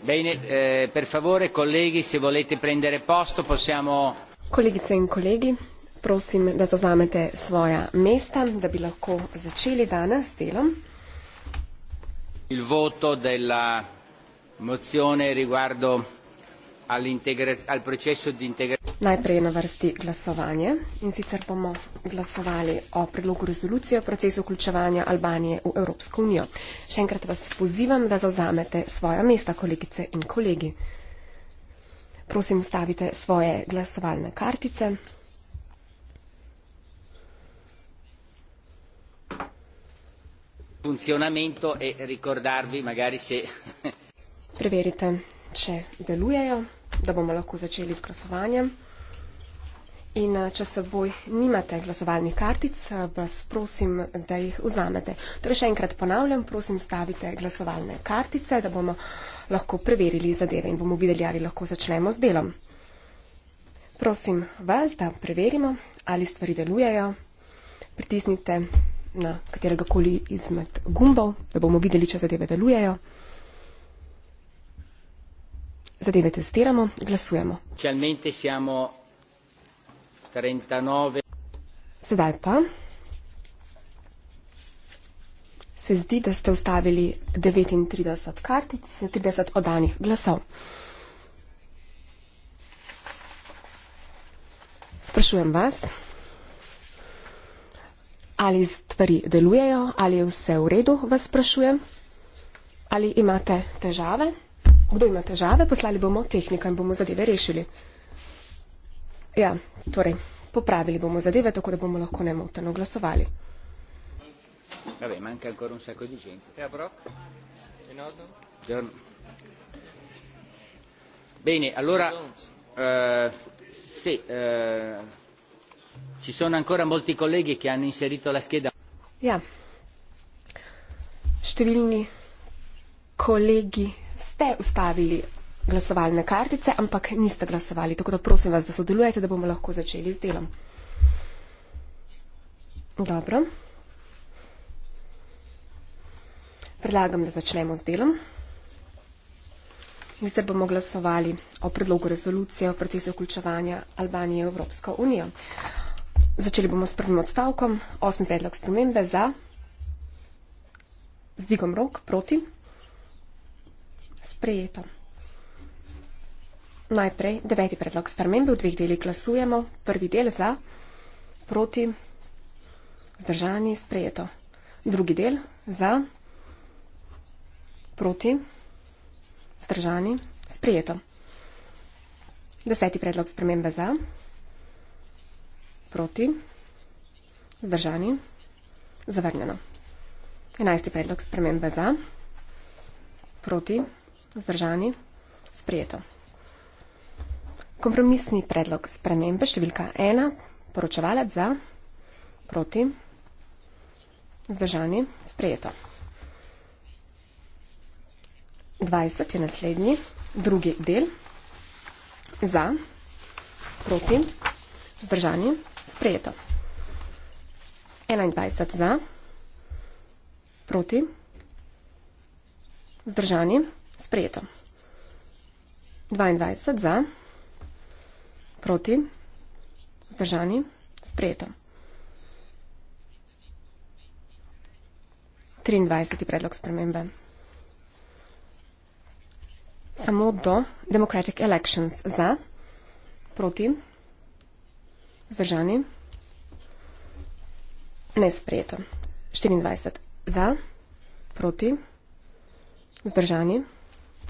Bene, eh, per favore, colleghi, se volete prendere posto, possiamo. Kolegice in kolegi, prosim, da zauzamete svoja mesta, da bi lahko začeli danes delom. Il voto della mozione riguardo al processo di integrazione. Najprej je na vrsti glasovanje in sicer bomo glasovali o predlogu rezolucije o procesu vključevanja Albanije v Evropsko unijo. Še enkrat vas pozivam, da zauzamete svoja mesta, kolegice in kolegi. Prosim, stavite svoje glasovalne kartice. E Preverite, če delujejo, da bomo lahko začeli z glasovanjem. In eh, če seboj nimate glasovalnih kartic, eh, vas prosim, da jih vzamete. Torej še enkrat ponavljam, prosim, stavite glasovalne kartice, da bomo lahko preverili zadeve in bomo videli, ali lahko začnemo z delom. Prosim vas, da preverimo, ali stvari delujejo. Pritisnite na katerega koli izmed gumbov, da bomo videli, če zadeve delujejo. Zadeve testiramo, glasujemo. 39. Sedaj pa. Se zdi, da ste ustavili 39 kartic, 30 oddanih glasov. Sprašujem vas, ali stvari delujejo, ali je vse v redu, vas sprašujem, ali imate težave. Kdo ima težave, poslali bomo tehnika in bomo zadeve rešili. Ja, torej, popravili bomo zadeve, tako da bomo lahko nemoteno glasovali. Vabbè, manca ancora un sacco di gente. E a Brock? E Nodon? Bene, allora, eh, sì, eh, ci sono ancora molti colleghi che hanno inserito la scheda. Ja. Številni colleghi ste ustavili glasovalne kartice, ampak niste glasovali. Tako da prosim vas, da sodelujete, da bomo lahko začeli z delom. Dobro. Predlagam, da začnemo z delom. Zdaj bomo glasovali o predlogu rezolucije o procesu vključevanja Albanije v Evropsko unijo. Začeli bomo s prvim odstavkom. Osmi predlog spremembe za. Z digom rok proti. Sprejeto. Najprej deveti predlog spremembe, v dveh delih glasujemo. Prvi del za, proti, zdržani, sprejeto. Drugi del za, proti, zdržani, sprejeto. Deseti predlog spremembe za, proti, zdržani, zavrnjeno. Enajsti predlog spremembe za, proti, zdržani, sprejeto. Kompromisni predlog spremembe številka ena, poročevalec za, proti, zdržani, sprejeto. 20 je naslednji, drugi del, za, proti, zdržani, sprejeto. 21 za, proti, zdržani, sprejeto. 22 za, proti, zdržani, sprejeto. Proti? Zdržani? Sprejeto. 23. predlog spremembe. Samo do Democratic Elections. Za? Proti? Zdržani? Nesprejeto. 24. Za? Proti? Zdržani?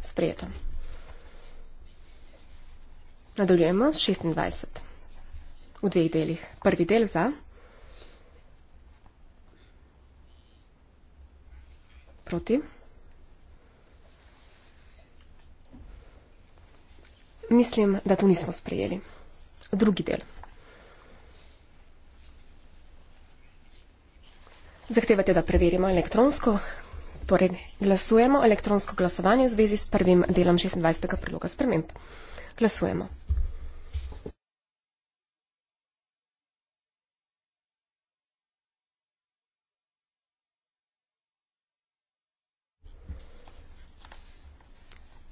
Sprejeto. Nadaljujemo s 26. V dveh delih. Prvi del za. Proti. Mislim, da tu nismo sprejeli. Drugi del. Zahtevate, da preverimo elektronsko. Torej, glasujemo elektronsko glasovanje v zvezi s prvim delom 26. predloga sprememb. Glasujemo.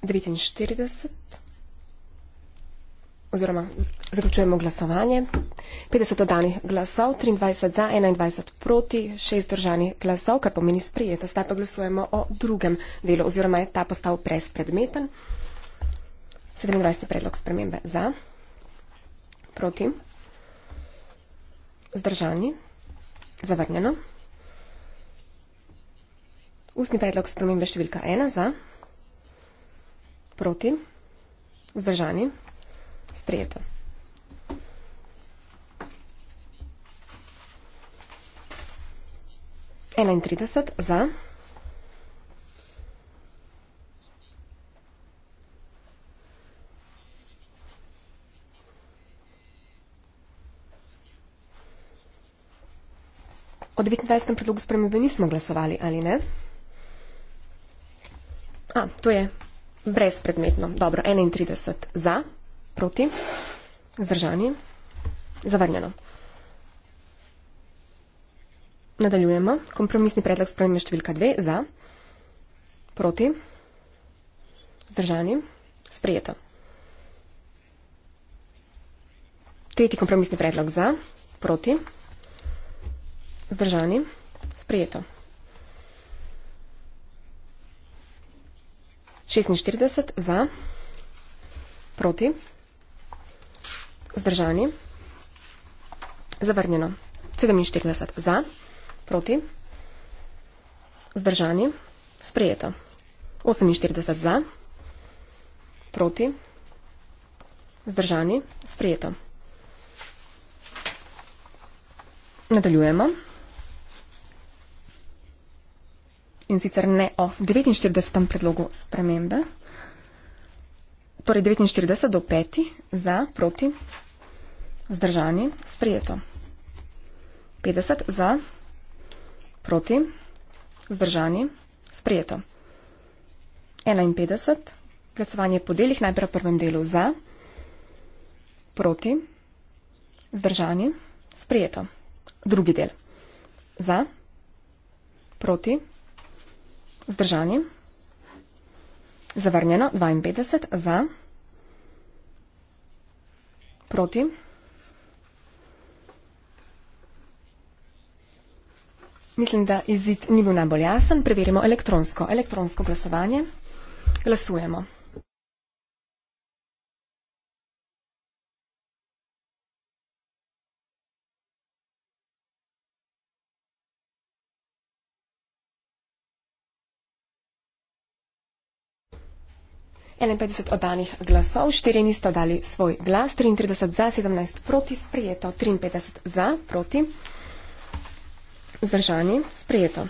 49. Oziroma, zaključujemo glasovanje. 50 oddanih glasov, 23 za, 21 proti, 6 držanih glasov, kar pomeni sprijeto. Zdaj pa glasujemo o drugem delu, oziroma je ta postal prespredmeten. 27 predlog spremembe za, proti, zdržani, zavrnjeno. Ustni predlog spremembe številka 1 za. Proti? Zdržani? Sprejeto. Enaintrideset za. O devetindvajsetem predlogu spremembe nismo glasovali, ali ne? A, to je Brezpredmetno. Dobro, 31 za, proti, zdržani, zavrnjeno. Nadaljujemo. Kompromisni predlog spremembe številka 2 za, proti, zdržani, sprejeto. Tretji kompromisni predlog za, proti, zdržani, sprejeto. 46 za, proti, zdržani, zavrnjeno. 47 za, proti, zdržani, sprejeto. 48 za, proti, zdržani, sprejeto. Nadaljujemo. in sicer ne o 49. predlogu spremembe. Torej 49 do 5 za, proti, zdržani, sprijeto. 50 za, proti, zdržani, sprijeto. 51, glasovanje po delih, najprej prvem delu za, proti, zdržani, sprijeto. Drugi del. Za, proti, zdržani. Vzdržani. Zavrnjeno 52 za. Proti. Mislim, da izid ni bil najbolj jasen. Preverimo elektronsko. Elektronsko glasovanje. Glasujemo. 51 oddanih glasov, 4 niste dali svoj glas, 33 za, 17 proti, sprejeto, 53 za, proti, zdržani, sprejeto.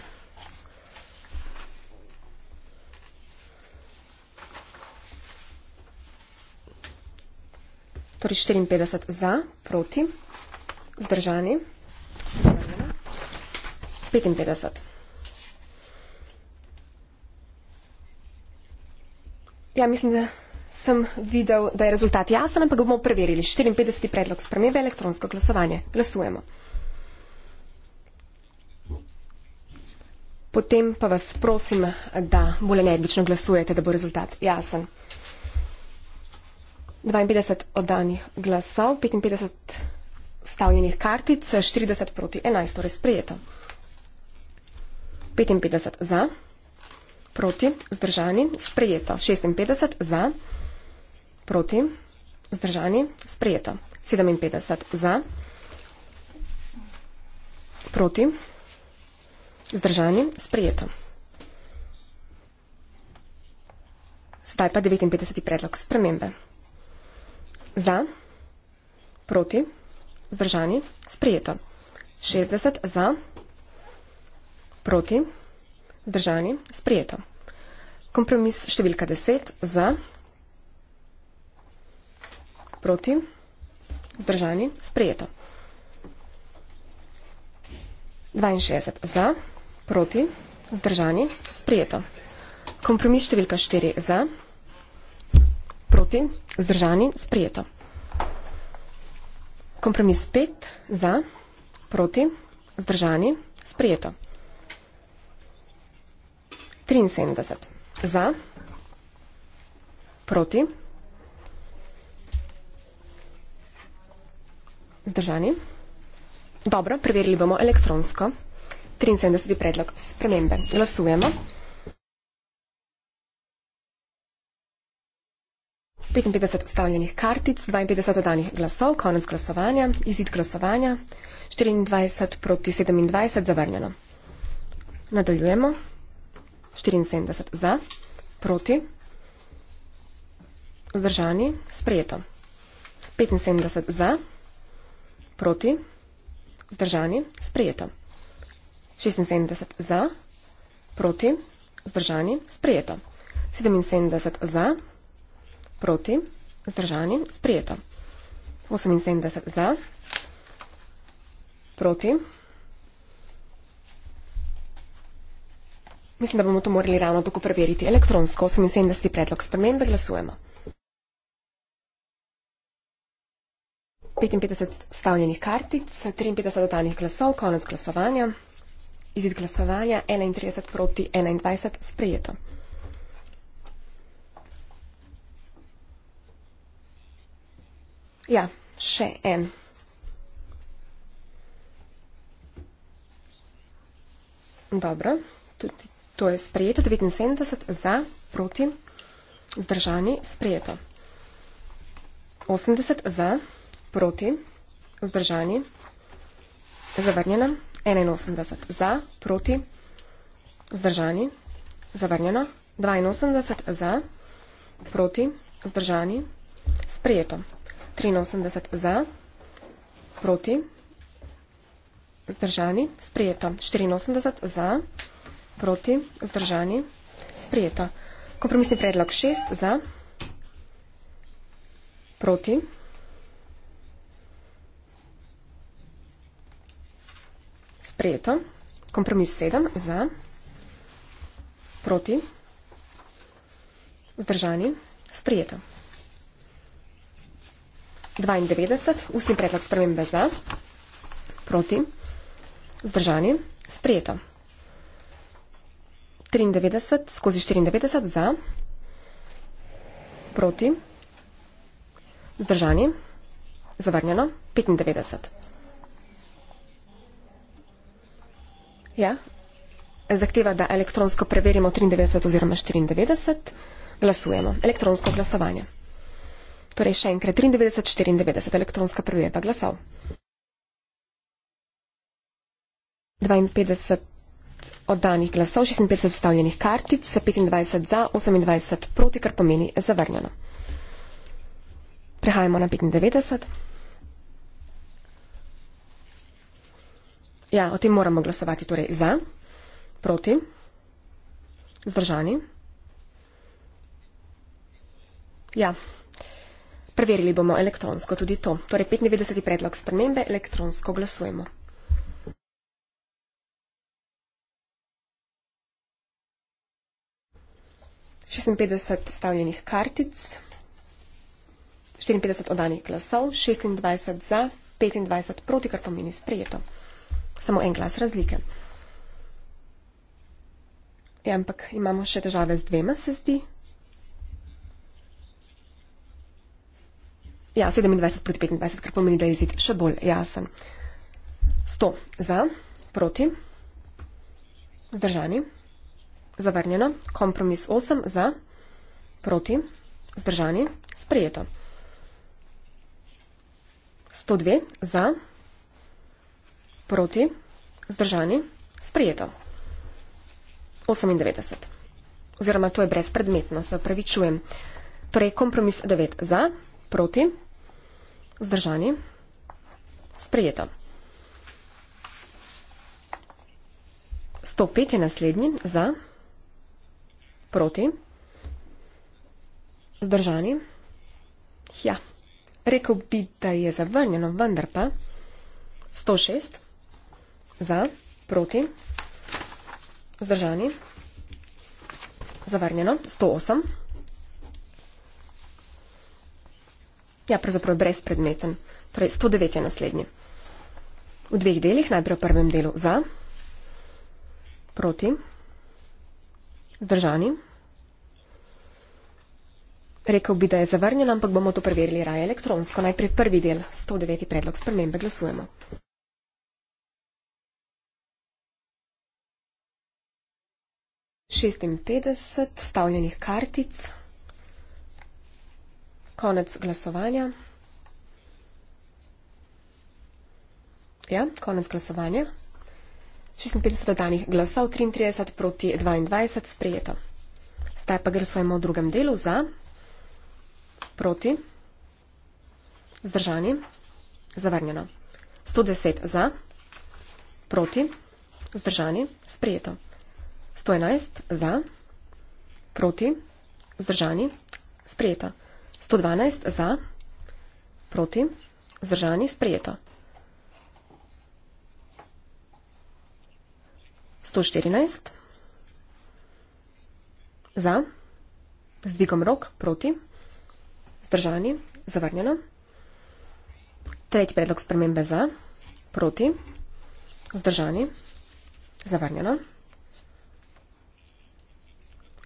Torej 54 za, proti, zdržani, 55. Ja, mislim, da sem videl, da je rezultat jasen, ampak ga bomo preverili. 54. predlog spremembe elektronsko glasovanje. Glasujemo. Potem pa vas prosim, da bolj energično glasujete, da bo rezultat jasen. 52 oddanih glasov, 55 stavljenih kartic, 40 proti 11, torej sprejeto. 55 za proti, zdržani, sprejeto. 56 za, proti, zdržani, sprejeto. 57 za, proti, zdržani, sprejeto. Zdaj pa 59. predlog spremembe. Za, proti, zdržani, sprejeto. 60 za, proti, zdržani, sprejeto. Držani, sprijeto. Kompromis številka 10 za, proti, zdržani, sprijeto. 62 za, proti, zdržani, sprijeto. Kompromis številka 4 za, proti, zdržani, sprijeto. Kompromis 5 za, proti, zdržani, sprijeto. Sprijeto. 73. Za, proti, zdržani. Dobro, preverili bomo elektronsko. 73. predlog spremembe. Glasujemo. 55 stavljenih kartic, 52 dodanih glasov, konec glasovanja, izid glasovanja, 24 proti 27 zavrnjeno. Nadaljujemo. 74 za, proti, vzdržani, sprejeto. 75 za, proti, vzdržani, sprejeto. 76 za, proti, vzdržani, sprejeto. 77 za, proti, vzdržani, sprejeto. 78 za, proti, vzdržani, sprejeto. Mislim, da bomo to morali ravno tako preveriti. Elektronsko 78. predlog spremembe glasujemo. 55 vstavljenih kartic, 53 dodanih glasov, konec glasovanja. Izid glasovanja 31 proti 21 sprejeto. Ja, še en. Dobro, tudi To je sprejeto 79 za, proti, zdržani, sprejeto. 80 za, proti, zdržani, zavrnjeno. 81 za, proti, zdržani, zavrnjeno. 82 za, proti, zdržani, sprejeto. 83 za, proti, zdržani, sprejeto. 84 za, proti, zdržani, sprejeto. Proti. Vzdržani. Sprijeto. Kompromisni predlog šest za. Proti. Sprijeto. Kompromis sedem za. Proti. Vzdržani. Sprijeto. 92. Ustni predlog spremembe za. Proti. Vzdržani. Sprijeto. 93. 93 skozi 94 za, proti, zdržani, zavrnjeno, 95. Ja, zahteva, da elektronsko preverimo 93 oziroma 94, glasujemo, elektronsko glasovanje. Torej še enkrat 93, 94, elektronska preverba glasov. 52 oddanih glasov, 56 vstavljenih kartic, 25 za, 28 proti, kar pomeni zavrnjeno. Prehajamo na 95. Ja, o tem moramo glasovati, torej za, proti, zdržani. Ja, preverili bomo elektronsko tudi to. Torej, 95. predlog spremembe, elektronsko glasujemo. 56 stavljenih kartic, 54 oddanih glasov, 26 za, 25 proti, kar pomeni sprejeto. Samo en glas razlike. Ja, ampak imamo še težave z dvema, se zdi. Ja, 27 proti 25, kar pomeni, da je izid še bolj jasen. 100 za, proti, zdržani. Zavrnjeno. Kompromis 8 za. Proti. Zdržani. Sprejeto. 102 za. Proti. Zdržani. Sprejeto. 98. Oziroma, to je brezpredmetno, se opravičujem. Torej, kompromis 9 za. Proti. Zdržani. Sprejeto. 105 je naslednji za. Proti. Proti. Zdržani. Ja, rekel bi, da je zavrnjeno, vendar pa. 106. Za. Proti. Zdržani. Zavrnjeno. 108. Ja, pravzaprav brezpredmeten. Torej, 109 je naslednji. V dveh delih, najprej v prvem delu za, proti, Zdržani. Rekl bi, da je zavrnjen, ampak bomo to preverili raje elektronsko. Najprej prvi del, 109. predlog spremembe, glasujemo. Šestinpetdeset vstavljenih kartic, konec glasovanja. Ja, konec glasovanja. 56 danih glasov, 33 proti 22 sprejeto. Zdaj pa glasujemo v drugem delu za, proti, zdržani, zavrnjeno. 110 za, proti, zdržani, sprejeto. 111 za, proti, zdržani, sprejeto. 112 za, proti, zdržani, sprejeto. 114. Za. Z dvigom rok. Proti. Zdržani. Zavrnjeno. Tretji predlog spremembe za. Proti. Zdržani. Zavrnjeno.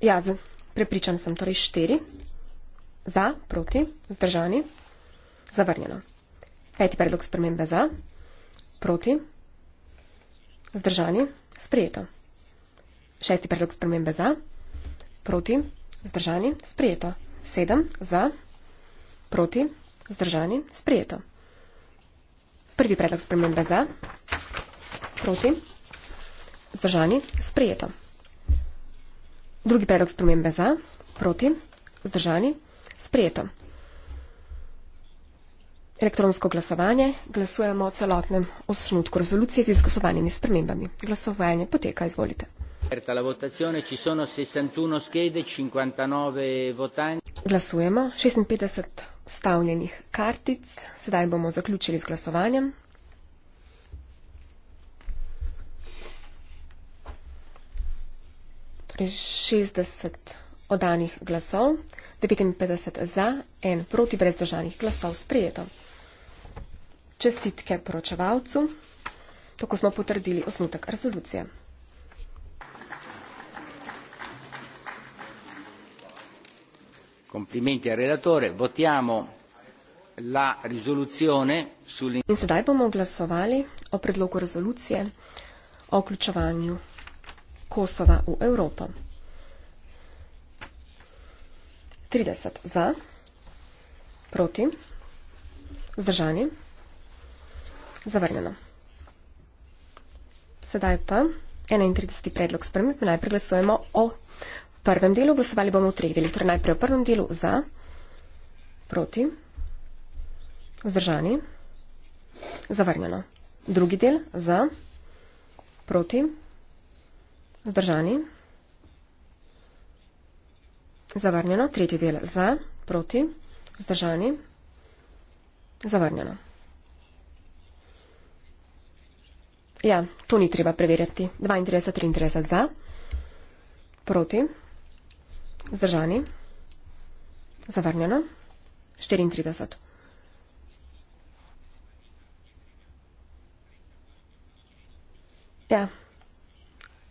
Jaz. Prepričan sem. Torej štiri. Za. Proti. Zdržani. Zavrnjeno. Peti predlog spremembe za. Proti. Zdržani. Zavrnjeno. Sprijeto. Šesti predlog spremembe za. Proti. Zdržani. Sprijeto. Sedem. Za. Proti. Zdržani. Sprijeto. Prvi predlog spremembe za. Proti. Zdržani. Sprijeto. Drugi predlog spremembe za. Proti. Zdržani. Sprijeto. Elektronsko glasovanje, glasujemo o celotnem osnutku rezolucije z izglasovanimi spremembami. Glasovanje poteka, izvolite. Glasujemo, 56 vstavljenih kartic, sedaj bomo zaključili z glasovanjem. Torej 60 oddanih glasov, 59 za, 1 proti, brez držanih glasov, sprejeto čestitke poročevalcu. Tako smo potrdili osnutek rezolucije. Komplimenti al relatore, votiamo la risoluzione sulle... In sedaj bomo glasovali o predlogu rezolucije o vključevanju Kosova v Evropo. 30 za, proti, vzdržanje. Zavrnjeno. Sedaj pa 31. predlog spremljiv. Najprej glasujemo o prvem delu. Glasovali bomo v treh delih. Torej najprej o prvem delu za, proti, vzdržani, zavrnjeno. Drugi del za, proti, vzdržani, zavrnjeno. Tretji del za, proti, vzdržani, zavrnjeno. Ja, to ni treba preverjati. 32, 33 za, proti, zdržani, zavrnjeno, 34. Ja,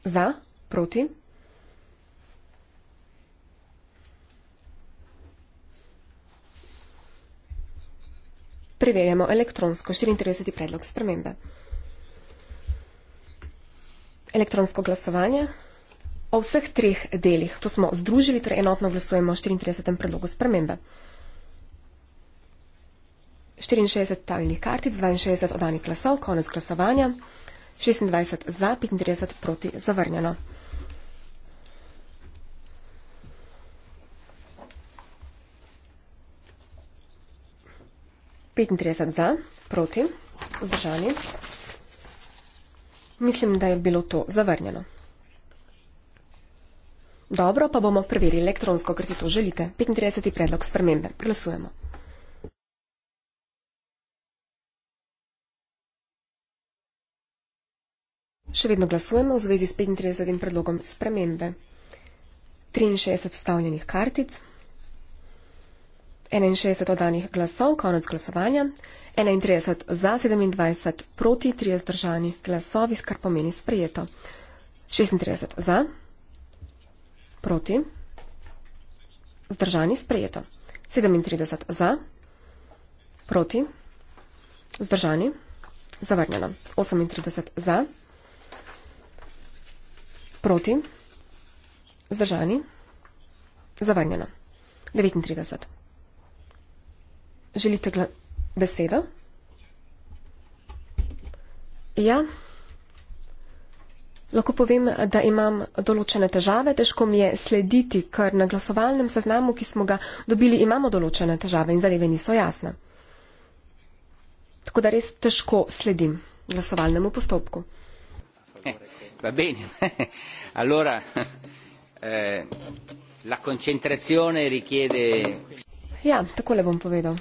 za, proti. Preverjamo elektronsko 34. predlog spremembe elektronsko glasovanje o vseh treh delih. To smo združili, torej enotno glasujemo o 34. predlogu spremembe. 64 talnih kartic, 62 odanih glasov, konec glasovanja, 26 za, 35 proti zavrnjeno. Petintrideset za, proti, vzdržani. Mislim, da je bilo to zavrnjeno. Dobro, pa bomo preverili elektronsko, ker si to želite. 35. predlog spremembe. Glasujemo. Še vedno glasujemo v zvezi s 35. predlogom spremembe. 63 vstavljenih kartic. 61 oddanih glasov, konec glasovanja, 31 za, 27 proti, 30 zdržanih glasovi, kar pomeni sprejeto. 36 za, proti, zdržani sprejeto. 37 za, proti, zdržani, zavrnjeno. 38 za, proti, zdržani, zavrnjeno. 39. Želite besedo? Ja. Lahko povem, da imam določene težave, težko mi je slediti, ker na glasovalnem seznamu, ki smo ga dobili, imamo določene težave in zadeve niso jasne. Tako da res težko sledim glasovalnemu postopku. Eh, va bene. Allora, eh, la concentrazione richiede. Ja, takole bom povedal.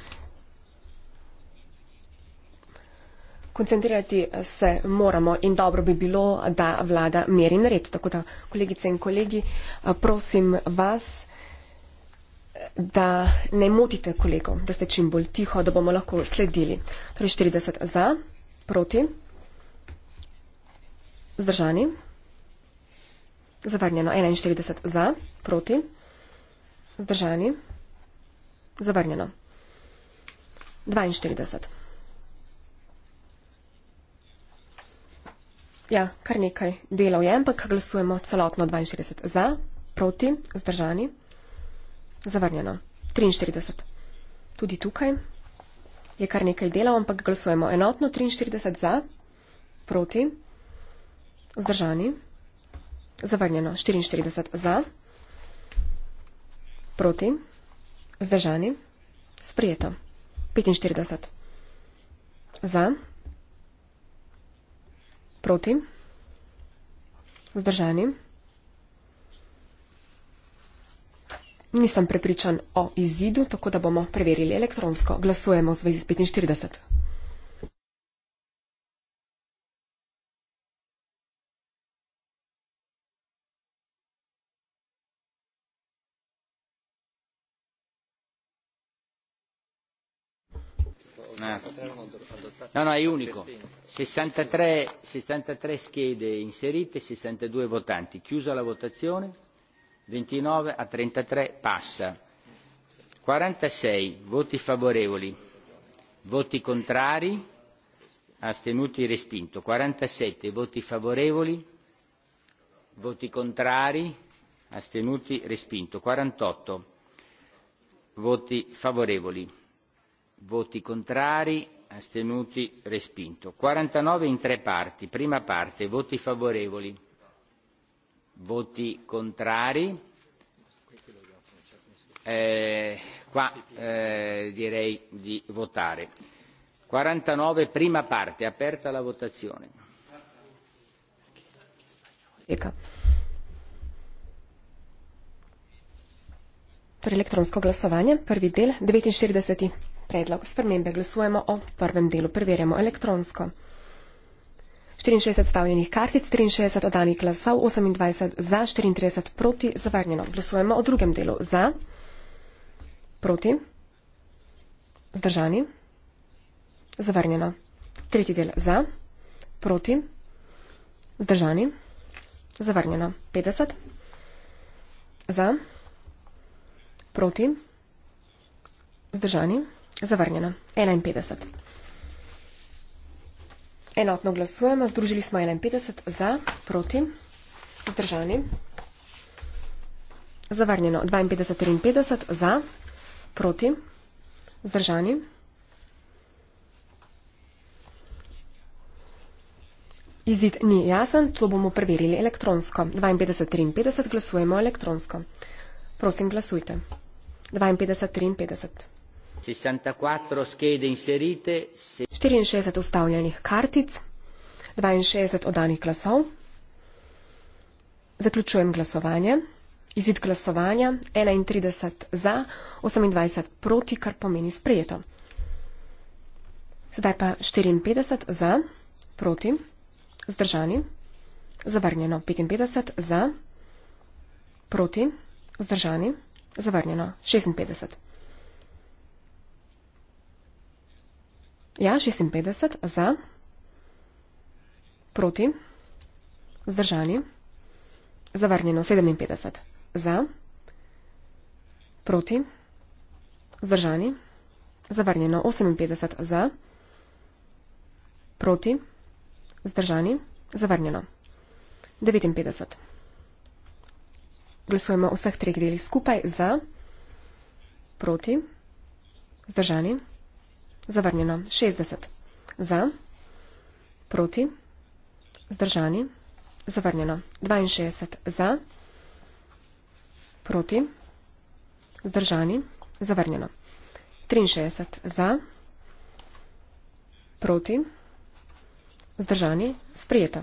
koncentrirati eh, se moramo in dobro bi bilo, da vlada meri in red. Tako da, kolegice in kolegi, eh, prosim vas, eh, da ne motite kolegov, da ste čim bolj tiho, da bomo lahko sledili. Torej 40 za, proti, zdržani, zavrnjeno 41 za, proti, zdržani, zavrnjeno 42. Ja, kar nekaj delov je, ampak glasujemo celotno 62 za, proti, vzdržani, zavrnjeno. 43. Tudi tukaj je kar nekaj delov, ampak glasujemo enotno 43 za, proti, vzdržani, zavrnjeno. 44 za, proti, vzdržani, sprijeto. 45 za, Proti? Vzdržani? Nisem prepričan o izidu, tako da bomo preverili elektronsko. Glasujemo v zvezi s 45. no, no, è unico. 63, 63 schede inserite, 62 votanti. Chiusa la votazione, 29 a 33 passa. 46 voti favorevoli, voti contrari, astenuti respinto. 47 voti favorevoli, voti contrari, astenuti respinto. 48 voti favorevoli voti contrari astenuti respinto quarantanove in tre parti prima parte voti favorevoli voti contrari eh, qua eh, direi di votare quarantanove prima parte aperta la votazione Pri elektronsko glasovanje, prvi del, 49. Predlog spremembe glasujemo o prvem delu. Preverjamo elektronsko. 64 stavljenih kartic, 63 oddanih glasov, 28 za, 34 proti, zavrnjeno. Glasujemo o drugem delu. Za, proti, zdržani, zavrnjeno. Tretji del za, proti, zdržani, zavrnjeno. 50 za, proti, zdržani, zavrnjeno. Zavrnjeno. 51. Enotno glasujemo. Združili smo 51 za, proti, zdržani. Zavrnjeno. 52, 53 za, proti, zdržani. Izid ni jasen, to bomo preverili elektronsko. 52, 53 glasujemo elektronsko. Prosim, glasujte. 52, 53. 64 ustavljenih kartic, 62 oddanih glasov. Zaključujem glasovanje. Izid glasovanja 31 za, 28 proti, kar pomeni sprejeto. Sedaj pa 54 za, proti, vzdržani, zavrnjeno 55 za, proti, vzdržani, zavrnjeno 56. Ja, 56 za, proti, vzdržani, zavrnjeno 57 za, proti, vzdržani, zavrnjeno 58 za, proti, vzdržani, zavrnjeno 59. Glasujemo vseh treh delih skupaj za, proti, vzdržani. Zavrnjeno. 60. Za. Proti. Zdržani. Zavrnjeno. 62. Za. Proti. Zdržani. Zavrnjeno. 63. Za. Proti. Zdržani. Sprijeto.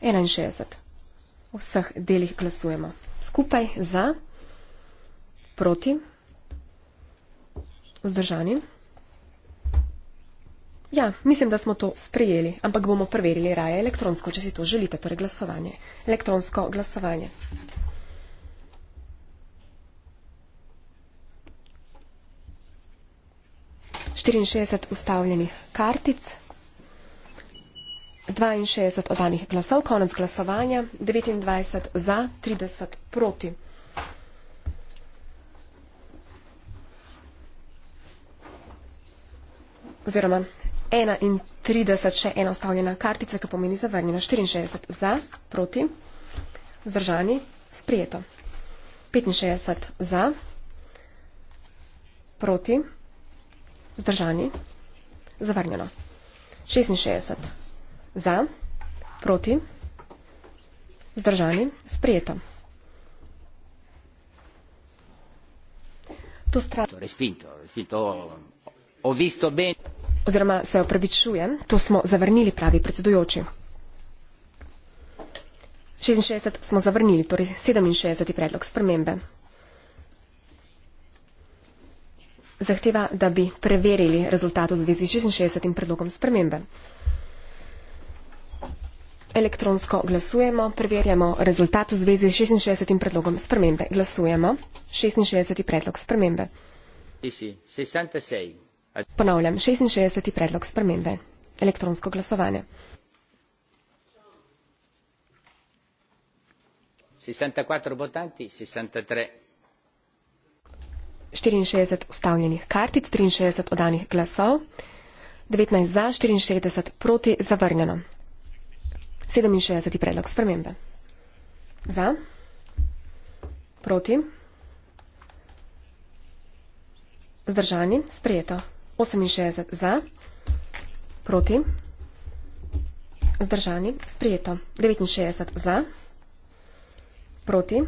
61. V vseh delih glasujemo. Skupaj za, proti, vzdržani. Ja, mislim, da smo to sprejeli, ampak bomo preverili raje elektronsko, če si to želite, torej glasovanje. Elektronsko glasovanje. Štiriinšestdeset ustavljenih kartic, dvainšestdeset oddanih glasov, konec glasovanja, devetindvajset za, trideset proti. Oziroma, 31, še ena ustavljena kartica, ki pomeni zavrnjeno. 64 za, proti, vzdržani, sprijeto. 65 za, proti, vzdržani, zavrnjeno. 66 za, proti, vzdržani, sprijeto. To strato. Respinto, respinto. Ho visto bene. Oziroma, se opravičujem, to smo zavrnili, pravi predsedujoči. 66 smo zavrnili, torej 67. predlog spremembe. Zahteva, da bi preverili rezultat v zvezi s 66. predlogom spremembe. Elektronsko glasujemo, preverjamo rezultat v zvezi s 66. predlogom spremembe. Glasujemo, 66. predlog spremembe. 66. Ponavljam, 66. predlog spremembe. Elektronsko glasovanje. 64 votanti, 63. 64 ustavljenih kartic, 63 odanih glasov, 19 za, 64 proti, zavrnjeno. 67. predlog spremembe. Za, proti, vzdržani, sprejeto. 68 za, proti, zdržani, sprijeto. 69 za, proti,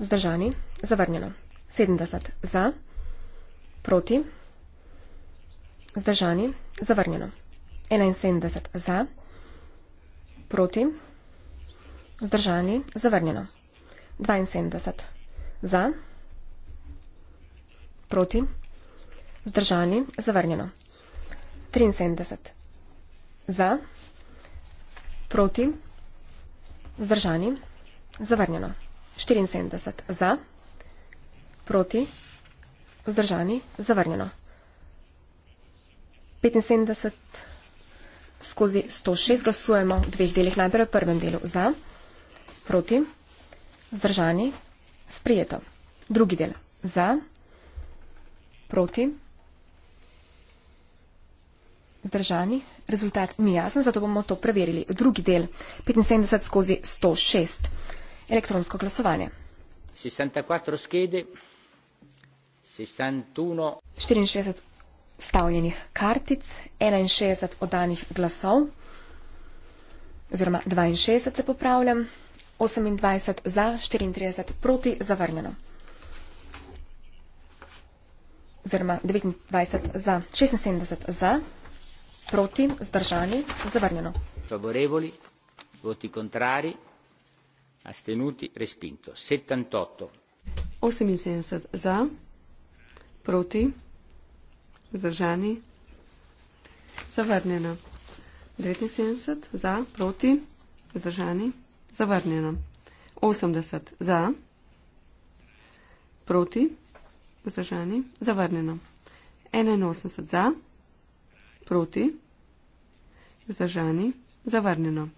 zdržani, zavrnjeno. 70 za, proti, zdržani, zavrnjeno. 71 za, proti, zdržani, zavrnjeno. 72 za, proti, Zdržani. Zavrnjeno. 73. Za. Proti. Zdržani. Zavrnjeno. 74. Za. Proti. Zdržani. Zavrnjeno. 75. Skozi 106 glasujemo v dveh delih. Najprej v prvem delu. Za. Proti. Zdržani. Sprijeto. Drugi del. Za. Proti. Zdržani zdržani. Rezultat ni jasen, zato bomo to preverili. Drugi del, 75 skozi 106, elektronsko glasovanje. 64 skede, 61. 64 stavljenih kartic, 61 oddanih glasov, oziroma 62 se popravljam, 28 za, 34 proti, zavrnjeno. Oziroma 29 za, 76 za. Proti, zdržani, zavrnjeno. Favorevoli, voti kontrari, astenuti, respinto. 78. 78 za, proti, zdržani, zavrnjeno. 79 za, proti, zdržani, zavrnjeno. 80 za, proti, zdržani, zavrnjeno. 81 za, proti, zdržani, zavrnjeno. Proti. Vzdržani. Zavrnjeno.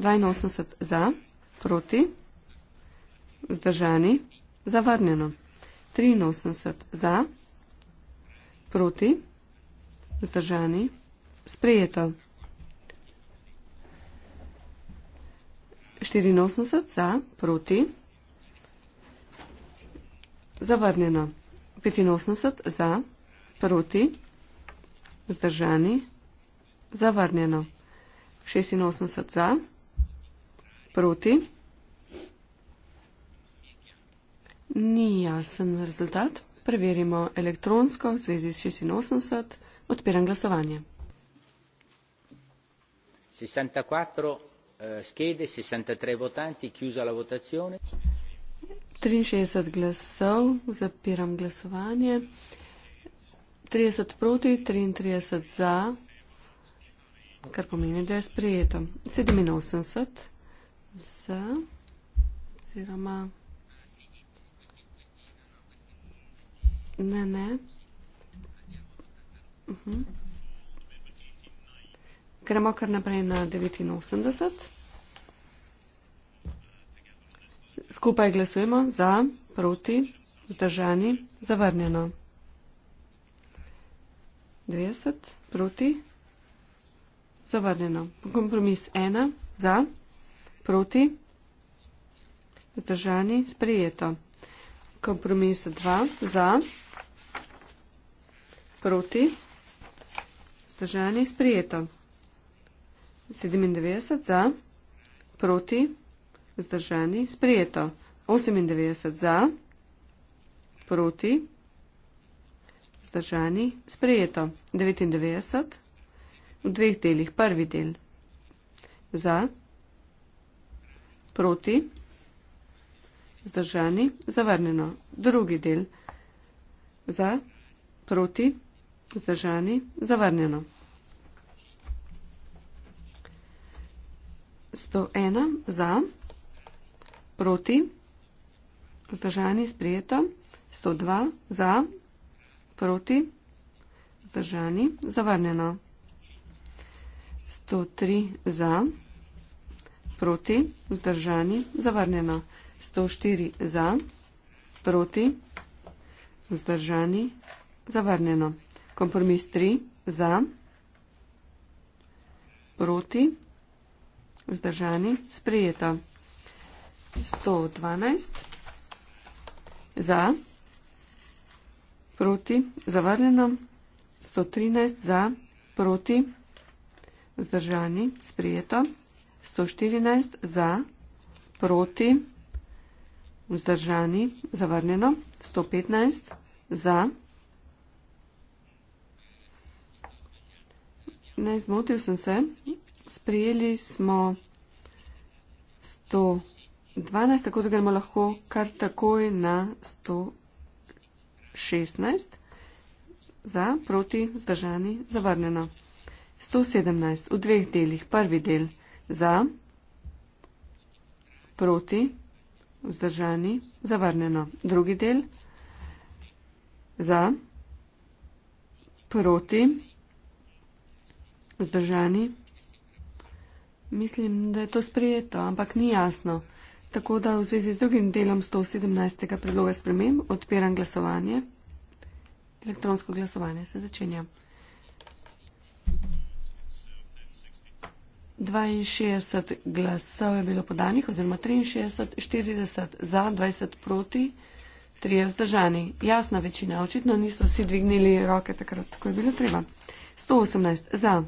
82 za. Proti. Vzdržani. Zavrnjeno. 83 za. Proti. Vzdržani. Sprejeto. 84 za. Proti. Zavrnjeno. 85 za. Proti. Vzdržani. Zavrnjeno. 86 za. Proti. Ni jasen rezultat. Preverimo elektronsko v zvezi s 86. Odpiram glasovanje. 64 skede, 63 votanti, chiusa la votazione. 63 glasov, zapiram glasovanje. 30 proti, 33 za, kar pomeni, da je sprejeto. 87 za, oziroma. Ne, ne. Uh mhm. -huh. Gremo kar naprej na 89. Skupaj glasujemo za, proti, zdržani, zavrnjeno. 90 proti, zavrnjeno. Kompromis 1 za, proti, zdržani, sprejeto. Kompromis 2 za, proti, zdržani, sprejeto. 97 za, proti, zdržani, sprejeto. 98 za, proti, zdržani, sprejeto vzdržani, sprejeto 99 v dveh delih, prvi del za, proti, vzdržani, zavrnjeno, drugi del za, proti, vzdržani, zavrnjeno. 101 za, proti, vzdržani, sprejeto, 102 za, Proti? Zdržani? Zavrnjeno. 103 za. Proti? Zdržani? Zavrnjeno. 104 za. Proti? Zdržani? Zavrnjeno. Kompromis 3 za. Proti? Vzdržani, sprejeto. 112 za proti, zavrljeno, 113 za, proti, vzdržani, sprijeto, 114 za, proti, vzdržani, zavrljeno, 115 za, ne zmotil sem se, sprijeli smo 112, tako da gremo lahko kar takoj na 100. 16, za, proti, zdržani, zavrnjeno. 117, v dveh delih, prvi del, za, proti, vzdržani, zavrnjeno. Drugi del, za, proti, vzdržani, mislim, da je to sprijeto, ampak ni jasno. Tako da v zvezi z drugim delom 117. predloga spremem odpiram glasovanje. Elektronsko glasovanje se začenja. 62 glasov je bilo podanih, oziroma 63, 40 za, 20 proti, 3 vzdržani. Jasna večina, očitno niso vsi dvignili roke takrat, ko je bilo treba. 118 za.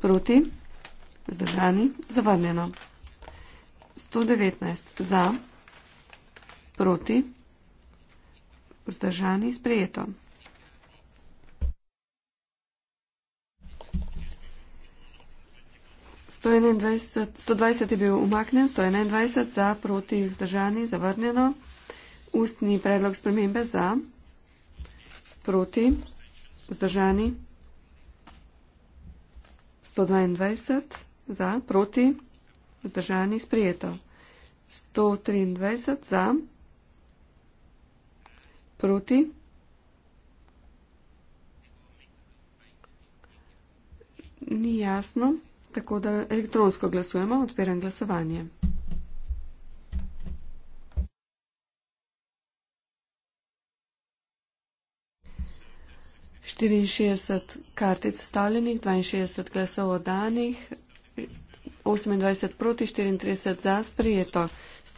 Proti. Zdržani, zavrnjeno. 119 za, proti, vzdržani, sprejeto. Sto je bil umaknen, 121 za, proti, vzdržani, zavrnjeno. Ustni predlog spremembe za, proti, vzdržani, 122 za, proti, vzdržani, sprijeto. 123 za, proti, ni jasno, tako da elektronsko glasujemo, odpiram glasovanje. Štiriinšestdeset kartic ustavljenih, dvainšestdeset glasov oddanih, 28 proti 34 za sprejeto,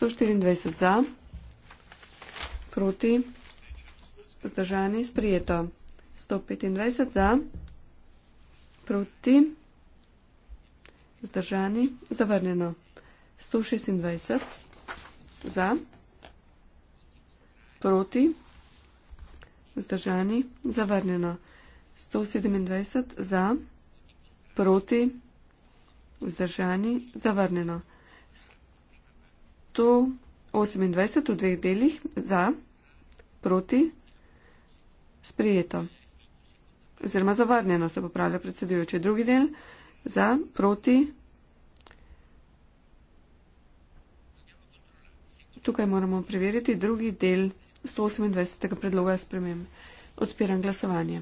124 za, proti, vzdržani sprejeto, 125 za, proti, vzdržani zavrnjeno, 126 za, proti, vzdržani zavrnjeno, 127 za, proti, vzdržani zavrnjeno vzdržani, zavrnjeno. 128 v dveh delih, za, proti, sprijeto. Oziroma zavrnjeno se popravlja predsedujoče drugi del, za, proti. Tukaj moramo preveriti drugi del 128. predloga sprememb. Odpiram glasovanje.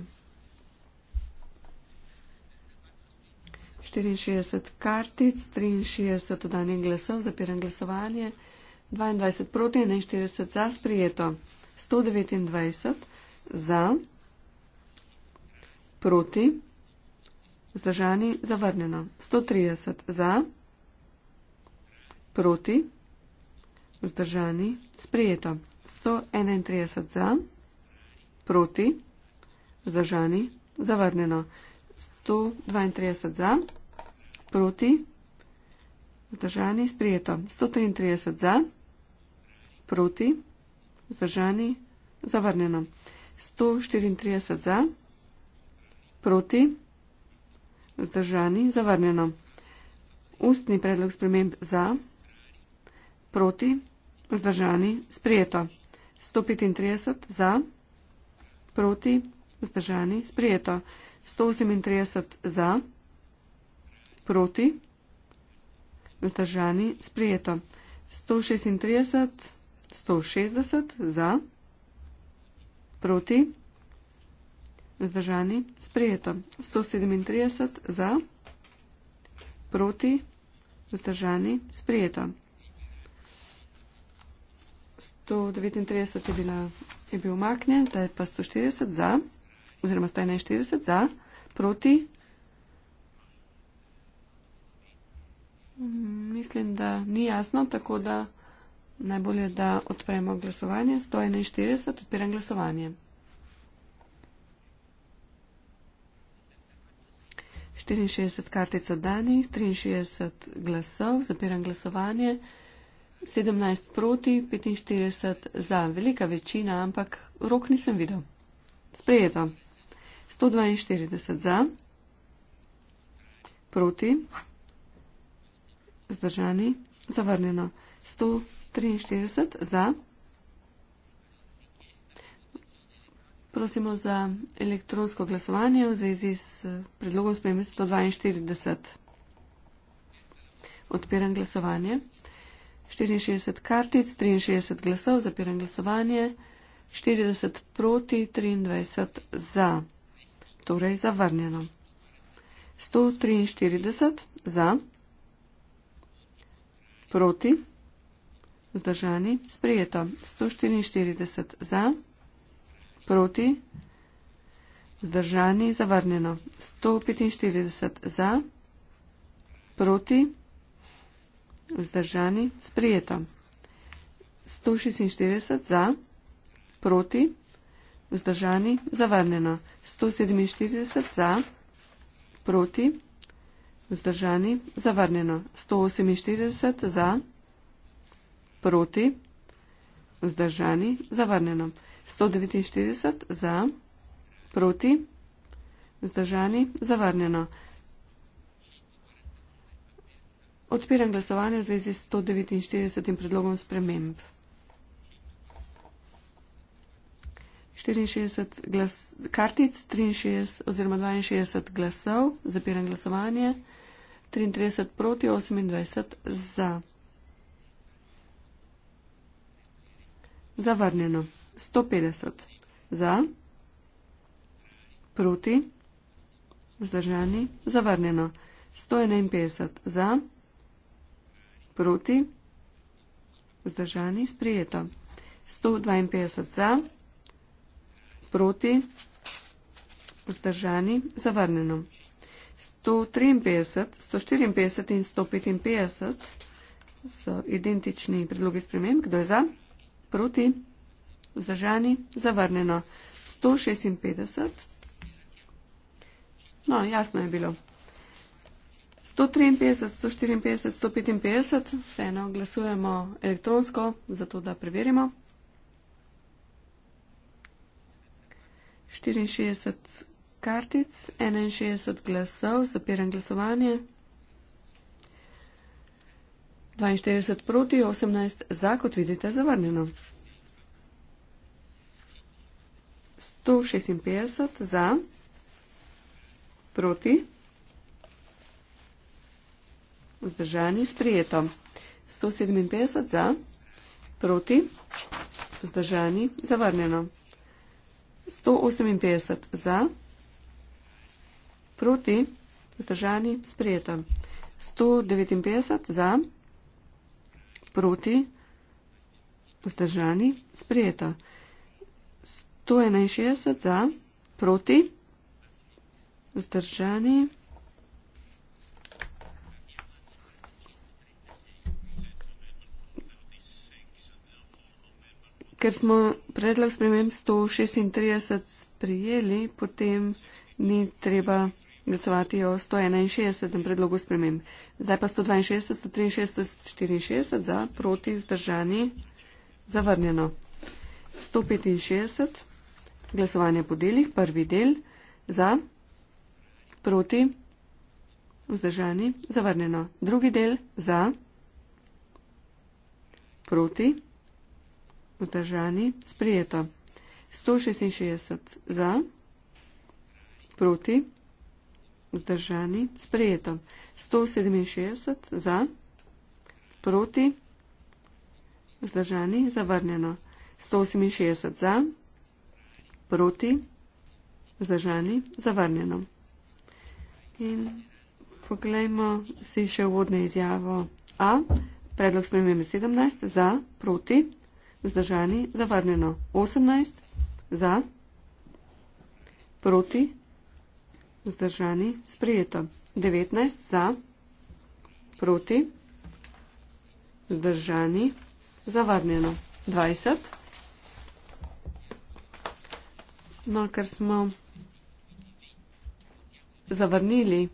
64 kartic, 63 oddanih glasov, zapiram glasovanje, 22 proti, 41 za sprijeto, 129 za, proti, vzdržani, zavrnjeno, 130 za, proti, vzdržani, sprijeto, 131 za, proti, vzdržani, zavrnjeno. 132 za, proti, vzdržani, sprijeto. 133 za, proti, vzdržani, zavrnjeno. 134 za, proti, vzdržani, zavrnjeno. Ustni predlog sprememb za, proti, vzdržani, sprijeto. 135 za, proti, vzdržani, sprijeto. 138 za, proti, vzdržani, sprijeto. 136, 160 za, proti, vzdržani, sprijeto. 137 za, proti, vzdržani, sprijeto. 139 je, bila, je bil omaknjen, zdaj pa 140 za oziroma 141 za, proti. Mislim, da ni jasno, tako da najbolje, da odpremo glasovanje. 141 odpiram glasovanje. 64 kartic oddanih, 63 glasov, zapiram glasovanje, 17 proti, 45 za, velika večina, ampak rok nisem videl. Sprejeto. 142 za, proti, zdržani, zavrnjeno. 143 za, prosimo za elektronsko glasovanje v zvezi s predlogom spremljiv 142. Odpiram glasovanje. 64 kartic, 63 glasov, zapiram glasovanje. 40 proti, 23 za torej zavrnjeno. 143 za, proti, vzdržani, sprejeto. 144 za, proti, vzdržani, zavrnjeno. 145 za, proti, vzdržani, sprejeto. 146 za, proti, vzdržani, zavrnjeno. 147 za, proti, vzdržani, zavrnjeno. 148 za, proti, vzdržani, zavrnjeno. 149 za, proti, vzdržani, zavrnjeno. Odpiram glasovanje v zvezi s 149 predlogom sprememb. 64 glas, kartic, 63 oziroma 62 glasov, zapiram glasovanje, 33 proti 28 za. Zavrnjeno. 150 za, proti, vzdržani, zavrnjeno. 151 za, proti, vzdržani, sprijeto. 152 za proti, vzdržani, zavrnjeno. 153, 154 in 155 so identični predlogi sprememb. Kdo je za? Proti, vzdržani, zavrnjeno. 156. No, jasno je bilo. 153, 154, 155, vseeno glasujemo elektronsko, zato da preverimo. 64 kartic, 61 glasov, zapiram glasovanje. 42 proti, 18 za, kot vidite, zavrnjeno. 156 za, proti, vzdržani, sprijeto. 157 za, proti, vzdržani, zavrnjeno. 158 za, proti, zdržani, sprejeta. 159 za, proti, vzdržani, sprejeta. 161 za, proti, vzdržani, sprejeta. ker smo predlog sprememb 136 sprijeli, potem ni treba glasovati o 161 predlogu sprememb. Zdaj pa 162, 163, 164 za, proti, vzdržani, zavrnjeno. 165, glasovanje po delih, prvi del, za, proti, vzdržani, zavrnjeno. Drugi del, za, proti vzdržani, sprijeto. 166 za, proti, vzdržani, sprijeto. 167 za, proti, vzdržani, zavrnjeno. 168 za, proti, vzdržani, zavrnjeno. In poglejmo si še uvodne izjavo A, predlog spremembe 17, za, proti, vzdržani vzdržani, zavrnjeno 18, za, proti, vzdržani, sprijeto 19, za, proti, vzdržani, zavrnjeno 20. No, ker smo zavrnili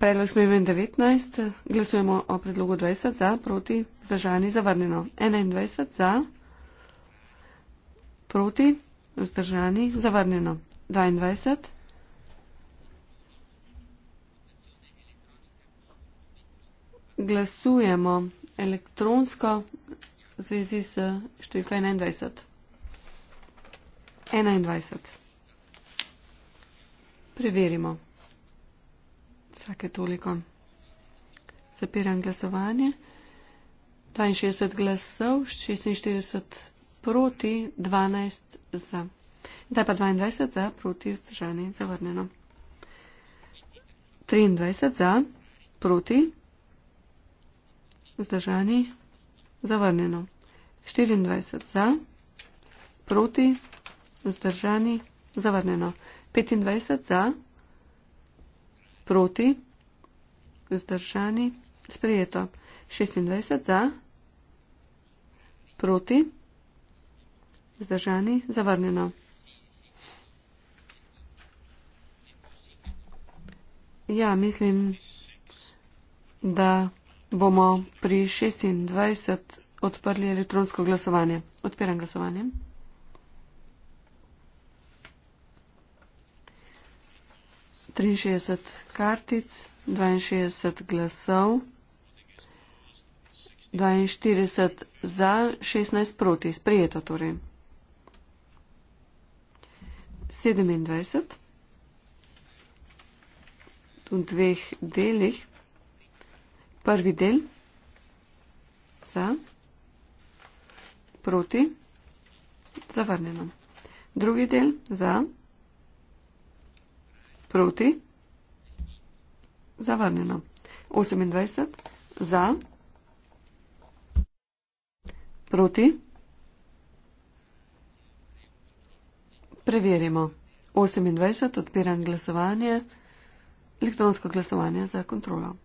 Predlog smeme 19. Glasujemo o predlogu 20 za, proti, vzdržani, zavrnjeno. 21 za, proti, vzdržani, zavrnjeno. 22. Glasujemo elektronsko v zvezi s številko 21. 21. Preverimo vsake toliko. Zapiram glasovanje. 62 glasov, 46 proti, 12 za. Zdaj pa 22 za, proti, vzdržani, zavrnjeno. 23 za, proti, vzdržani, zavrnjeno. 24 za, proti, vzdržani, zavrnjeno. 25 za, proti proti, vzdržani, sprijeto. 26 za, proti, vzdržani, zavrnjeno. Ja, mislim, da bomo pri 26 odprli elektronsko glasovanje. Odpiram glasovanje. 63 kartic, 62 glasov, 42 za, 16 proti, sprejeto torej. 27, v dveh delih, prvi del za, proti, zavrnjeno. Drugi del za, proti. Proti? Zavrnjeno. 28. Za? Proti? Preverimo. 28. Odpiram glasovanje. Elektronsko glasovanje za kontrolo.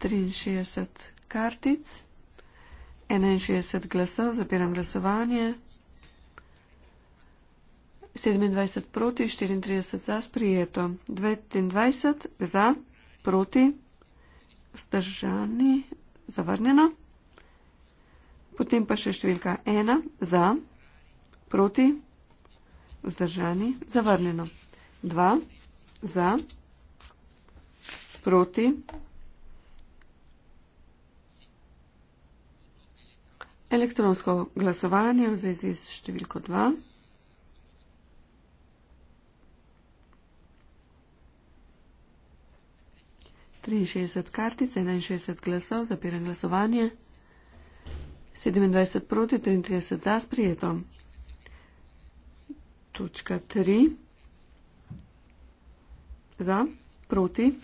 63 kartic, 61 glasov, zapiram glasovanje. 27 proti, 34 za sprijeto, 29 za, proti, zdržani, zavrnjeno. Potem pa še številka 1 za, proti, vzdržani, zavrnjeno. 2 za, proti, 2. Elektronsko glasovanje v zvezi s številko 2. 63 kartic, 61 glasov, zapiran glasovanje, 27 proti, 33 za sprijeto. Točka 3 za, proti,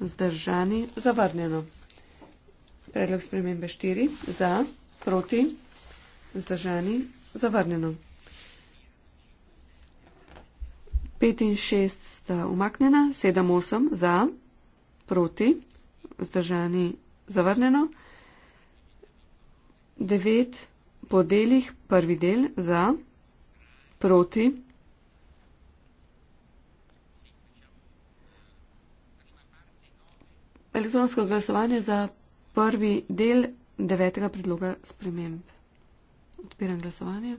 zdržani, zavrnjeno. Predlog spremembe 4 za, proti, zdržani, zavrnjeno. 5 in 6 sta umaknjena, 7, 8 za proti, vzdržani zavrnjeno. Devet po delih, prvi del za, proti. Elektronsko glasovanje za prvi del devetega predloga sprememb. Odpiram glasovanje.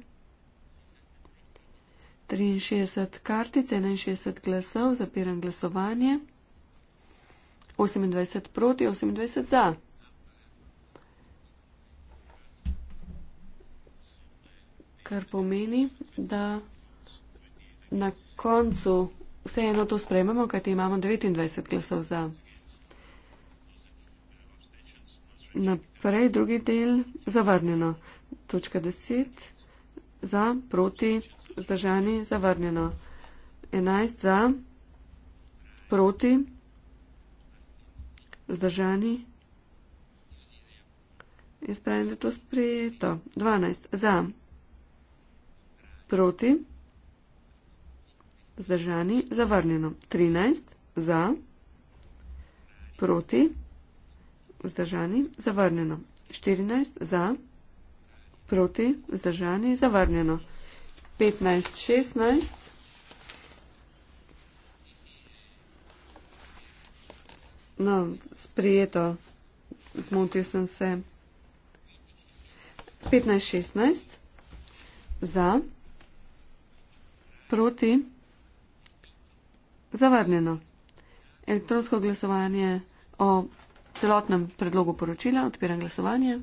63 kartice, 61 glasov, zapiram glasovanje. 28 proti, 28 za. Kar pomeni, da na koncu vseeno to sprejmemo, kajti imamo 29 glasov za. Naprej drugi del zavrnjeno. Točka 10 za, proti, zdržani, zavrnjeno. 11 za, proti, Zdržani. Jaz pravim, da je to sprejeto. 12. Za. Proti. Zdržani. Zavrnjeno. 13. Za. Proti. Zdržani. Zavrnjeno. 14. Za. Proti. Zdržani. Zavrnjeno. 15. 16. No, sprijeto, zmotil sem se. 15-16, za, proti, zavrnjeno. Elektronsko glasovanje o celotnem predlogu poročila, odpiram glasovanje.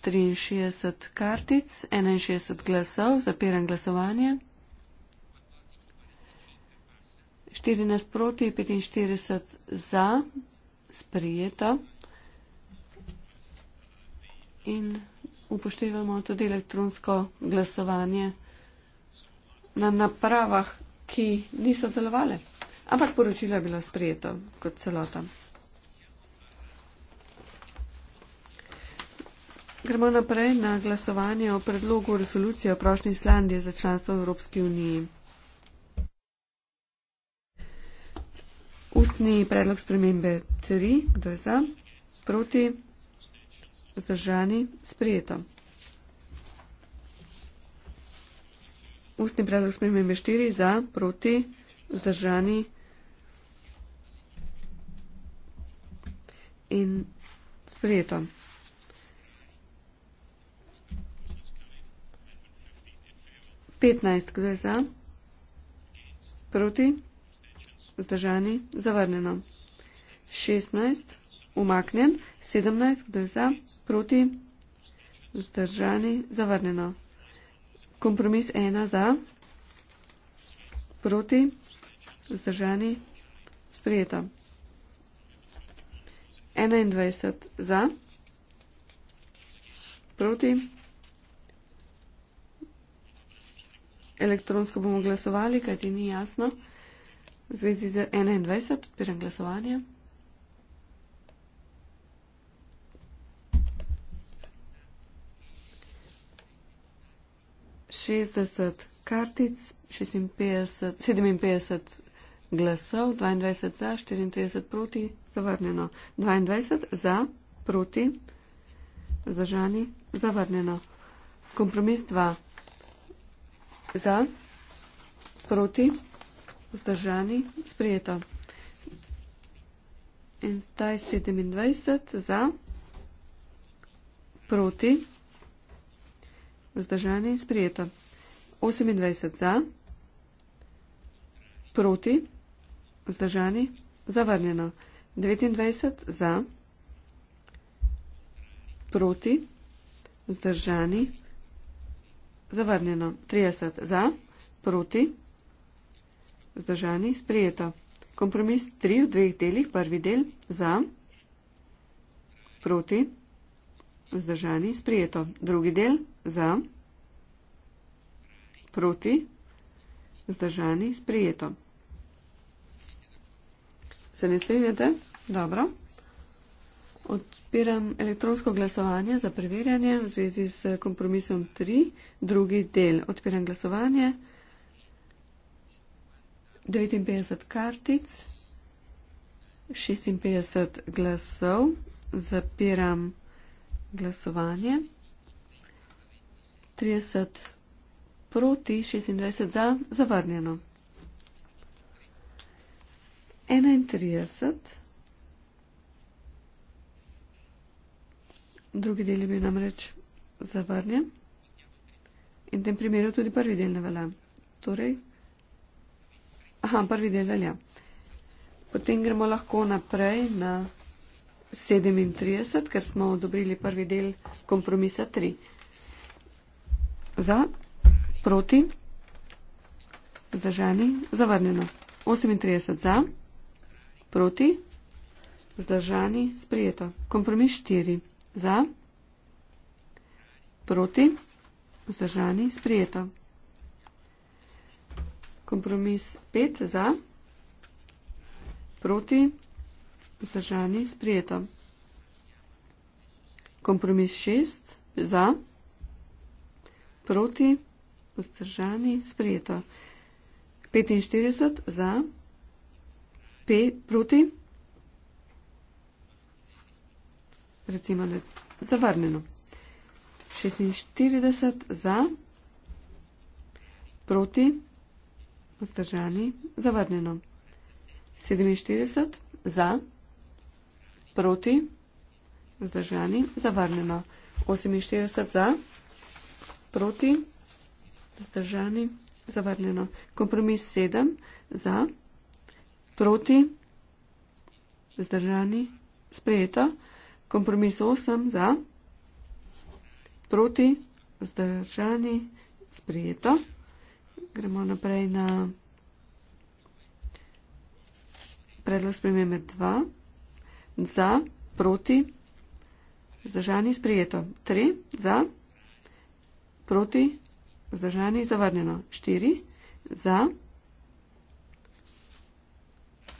Triinšestdeset kartic, enainšestdeset glasov, zapiram glasovanje. 14 proti, 45 za, sprijeta. In upoštevamo tudi elektronsko glasovanje na napravah, ki niso delovale. Ampak poročilo je bilo sprijeto kot celota. Gremo naprej na glasovanje o predlogu resolucije o prošnji Islandije za članstvo v Evropski uniji. Ustni predlog spremembe 3, kdo je za, proti, zdržani, sprijeto. Ustni predlog spremembe 4, za, proti, zdržani. In sprejeto. Petnajst, kdo je za? Proti? vzdržani, zavrnjeno. 16, umaknjen, 17, kdo je za, proti, vzdržani, zavrnjeno. Kompromis 1 za, proti, vzdržani, sprijeto. 21 za, proti, elektronsko bomo glasovali, kajti ni jasno. V zvezi z 21 odpiram glasovanje. Šestdeset kartic, sedeminpetdeset glasov, dvaindvajset za, štiriintrideset proti, zavrnjeno. Dvaindvajset za, proti, vzdržani, zavrnjeno. Kompromis dva, za, proti, vzdržani, sprejeto. In zdaj 27 za, proti, vzdržani, sprejeto. 28 za, proti, vzdržani, zavrnjeno. 29 za, proti, vzdržani, zavrnjeno. 30 za, proti, vzdržani. Zdržani, sprejeto. Kompromis 3 v dveh delih, prvi del za, proti, vzdržani, sprejeto. Drugi del za, proti, vzdržani, sprejeto. Se ne strinjate? Dobro. Odpiram elektronsko glasovanje za preverjanje v zvezi s kompromisom 3, drugi del. Odpiram glasovanje. 59 kartic, 56 glasov. Zapiram glasovanje. 30 proti, 26 za, zavrnjeno. 31. Drugi del je bil namreč zavrnjen. In v tem primeru tudi prvi del ne velja. Torej, Aha, prvi del velja. Potem gremo lahko naprej na 37, ker smo odobrili prvi del kompromisa 3. Za, proti, zdržani, zavrnjeno. 38 za, proti, zdržani, sprijeto. Kompromis 4. Za, proti, zdržani, sprijeto. Kompromis 5 za, proti, vzdržani, sprijeto. Kompromis 6 za, proti, vzdržani, sprijeto. 45 za, pe, proti, recimo, da je zavrnjeno. 46 za, proti, vzdržani, sprijeto. Vzdržani. Zavrnjeno. 47. Za. Proti. Vzdržani. Zavrnjeno. 48. Za. Proti. Vzdržani. Zavrnjeno. Kompromis 7. Za. Proti. Vzdržani. Sprejeto. Kompromis 8. Za. Proti. Vzdržani. Sprejeto. Gremo naprej na predlog spremembe 2. Za, proti, vzdržani, sprijeto. 3. Za, proti, vzdržani, zavrnjeno. 4. Za,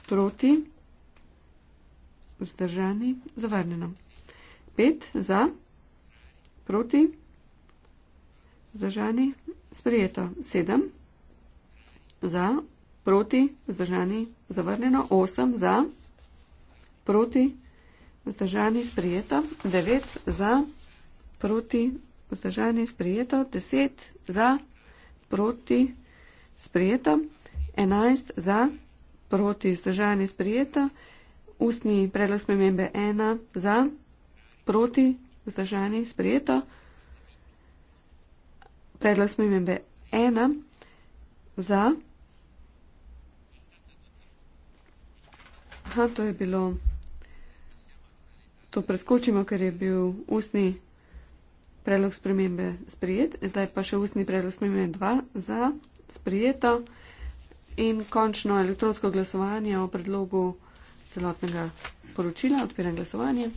proti, vzdržani, zavrnjeno. 5. Za, proti, vzdržani, sprijeto. 7 za, proti, vzdržani, zavrnjeno, 8 za, proti, vzdržani, sprijeto, 9 za, proti, vzdržani, sprijeto, 10 za, proti, sprijeto, 11 za, proti, vzdržani, sprijeto, ustni predlog spremembe 1 za, proti, vzdržani, sprijeto, predlog spremembe 1 za, proti, Aha, to je bilo. To preskočimo, ker je bil ustni predlog spremembe sprijet. Zdaj pa še ustni predlog spremembe 2 za sprijeto in končno elektronsko glasovanje o predlogu celotnega poročila. Odpiram glasovanje.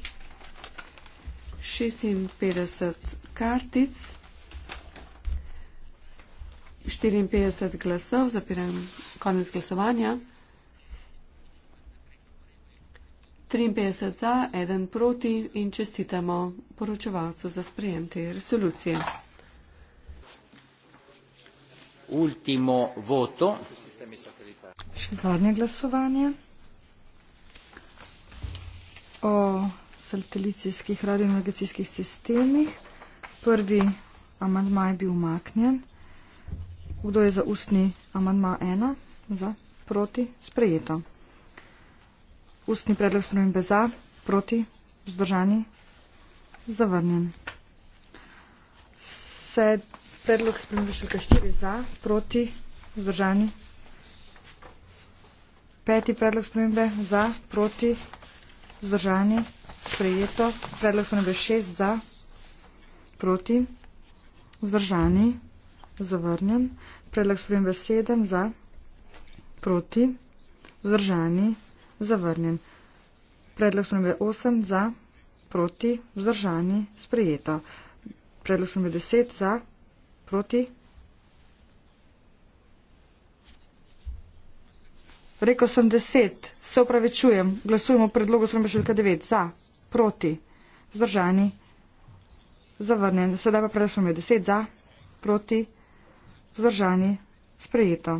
56 kartic, 54 glasov, zapiram konec glasovanja. 53 za, 1 proti in čestitamo poročevalcu za sprejem te resolucije. Ultimo voto. Še zadnje glasovanje o satelicijskih radionavigacijskih sistemih. Prvi amandma je bil umaknjen. Kdo je za ustni amandma 1? Za, proti, sprejeto. Ustni predlog spremembe za, proti, vzdržani, zavrnjen. Se predlog spremembe številka 4 za, proti, vzdržani. Peti predlog spremembe za, proti, vzdržani, sprejeto. Predlog spremembe 6 za, proti, vzdržani, zavrnjen. Predlog spremembe 7 za, proti, vzdržani, vzdržani zavrnjen. Predlog spremembe 8 za, proti, vzdržani, sprejeto. Predlog spremembe 10 za, proti. Rekl sem 10, se upravičujem, glasujemo o predlogu spremembe številka 9 za, proti, vzdržani, zavrnjen. Sedaj pa predlog spremembe 10 za, proti, vzdržani, sprejeto.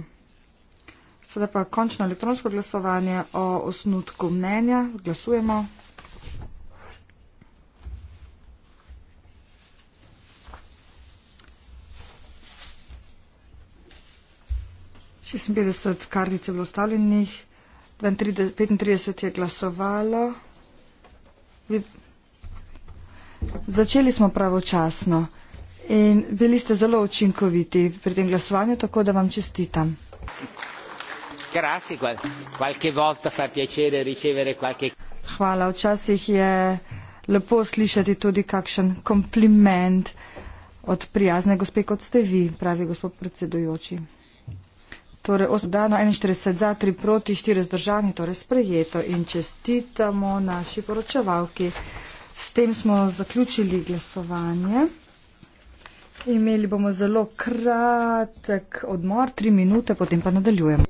Sedaj pa končno elektronsko glasovanje o osnutku mnenja. Glasujemo. Šestinpetdeset kartic je bilo ustavljenih, petintrideset je glasovalo. Vi... Začeli smo pravočasno in bili ste zelo učinkoviti pri tem glasovanju, tako da vam čestitam. Thank you grazie, qual- qualche volta fa piacere ricevere qualche. Hvala, včasih je lepo slišati tudi kakšen kompliment od prijazne gospe, kot ste vi, pravi gospod predsedujoči. Torej, 8 dana, 41 za, 3 proti, 4 zdržani, torej sprejeto in čestitamo naši poročevalki. S tem smo zaključili glasovanje. Imeli bomo zelo kratek odmor, 3 minute, potem pa nadaljujemo.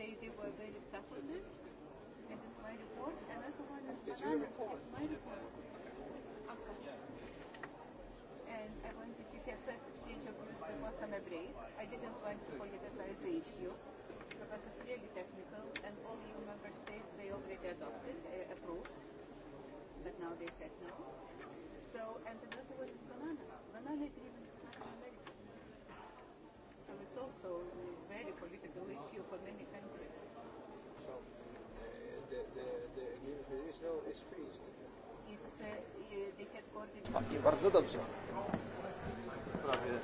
they, they were very tough on this. It is my report. And as one is it's your report. It's my report. Okay. And I wanted to have first exchange of words before summer break. I didn't want to politicize the issue because it's really technical and all the member states, they already adopted, uh, approved. But now they said no. So, and the other one is banana. Banana so it's also a very political issue for many countries. So uh, the the the Israel is freezed. It's uh, they have coordinated. Bardzo dobrze. W sprawie.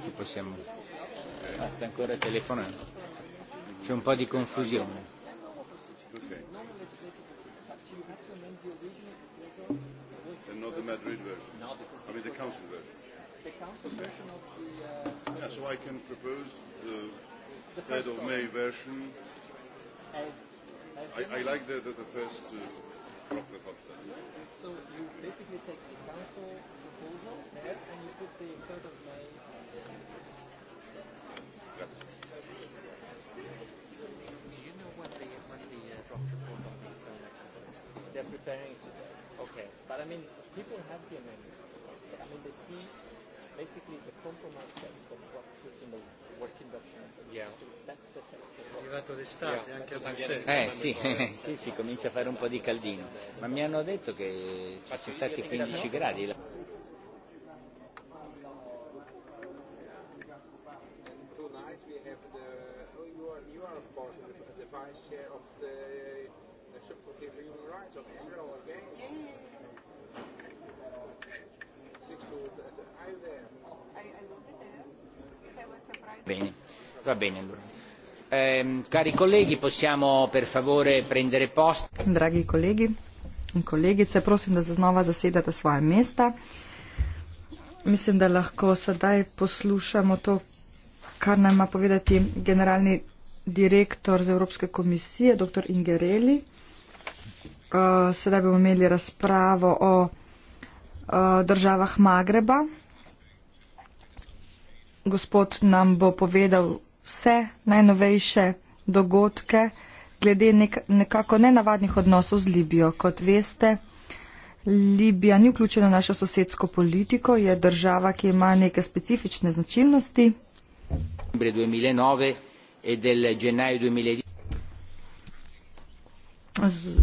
che possiamo. Ah, sta ancora telefonando. C'è un po' di confusione. Not the Madrid version. No, I mean the council version. The council version of the. Uh, yeah, so I can propose the, the third of May version. As, as I, I like the the, the first. Uh, so you basically take the council proposal there and you put the 3rd of May. Yes. Do you know when the, when the uh, draft report on the external actions are? They're preparing it today. Okay. But I mean, people have the amendments. I mean, they see basically the compromise text of what puts in the working document. Yeah. That's the text. arrivato d'estate anche a Bruxelles eh sì, sì, sì, comincia a fare un po' di caldino ma mi hanno detto che ci sono stati 15 gradi bene, va bene allora. Eh, cari colleghi, possiamo per favore prendere posto? Draghi colleghi e colleghe, prosim da znova zasedate svoje mesta. Mislim, da lahko sedaj poslušamo to, kar nam ima povedati generalni direktor z Evropske komisije, dr. Ingereli. Uh, sedaj bomo imeli razpravo o uh, državah Magreba, Gospod nam bo povedal vse najnovejše dogodke glede nek nekako nenavadnih odnosov z Libijo. Kot veste, Libija ni vključena v našo sosedsko politiko, je država, ki ima neke specifične značilnosti. E e z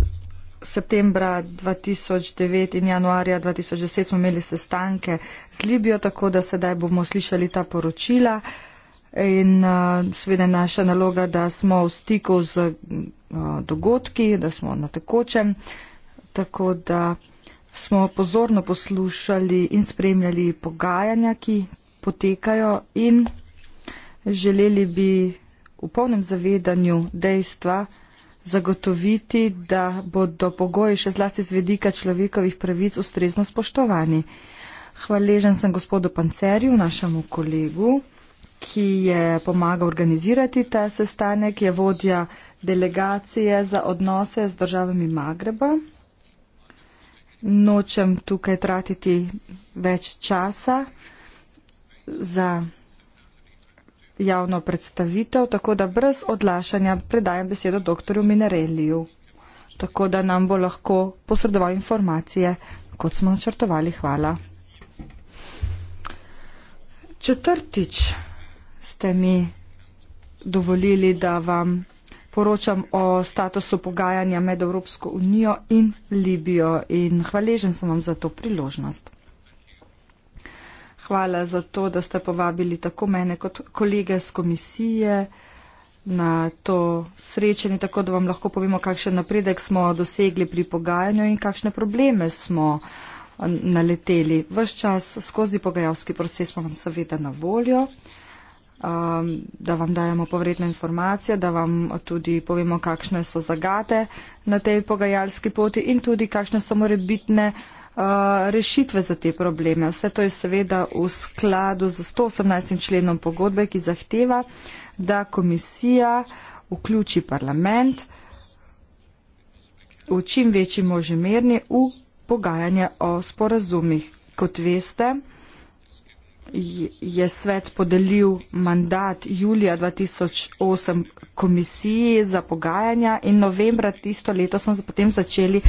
septembra 2009 in januarja 2010 smo imeli sestanke z Libijo, tako da sedaj bomo slišali ta poročila. In uh, sveda je naša naloga, da smo v stiku z uh, dogodki, da smo na tekočem, tako da smo pozorno poslušali in spremljali pogajanja, ki potekajo in želeli bi v polnem zavedanju dejstva, zagotoviti, da bodo pogoji še zlasti z vedika človekovih pravic ustrezno spoštovani. Hvaležen sem gospodu Pancerju, našemu kolegu, ki je pomagal organizirati ta sestanek, je vodja delegacije za odnose z državami Magreba. Nočem tukaj tratiti več časa za javno predstavitev, tako da brez odlašanja predajam besedo doktorju Minareliju, tako da nam bo lahko posredoval informacije, kot smo načrtovali. Hvala. Četrtič ste mi dovolili, da vam poročam o statusu pogajanja med Evropsko unijo in Libijo in hvaležen sem vam za to priložnost hvala za to, da ste povabili tako mene kot kolege z komisije na to srečanje, tako da vam lahko povemo, kakšen napredek smo dosegli pri pogajanju in kakšne probleme smo naleteli. Ves čas skozi pogajalski proces smo vam seveda na voljo, da vam dajemo povredne informacije, da vam tudi povemo, kakšne so zagate na tej pogajalski poti in tudi, kakšne so morebitne. bitne Eh, rešitve za te probleme. Vse to je seveda v skladu z 118. členom pogodbe, ki zahteva, da komisija vključi parlament v čim večji možni merni v pogajanje o sporazumih. Kot veste, je svet podelil mandat julija 2008 komisiji za pogajanja in novembra tisto leto smo potem začeli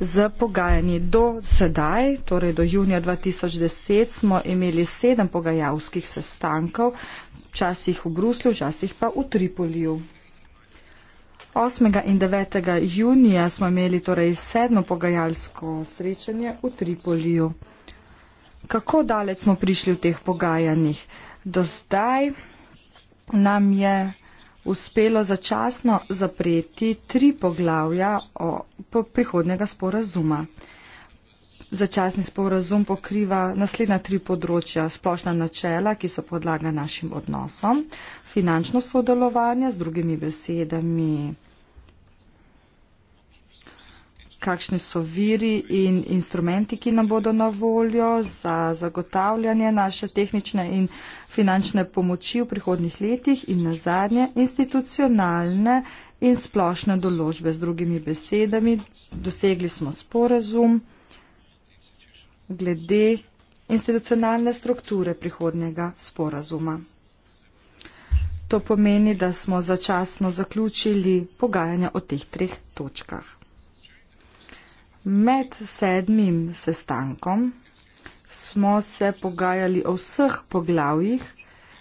z pogajanji. Do sedaj, torej do junija 2010, smo imeli sedem pogajalskih sestankov, včasih v Bruslju, včasih pa v Tripoliju. 8. in 9. junija smo imeli torej sedmo pogajalsko srečanje v Tripoliju kako daleč smo prišli v teh pogajanjih. Do zdaj nam je uspelo začasno zapreti tri poglavja o prihodnega sporazuma. Začasni sporazum pokriva naslednja tri področja splošna načela, ki so podlaga našim odnosom, finančno sodelovanje, z drugimi besedami kakšni so viri in instrumenti, ki nam bodo na voljo za zagotavljanje naše tehnične in finančne pomoči v prihodnih letih in na zadnje institucionalne in splošne določbe. Z drugimi besedami dosegli smo sporazum glede institucionalne strukture prihodnjega sporazuma. To pomeni, da smo začasno zaključili pogajanja o teh treh točkah. Med sedmim sestankom smo se pogajali o vseh poglavjih,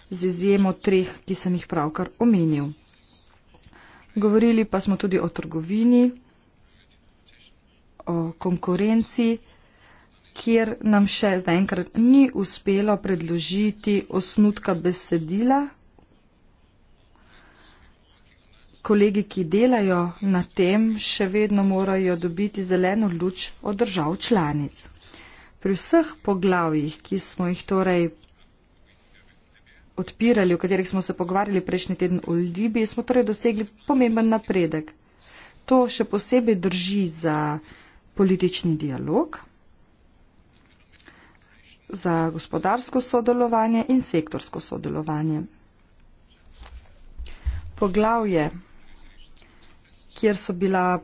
z izjemo treh, ki sem jih pravkar omenil. Govorili pa smo tudi o trgovini, o konkurenci, kjer nam še zdaj enkrat ni uspelo predložiti osnutka besedila kolegi, ki delajo na tem, še vedno morajo dobiti zeleno luč od držav članic. Pri vseh poglavjih, ki smo jih torej odpirali, o katerih smo se pogovarjali prejšnji teden v Libiji, smo torej dosegli pomemben napredek. To še posebej drži za politični dialog, za gospodarsko sodelovanje in sektorsko sodelovanje. Poglavje kjer so bila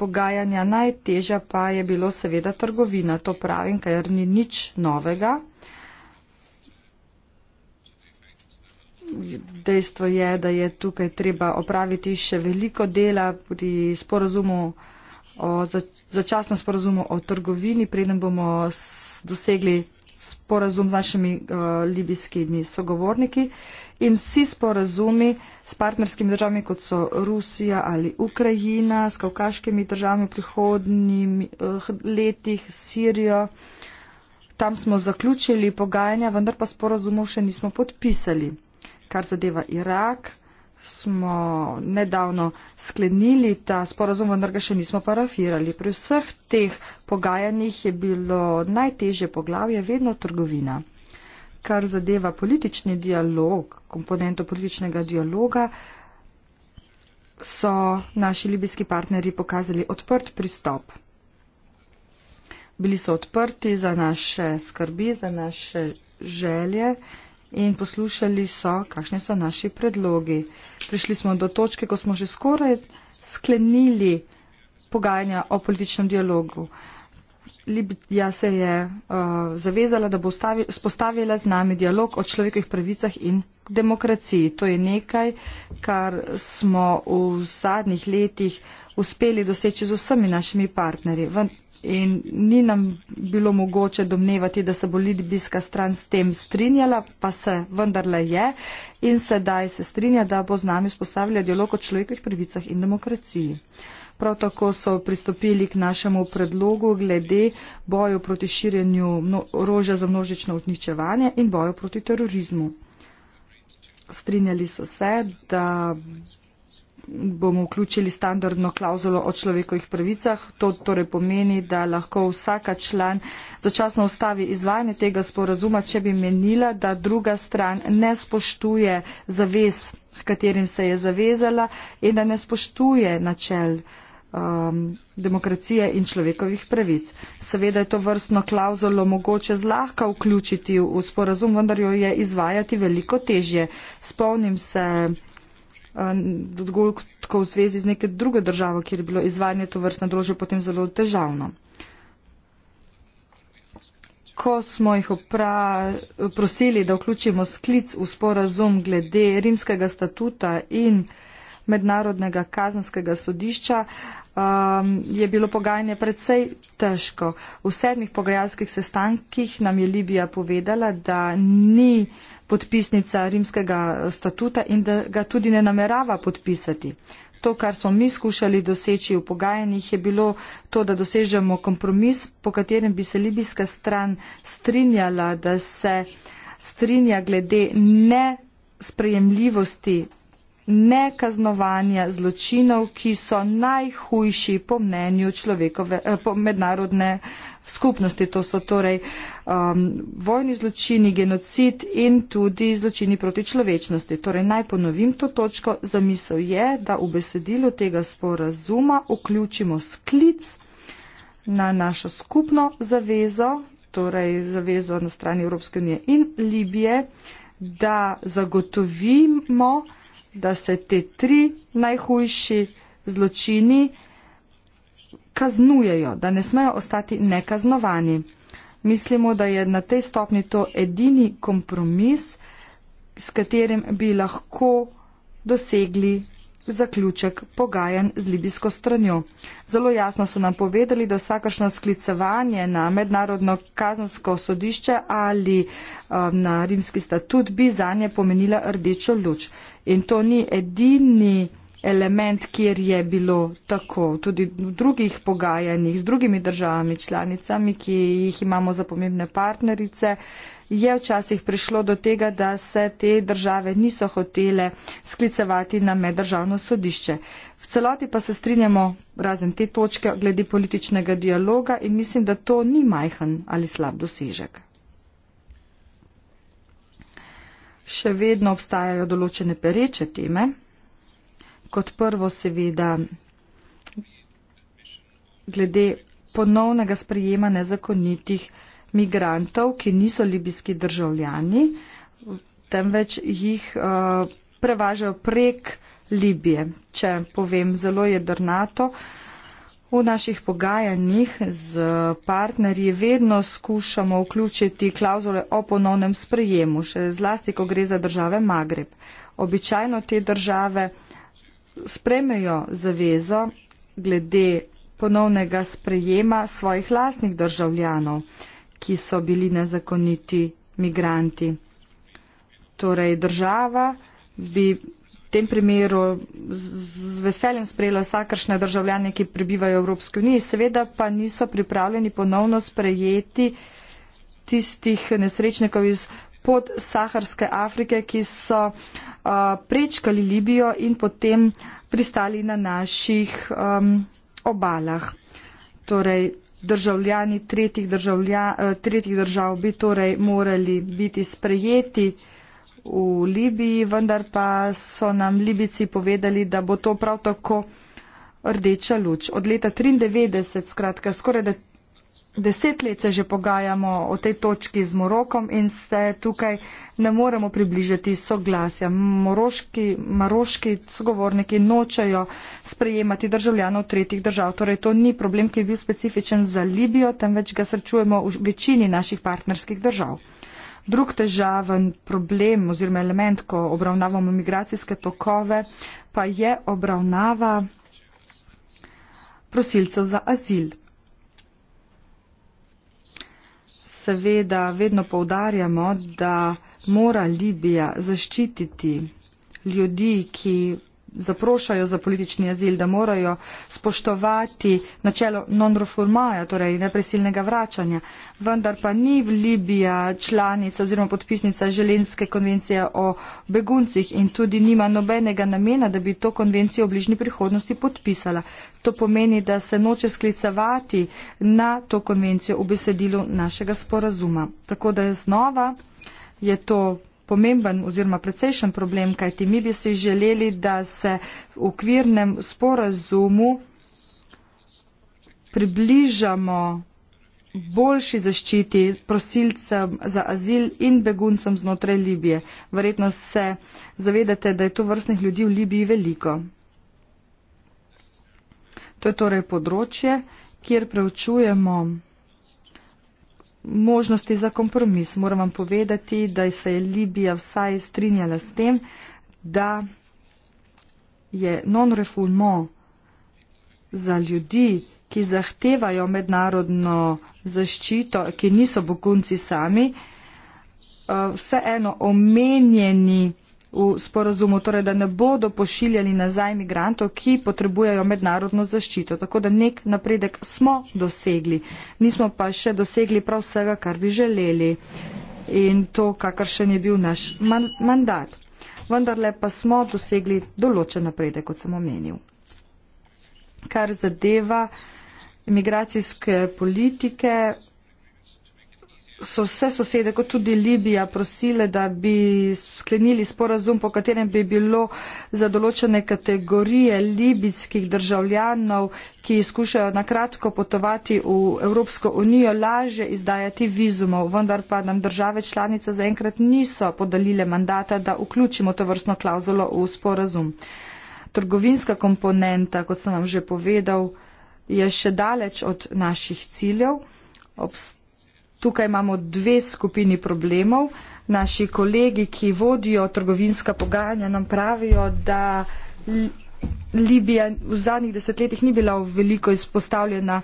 pogajanja najtežja, pa je bilo seveda trgovina. To pravim, ker ni nič novega. Dejstvo je, da je tukaj treba opraviti še veliko dela pri sporozumu o začasnem sporozumu o trgovini, preden bomo dosegli sporazum z našimi uh, libijskimi sogovorniki. Uh, in vsi sporazumi s partnerskimi državami, kot so Rusija ali Ukrajina, s kavkaškimi državami v prihodnjih eh, uh, letih, Sirijo. Tam smo zaključili pogajanja, vendar pa sporazumov še nismo podpisali. Kar zadeva Irak, smo nedavno sklenili ta sporazum, vendar ga še nismo parafirali. Pri vseh teh pogajanjih je bilo najtežje poglavje vedno trgovina kar zadeva politični dialog, komponento političnega dialoga, so naši libijski partnerji pokazali odprt pristop. Bili so odprti za naše skrbi, za naše želje in poslušali so, kakšne so naši predlogi. Prišli smo do točke, ko smo že skoraj sklenili pogajanja o političnem dialogu. Uh, Libija se je uh, zavezala, da bo spostavila z nami dialog o človekovih pravicah in demokraciji. To je nekaj, kar smo v zadnjih letih uspeli doseči z vsemi našimi partnerji. In ni nam bilo mogoče domnevati, da se bo libijska stran s tem strinjala, pa se vendarle je in sedaj se strinja, da bo z nami spostavila dialog o človekovih pravicah in demokraciji. Uh, Prav tako so pristopili k našemu predlogu glede boju proti širjenju orožja za množično uničevanje in boju proti terorizmu. Strinjali so se, da bomo vključili standardno klauzulo o človekovih pravicah. To torej pomeni, da lahko vsaka član začasno ustavi izvajanje tega sporazuma, če bi menila, da druga stran ne spoštuje zavez, katerim se je zavezala in da ne spoštuje načel uh, um, demokracije in človekovih pravic. Seveda je to vrstno klauzulo mogoče zlahka vključiti v sporazum, vendar jo je izvajati veliko težje. Spomnim se um, dogodkov um, v zvezi z neke druge državo, kjer je bilo izvajanje to vrstne drože potem zelo težavno. Ko smo jih opra, prosili, da vključimo sklic v sporazum glede rimskega statuta in mednarodnega kazanskega sodišča, uh, um, je bilo pogajanje predvsej težko. V sedmih pogajalskih sestankih nam je Libija povedala, da ni podpisnica rimskega statuta in da ga tudi ne namerava podpisati. To, kar smo mi skušali doseči v pogajanjih, je bilo to, da dosežemo kompromis, po katerem bi se libijska stran strinjala, da se strinja glede nesprejemljivosti nekaznovanja zločinov, ki so najhujši po mnenju človekove, eh, po mednarodne skupnosti. To so torej um, vojni zločini, genocid in tudi zločini proti človečnosti. Torej naj ponovim to točko. Zamisel je, da v besedilo tega sporazuma vključimo sklic na našo skupno zavezo, torej zavezo na strani Evropske unije in Libije, da zagotovimo, da se te tri najhujši zločini kaznujejo, da ne smejo ostati nekaznovani. Mislimo, da je na tej stopni to edini kompromis, s katerim bi lahko dosegli zaključek pogajanj z libijsko stranjo. Zelo jasno so nam povedali, da vsakašno sklicevanje na mednarodno kazansko sodišče ali um, na rimski statut bi zanje pomenila rdečo luč. In to ni edini element, kjer je bilo tako tudi v drugih pogajanjih z drugimi državami članicami, ki jih imamo za pomembne partnerice, je včasih prišlo do tega, da se te države niso hotele sklicevati na meddržavno sodišče. V celoti pa se strinjamo razen te točke glede političnega dialoga in mislim, da to ni majhen ali slab dosežek. Še vedno obstajajo določene pereče teme kot prvo seveda glede ponovnega sprejema nezakonitih migrantov, ki niso libijski državljani, temveč jih eh, prevažajo prek Libije. Če povem zelo jedrnato, v naših pogajanjih z partnerji vedno skušamo vključiti klauzule o ponovnem sprejemu, še zlasti, ko gre za države Magreb. Običajno te države spremejo zavezo glede ponovnega sprejema svojih lasnih državljanov, ki so bili nezakoniti migranti. Torej država bi v tem primeru z veseljem sprejela vsakršne državljane, ki prebivajo v Evropski uniji, seveda pa niso pripravljeni ponovno sprejeti tistih nesrečnikov iz pod Saharske Afrike, ki so uh, prečkali Libijo in potem pristali na naših um, obalah. Torej, državljani tretjih, državlja, eh, tretjih držav bi torej morali biti sprejeti v Libiji, vendar pa so nam Libici povedali, da bo to prav tako rdeča luč. Od leta 1993, skratka, skoraj da deset let se že pogajamo o tej točki z Morokom in se tukaj ne moremo približati soglasja. Moroški, maroški sogovorniki nočejo sprejemati državljanov tretjih držav. Torej, to ni problem, ki je bil specifičen za Libijo, temveč ga srečujemo v večini naših partnerskih držav. Drug težaven problem oziroma element, ko obravnavamo migracijske tokove, pa je obravnava prosilcev za azil. seveda vedno povdarjamo, da mora Libija zaščititi ljudi, ki zaprošajo za politični azil, da morajo spoštovati načelo non-reformaja, torej neprisilnega vračanja. Vendar pa ni Libija članica oziroma podpisnica Želenske konvencije o beguncih in tudi nima nobenega namena, da bi to konvencijo v bližnji prihodnosti podpisala. To pomeni, da se noče sklicevati na to konvencijo v besedilu našega sporazuma. Tako da je znova, je to pomemben oziroma precejšen problem, kajti mi bi si želeli, da se v okvirnem sporazumu približamo boljši zaščiti prosilcem za azil in beguncem znotraj Libije. Verjetno se zavedate, da je to vrstnih ljudi v Libiji veliko. To je torej področje, kjer preučujemo možnosti za kompromis. Moram vam povedati, da se je Libija vsaj strinjala s tem, da je non-refoulement za ljudi, ki zahtevajo mednarodno zaščito, ki niso bogunci sami, eh, vseeno omenjeni v sporazumu, torej da ne bodo pošiljali nazaj migrantov, ki potrebujejo mednarodno zaščito. Tako da nek napredek smo dosegli, nismo pa še dosegli prav vsega, kar bi želeli in to, kakršen je bil naš mandat. Vendar le pa smo dosegli določen napredek, kot sem omenil. Kar zadeva migracijske politike, so vse sosede, kot tudi Libija, prosile, da bi sklenili sporazum, po katerem bi bilo za določene kategorije libijskih državljanov, ki skušajo na kratko potovati v Evropsko unijo, laže izdajati vizumov. Vendar pa nam države članice zaenkrat niso podalile mandata, da vključimo to vrstno klauzulo v sporazum. Trgovinska komponenta, kot sem vam že povedal, je še daleč od naših ciljev. Obstaja Tukaj imamo dve skupini problemov. Naši kolegi, ki vodijo trgovinska pogajanja, nam pravijo, da Libija v zadnjih desetletjih ni bila veliko izpostavljena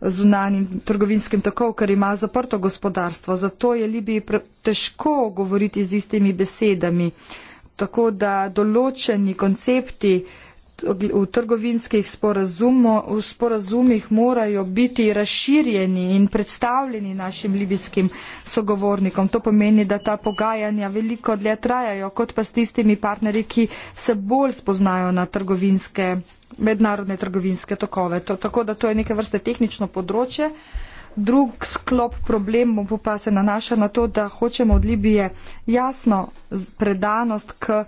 zunanjim trgovinskim tokov, ker ima zaprto gospodarstvo. Zato je Libiji težko govoriti z istimi besedami. Tako da določeni koncepti uh, v trgovinskih sporazumo, v sporazumih morajo biti razširjeni in predstavljeni našim libijskim sogovornikom. To pomeni, da ta pogajanja veliko dlje trajajo, kot pa s tistimi partnerji, ki se bolj spoznajo na trgovinske, mednarodne trgovinske tokove. To, tako da to je neke vrste tehnično področje. Drug sklop problemov pa se nanaša na to, da hočemo od Libije jasno predanost k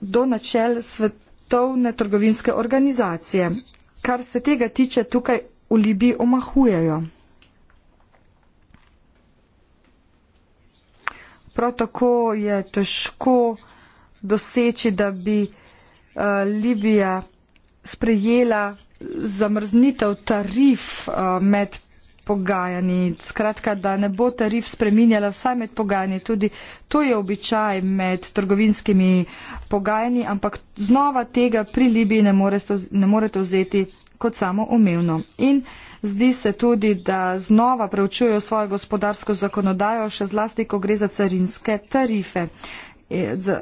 do načel svet, svetovne trgovinske organizacije. Kar se tega tiče, tukaj v Libiji omahujejo. Prav tako je težko doseči, da bi uh, Libija sprejela zamrznitev tarif uh, med pogajanji. Skratka, da ne bo tarif spreminjala vsaj med pogajanji. Tudi to je običaj med trgovinskimi pogajanji, ampak znova tega pri Libiji ne morete, ne morete vzeti kot samo umevno. In zdi se tudi, da znova preučujejo svojo gospodarsko zakonodajo, še zlasti, ko gre za carinske tarife. E, Z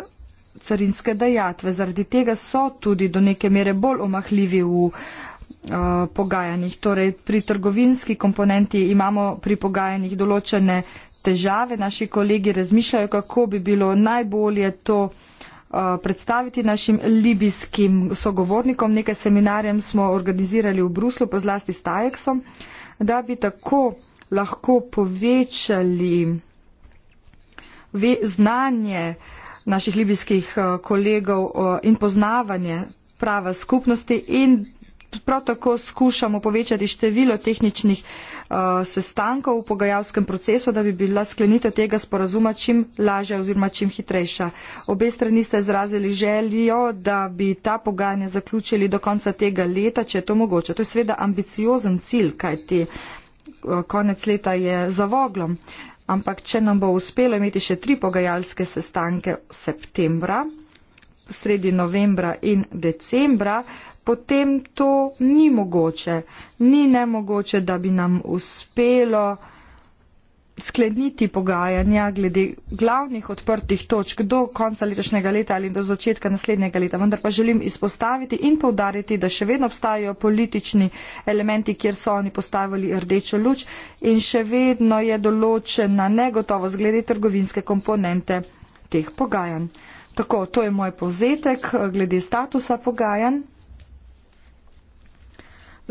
carinske dajatve. Zaradi tega so tudi do neke mere bolj omahljivi v Eh, pogajanjih. Torej, pri trgovinski komponenti imamo pri pogajanjih določene težave. Naši kolegi razmišljajo, kako bi bilo najbolje to eh, predstaviti našim libijskim sogovornikom. Nekaj seminarjem smo organizirali v Bruslu, pa zlasti s Tajeksom, da bi tako lahko povečali znanje naših libijskih eh, kolegov in poznavanje prava skupnosti in prav tako skušamo povečati število tehničnih uh, sestankov v pogajalskem procesu, da bi bila sklenitev tega sporazuma čim lažja oziroma čim hitrejša. Obe strani ste izrazili željo, da bi ta pogajanja zaključili do konca tega leta, če je to mogoče. To je sveda ambiciozen cilj, kaj ti uh, konec leta je za voglom. Ampak, če nam bo uspelo imeti še tri pogajalske sestanke septembra, sredi novembra in decembra, potem to ni mogoče. Ni nemogoče, da bi nam uspelo skleniti pogajanja glede glavnih odprtih točk do konca letošnjega leta ali do začetka naslednjega leta. Vendar pa želim izpostaviti in povdariti, da še vedno obstajajo politični elementi, kjer so oni postavili rdečo luč in še vedno je določena negotovost glede trgovinske komponente teh pogajanj. Tako, to je moj povzetek eh, glede statusa pogajanj.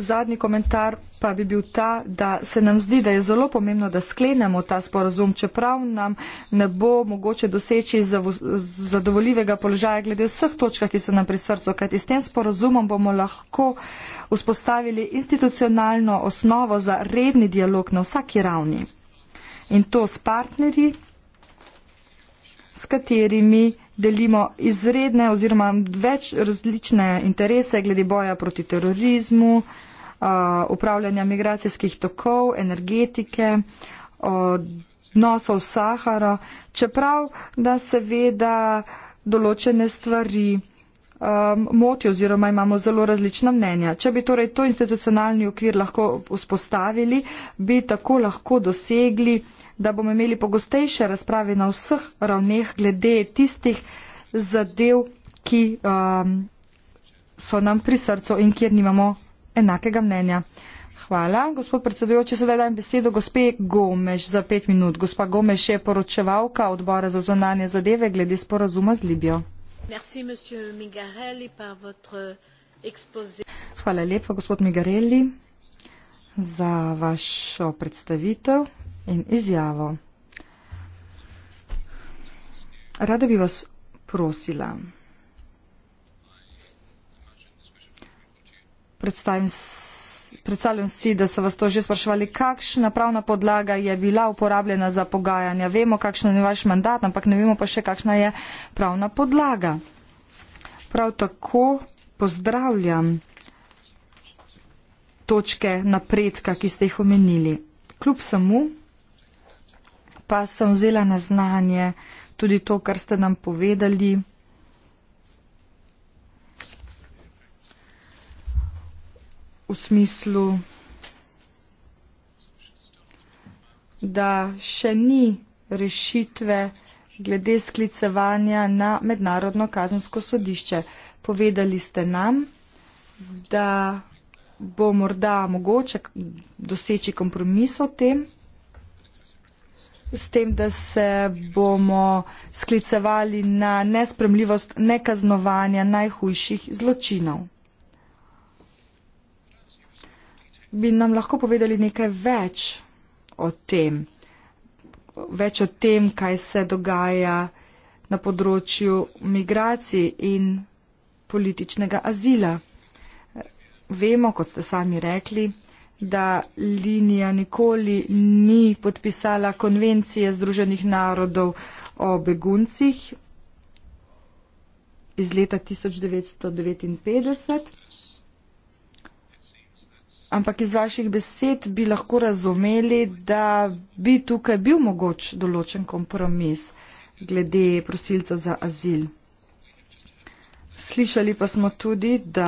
Zadnji komentar pa bi bil ta, da se nam zdi, da je zelo pomembno, da sklenemo ta sporazum, čeprav nam ne bo mogoče doseči zadovoljivega položaja glede vseh točk, ki so nam pri srcu, kajti s tem sporazumom bomo lahko vzpostavili institucionalno osnovo za redni dialog na vsaki ravni. In to s partnerji, s katerimi delimo izredne oziroma več različne interese glede boja proti terorizmu, uh, upravljanja migracijskih tokov, energetike, odnosov s Saharo, čeprav da seveda določene stvari um, moti oziroma imamo zelo različna mnenja. Če bi torej to institucionalni okvir lahko vzpostavili, bi tako lahko dosegli da bomo imeli pogostejše razprave na vseh ravneh glede tistih zadev, ki um, so nam pri srcu in kjer nimamo enakega mnenja. Hvala, gospod predsedujoči. Sedaj dajem besedo gospe Gomeš za pet minut. Gospa Gomeš je poročevalka odbora za zonanje zadeve glede sporazuma z Libijo. Merci, Hvala lepa, gospod Migarelli, za vašo predstavitev in izjavo. Rada bi vas prosila. Predstavim Predstavljam si, da so vas to že spraševali, kakšna pravna podlaga je bila uporabljena za pogajanja. Vemo, kakšen je vaš mandat, ampak ne vemo pa še, kakšna je pravna podlaga. Prav tako pozdravljam točke napredka, ki ste jih omenili. Kljub samo pa sem vzela na znanje tudi to, kar ste nam povedali. V smislu, da še ni rešitve glede sklicevanja na mednarodno kazensko sodišče. Povedali ste nam, da bo morda mogoče doseči kompromis o tem, s tem, da se bomo sklicevali na nespremljivost nekaznovanja najhujših zločinov. Bi nam lahko povedali nekaj več o tem, več o tem, kaj se dogaja na področju migracij in političnega azila. Vemo, kot ste sami rekli, da linija nikoli ni podpisala konvencije Združenih narodov o beguncih iz leta 1959. Ampak iz vaših besed bi lahko razumeli, da bi tukaj bil mogoč določen kompromis glede prosilcev za azil. Slišali pa smo tudi, da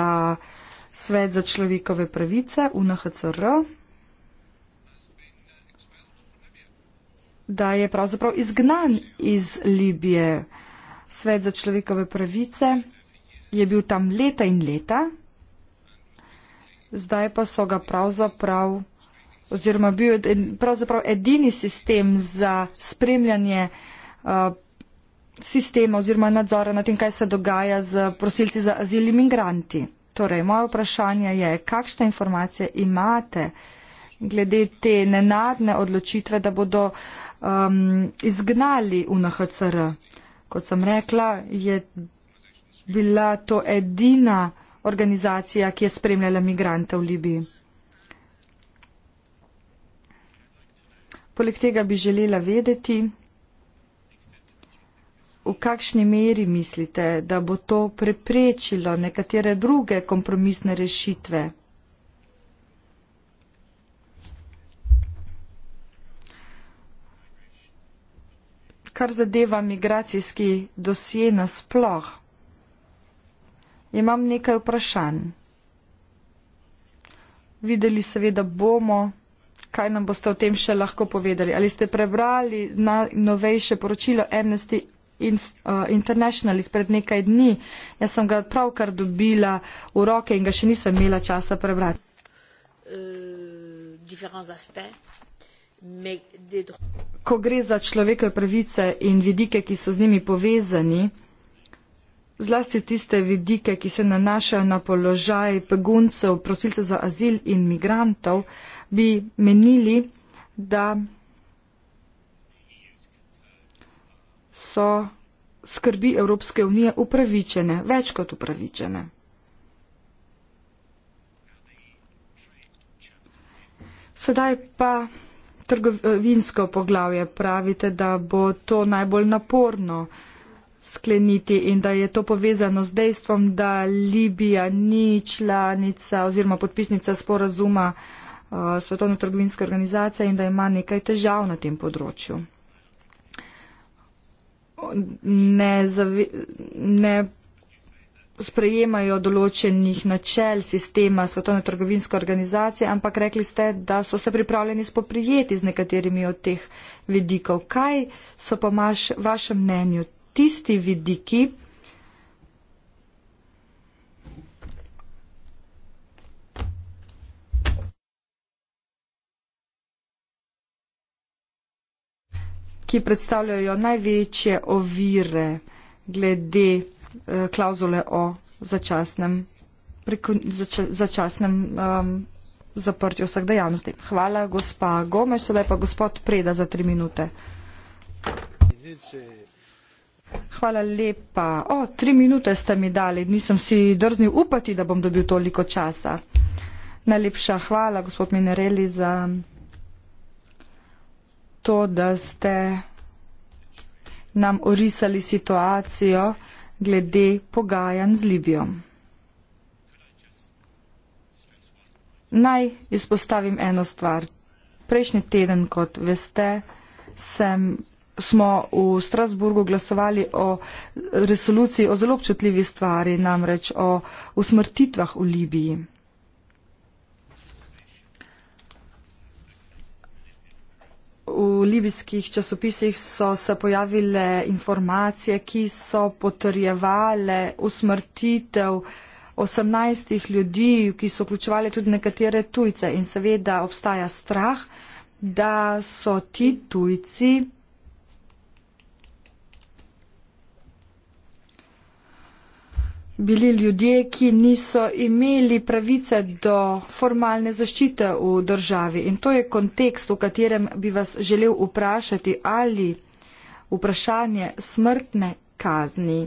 Svet za človekove pravice UNHCR, da je pravzaprav izgnan iz Libije. Svet za človekove pravice je bil tam leta in leta, zdaj pa so ga pravzaprav oziroma bil je pravzaprav edini sistem za spremljanje uh, sistema oziroma nadzora na tem, kaj se dogaja z prosilci za azil in migranti. Torej, moje vprašanje je, kakšne informacije imate glede te nenadne odločitve, da bodo um, izgnali UNHCR? Kot sem rekla, je bila to edina organizacija, ki je spremljala migrante v Libiji. Poleg tega bi želela vedeti, v kakšni meri mislite, da bo to preprečilo nekatere druge kompromisne rešitve? Kar zadeva migracijski dosje nasploh, imam nekaj vprašanj. Videli seveda bomo, kaj nam boste o tem še lahko povedali. Ali ste prebrali na novejše poročilo Amnesty in, uh, eh, International izpred nekaj dni. Jaz sem ga pravkar dobila v roke in ga še nisem imela časa prebrati. Eh, Ko gre za človekove pravice in vidike, ki so z njimi povezani, zlasti tiste vidike, ki se nanašajo na položaj peguncev, prosilcev za azil in migrantov, bi menili, da so skrbi Evropske unije upravičene, več kot upravičene. Sedaj pa trgovinsko poglavje pravite, da bo to najbolj naporno skleniti in da je to povezano z dejstvom, da Libija ni članica oziroma podpisnica sporazuma uh, Svetovne trgovinske organizacije in da ima nekaj težav na tem področju ne, zavi, ne sprejemajo določenih načel sistema Svetovne trgovinske organizacije, ampak rekli ste, da so se pripravljeni spoprijeti z nekaterimi od teh vidikov. Kaj so po vašem mnenju tisti vidiki, ki predstavljajo največje ovire glede eh, klauzule o začasnem, preko, zač, začasnem um, zaprtju vseh dejavnosti. Hvala, gospa Gomes, sedaj pa gospod Preda za tri minute. Hvala lepa. O, tri minute ste mi dali, nisem si drznil upati, da bom dobil toliko časa. Najlepša hvala, gospod Minereli, za to, da ste nam orisali situacijo glede pogajanj z Libijo. Naj izpostavim eno stvar. Prejšnji teden, kot veste, sem, smo v Strasburgu glasovali o resoluciji o zelo občutljivi stvari, namreč o usmrtitvah v Libiji. V libijskih časopisih so se pojavile informacije, ki so potrjevale usmrtitev 18 ljudi, ki so vključevali tudi nekatere tujce. In seveda obstaja strah, da so ti tujci bili ljudje, ki niso imeli pravice do formalne zaščite v državi. In to je kontekst, v katerem bi vas želel vprašati, ali vprašanje smrtne kazni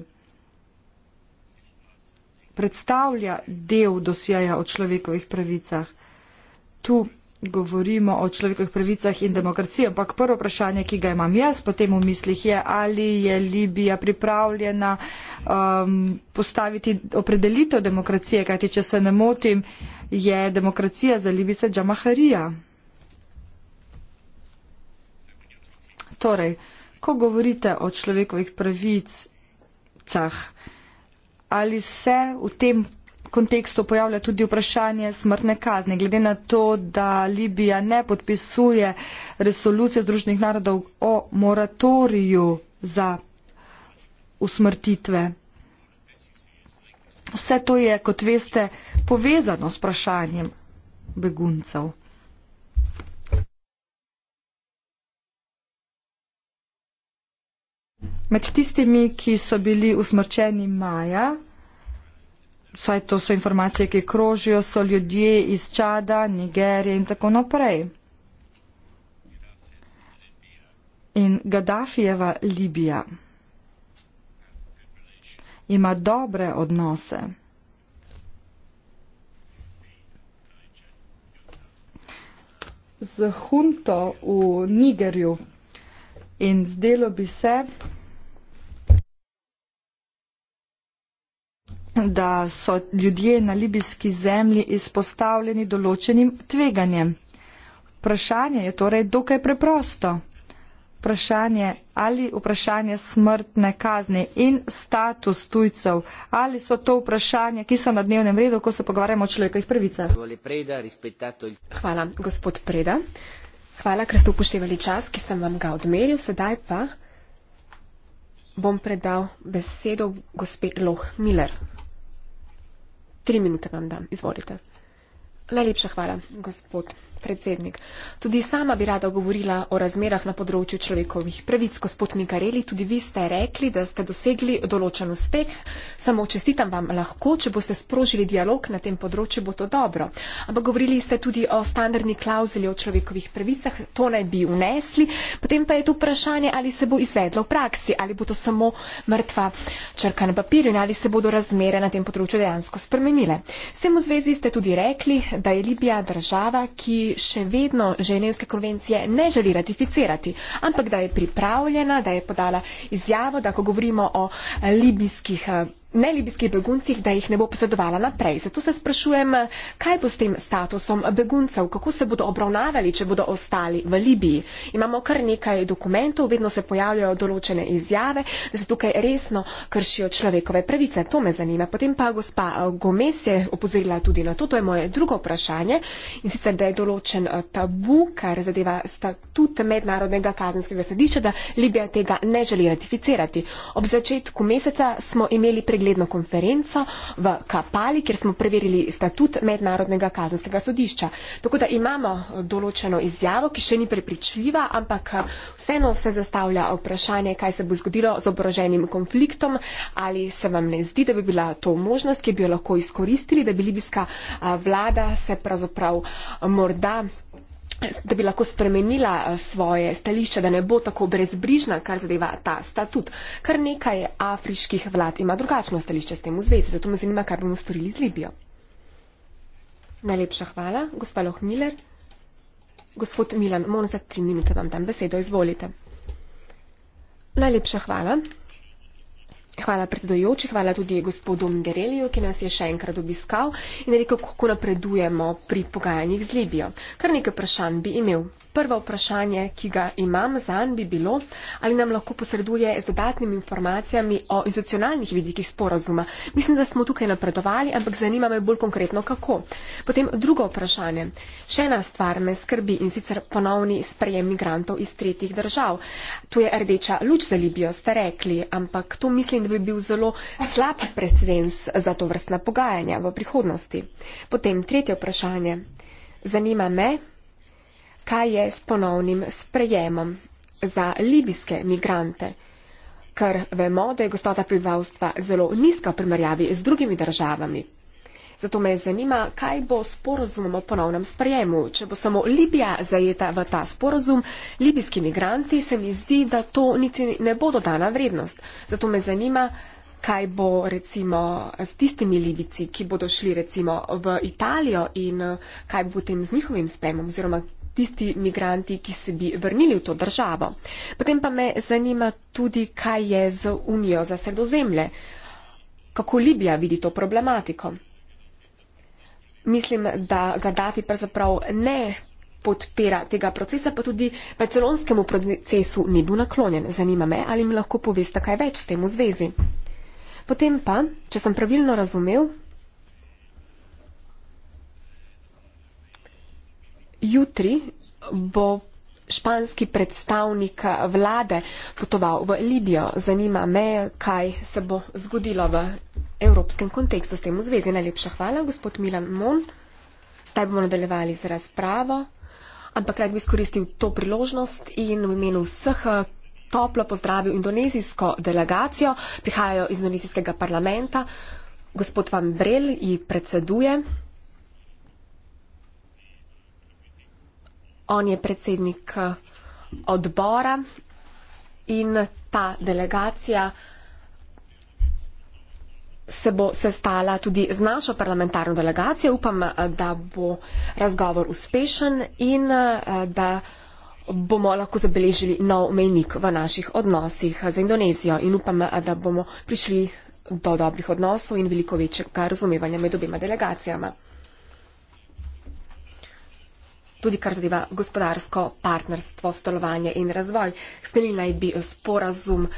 predstavlja del dosjeja o človekovih pravicah. Tu govorimo o človekovih pravicah in demokraciji, ampak prvo vprašanje, ki ga imam jaz, potem v mislih je, ali je Libija pripravljena um, postaviti opredelitev demokracije, kajti če se ne motim, je demokracija za Libice džamaharija. Torej, ko govorite o človekovih pravicah, ali se v tem kontekstu pojavlja tudi vprašanje smrtne kazni. Glede na to, da Libija ne podpisuje resolucije Združenih narodov o moratoriju za usmrtitve. Vse to je, kot veste, povezano s vprašanjem beguncev. Med tistimi, ki so bili usmrčeni maja vsaj to so informacije, ki krožijo, so ljudje iz Čada, Nigerije in tako naprej. In Gaddafijeva Libija ima dobre odnose. z hunto v Nigerju. In zdelo bi se, da so ljudje na libijski zemlji izpostavljeni določenim tveganjem. Vprašanje je torej dokaj preprosto. Vprašanje ali vprašanje smrtne kazni in status tujcev, ali so to vprašanja, ki so na dnevnem redu, ko se pogovarjamo o človekovih pravicah. Hvala, gospod Preda. Hvala, ker ste upoštevali čas, ki sem vam ga odmeril. Sedaj pa bom predal besedo gospe Loh Miller. Tri minute vam dam, izvolite. Najlepša hvala, gospod predsednik. Tudi sama bi rada govorila o razmerah na področju človekovih pravic. Gospod Mikareli, tudi vi ste rekli, da ste dosegli določen uspeh. Samo čestitam vam lahko, če boste sprožili dialog na tem področju, bo to dobro. Ampak govorili ste tudi o standardni klauzuli o človekovih pravicah, to naj bi unesli. Potem pa je tu vprašanje, ali se bo izvedlo v praksi, ali bo to samo mrtva črka na papirju in ali se bodo razmere na tem področju dejansko spremenile. S tem v zvezi ste tudi rekli, da je Libija država, ki še vedno ženevske konvencije ne želi ratificirati, ampak da je pripravljena, da je podala izjavo, da ko govorimo o libijskih eh, ne libijskih beguncih, da jih ne bo posredovala naprej. Zato se sprašujem, kaj bo s tem statusom beguncev, kako se bodo obravnavali, če bodo ostali v Libiji. Imamo kar nekaj dokumentov, vedno se pojavljajo določene izjave, da se tukaj resno kršijo človekove pravice. To me zanima. Potem pa gospa Gomes je opozorila tudi na to, to je moje drugo vprašanje, in sicer, da je določen eh, tabu, kar zadeva statut mednarodnega kazenskega sedišča, da Libija tega ne želi ratificirati. Ob začetku meseca smo imeli pregled pregledno konferenco v Kapali, kjer smo preverili statut Mednarodnega kazenskega sodišča. Tako da imamo eh, določeno izjavo, ki še ni prepričljiva, ampak eh, vseeno se zastavlja vprašanje, kaj se bo zgodilo z oboroženim konfliktom, ali se vam ne zdi, da bi bila to možnost, ki bi jo lahko izkoristili, da bi libijska eh, vlada se pravzaprav morda da bi lahko spremenila eh, svoje stališče, da ne bo tako brezbrižna, kar zadeva ta statut. Kar nekaj afriških vlad ima drugačno stališče s tem v zvezi, zato me zanima, kaj bomo storili z Libijo. Najlepša hvala, gospa Lohmiller. Gospod Milan, moram za tri minute vam dam besedo, izvolite. Najlepša hvala. Hvala predsedojoči, hvala tudi gospodu Mgereliju, ki nas je še enkrat obiskal in rekel, kako napredujemo pri pogajanjih z Libijo. Kar nekaj vprašanj bi imel. Prvo vprašanje, ki ga imam zanj, bi bilo, ali nam lahko posreduje z dodatnimi informacijami o institucionalnih vidikih sporazuma. Mislim, da smo tukaj napredovali, ampak zanima me bolj konkretno, kako. Potem drugo vprašanje. Še ena stvar me skrbi in sicer ponovni sprejem migrantov iz tretjih držav. Tu je rdeča luč za Libijo, ste rekli, ampak to mislim, bi bil zelo slab precedens za to vrstna pogajanja v prihodnosti. Potem tretje vprašanje. Zanima me, kaj je s ponovnim sprejemom za libijske migrante, ker vemo, da je gostota prebivalstva zelo nizka v primerjavi z drugimi državami. Zato me zanima, kaj bo s porozumom o ponovnem sprejemu. Če bo samo Libija zajeta v ta sporozum, libijski migranti se mi zdi, da to niti ne bo dodana vrednost. Zato me zanima, kaj bo recimo s tistimi Libici, ki bodo šli recimo v Italijo in eh, kaj bo potem z njihovim sprejemom oziroma tisti migranti, ki se bi vrnili v to državo. Potem pa me zanima tudi, kaj je z Unijo za sredozemlje. Kako Libija vidi to problematiko? mislim, da Gaddafi pravzaprav ne podpira tega procesa, pa tudi pecelonskemu procesu ni bil naklonjen. Zanima me, ali mi lahko poveste kaj več temu zvezi. Potem pa, če sem pravilno razumel, jutri bo španski predstavnik vlade potoval v Libijo. Zanima me, kaj se bo zgodilo v evropskem kontekstu s tem v zvezi. Najlepša hvala, gospod Milan Mon. Zdaj bomo nadaljevali z razpravo, ampak rad bi skoristil to priložnost in v imenu vseh eh, toplo pozdravil indonezijsko delegacijo. Prihajajo iz indonezijskega parlamenta. Gospod Van Brel ji predseduje. On je predsednik eh, odbora in ta delegacija se bo sestala tudi z našo parlamentarno delegacijo. Upam, eh, da bo razgovor uspešen in eh, da bomo lahko zabeležili nov mejnik v naših odnosih z Indonezijo in upam, eh, da bomo prišli do dobrih odnosov in veliko večjega razumevanja med obima delegacijama. Tudi kar zadeva gospodarsko partnerstvo, stolovanje in razvoj. Sklenili naj bi sporazum.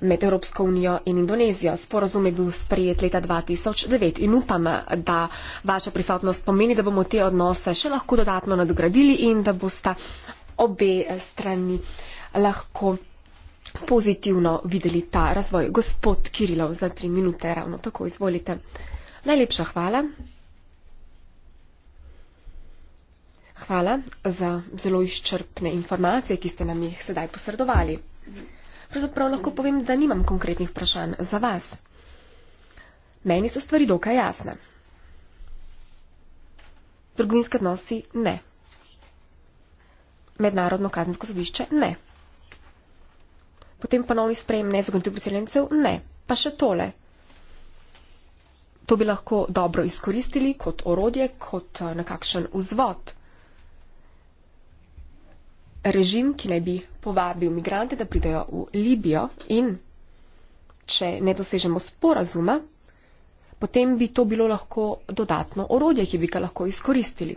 Med Evropsko unijo in Indonezijo. Sporozum je bil sprejet leta 2009 in upam, da vaša prisotnost pomeni, da bomo te odnose še lahko dodatno nadgradili in da boste obe eh, strani lahko pozitivno videli ta razvoj. Gospod Kirilov, za tri minute ravno tako izvolite. Najlepša hvala. Hvala za zelo izčrpne informacije, ki ste nam jih sedaj posredovali pravzaprav lahko povem, da nimam konkretnih vprašanj za vas. Meni so stvari dokaj jasne. Trgovinske odnosi ne. Mednarodno kazensko sodišče ne. Potem pa novi sprejem nezakonitih priseljencev ne. Pa še tole. To bi lahko dobro izkoristili kot orodje, kot eh, nekakšen vzvod režim, ki naj bi povabil migrante, da pridejo v Libijo in če ne dosežemo sporazuma, potem bi to bilo lahko dodatno orodje, ki bi ga lahko izkoristili.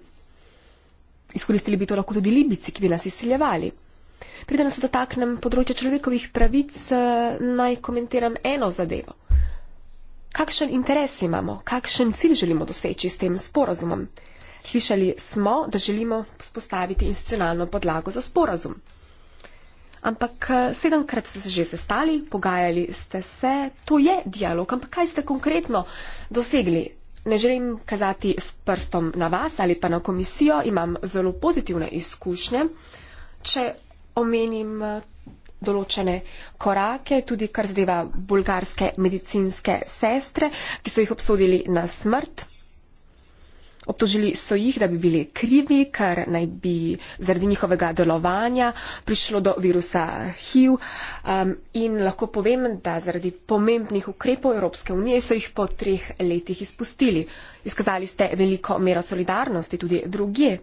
Izkoristili bi to lahko tudi Libici, ki bi nas izsiljevali. Preden se dotaknem področja človekovih pravic, naj komentiram eno zadevo. Kakšen interes imamo, kakšen cilj želimo doseči s tem sporazumom? Slišali smo, da želimo spostaviti institucionalno podlago za sporazum. Ampak eh, sedemkrat ste se že sestali, pogajali ste se, to je dialog, ampak kaj ste konkretno dosegli? Ne želim kazati s prstom na vas ali pa na komisijo, imam zelo pozitivne izkušnje, če omenim eh, določene korake, tudi kar zdeva bulgarske medicinske sestre, ki so jih obsodili na smrt. Obtožili so jih, da bi bili krivi, ker naj bi zaradi njihovega delovanja prišlo do virusa HIV. Um, in lahko povem, da zaradi pomembnih ukrepov Evropske unije so jih po treh letih izpustili. Izkazali ste veliko mero solidarnosti tudi druge.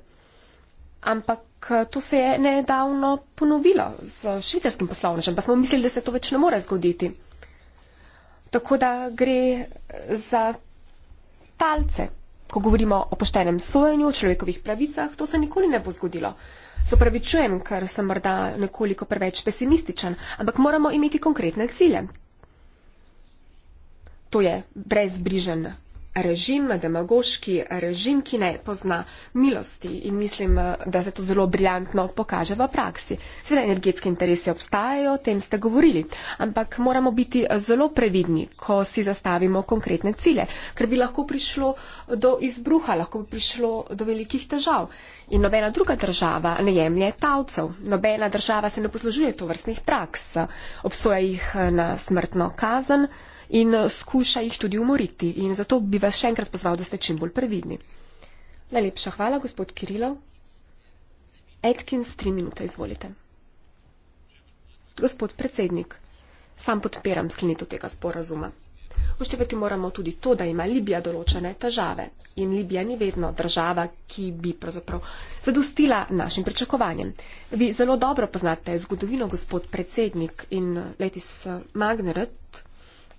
Ampak eh, to se je nedavno ponovilo z švicarskim poslovnežem, pa smo mislili, da se to več ne more zgoditi. Tako da gre za talce ko govorimo o poštenem sojenju, o človekovih pravicah, to se nikoli ne bo zgodilo. Se upravičujem, ker sem morda nekoliko preveč pesimističen, ampak moramo imeti konkretne cilje. To je brezbrižen režim, demagoški režim, ki ne pozna milosti in mislim, da se to zelo briljantno pokaže v praksi. Seveda energetske interese obstajajo, o tem ste govorili, ampak moramo biti zelo previdni, ko si zastavimo konkretne cilje, ker bi lahko prišlo do izbruha, lahko bi prišlo do velikih težav. In nobena druga država ne jemlje talcev, nobena država se ne poslužuje to vrstnih praks, obsoja jih na smrtno kazen in eh, skuša jih tudi umoriti. In zato bi vas še enkrat pozval, da ste čim bolj previdni. Najlepša hvala, gospod Kirilov. Atkins, tri minute, izvolite. Gospod predsednik, sam podpiram sklenitev tega sporazuma. Uštevati moramo tudi to, da ima Libija določene težave in Libija ni vedno država, ki bi pravzaprav zadostila našim pričakovanjem. Vi zelo dobro poznate zgodovino, gospod predsednik in Letis Magneret,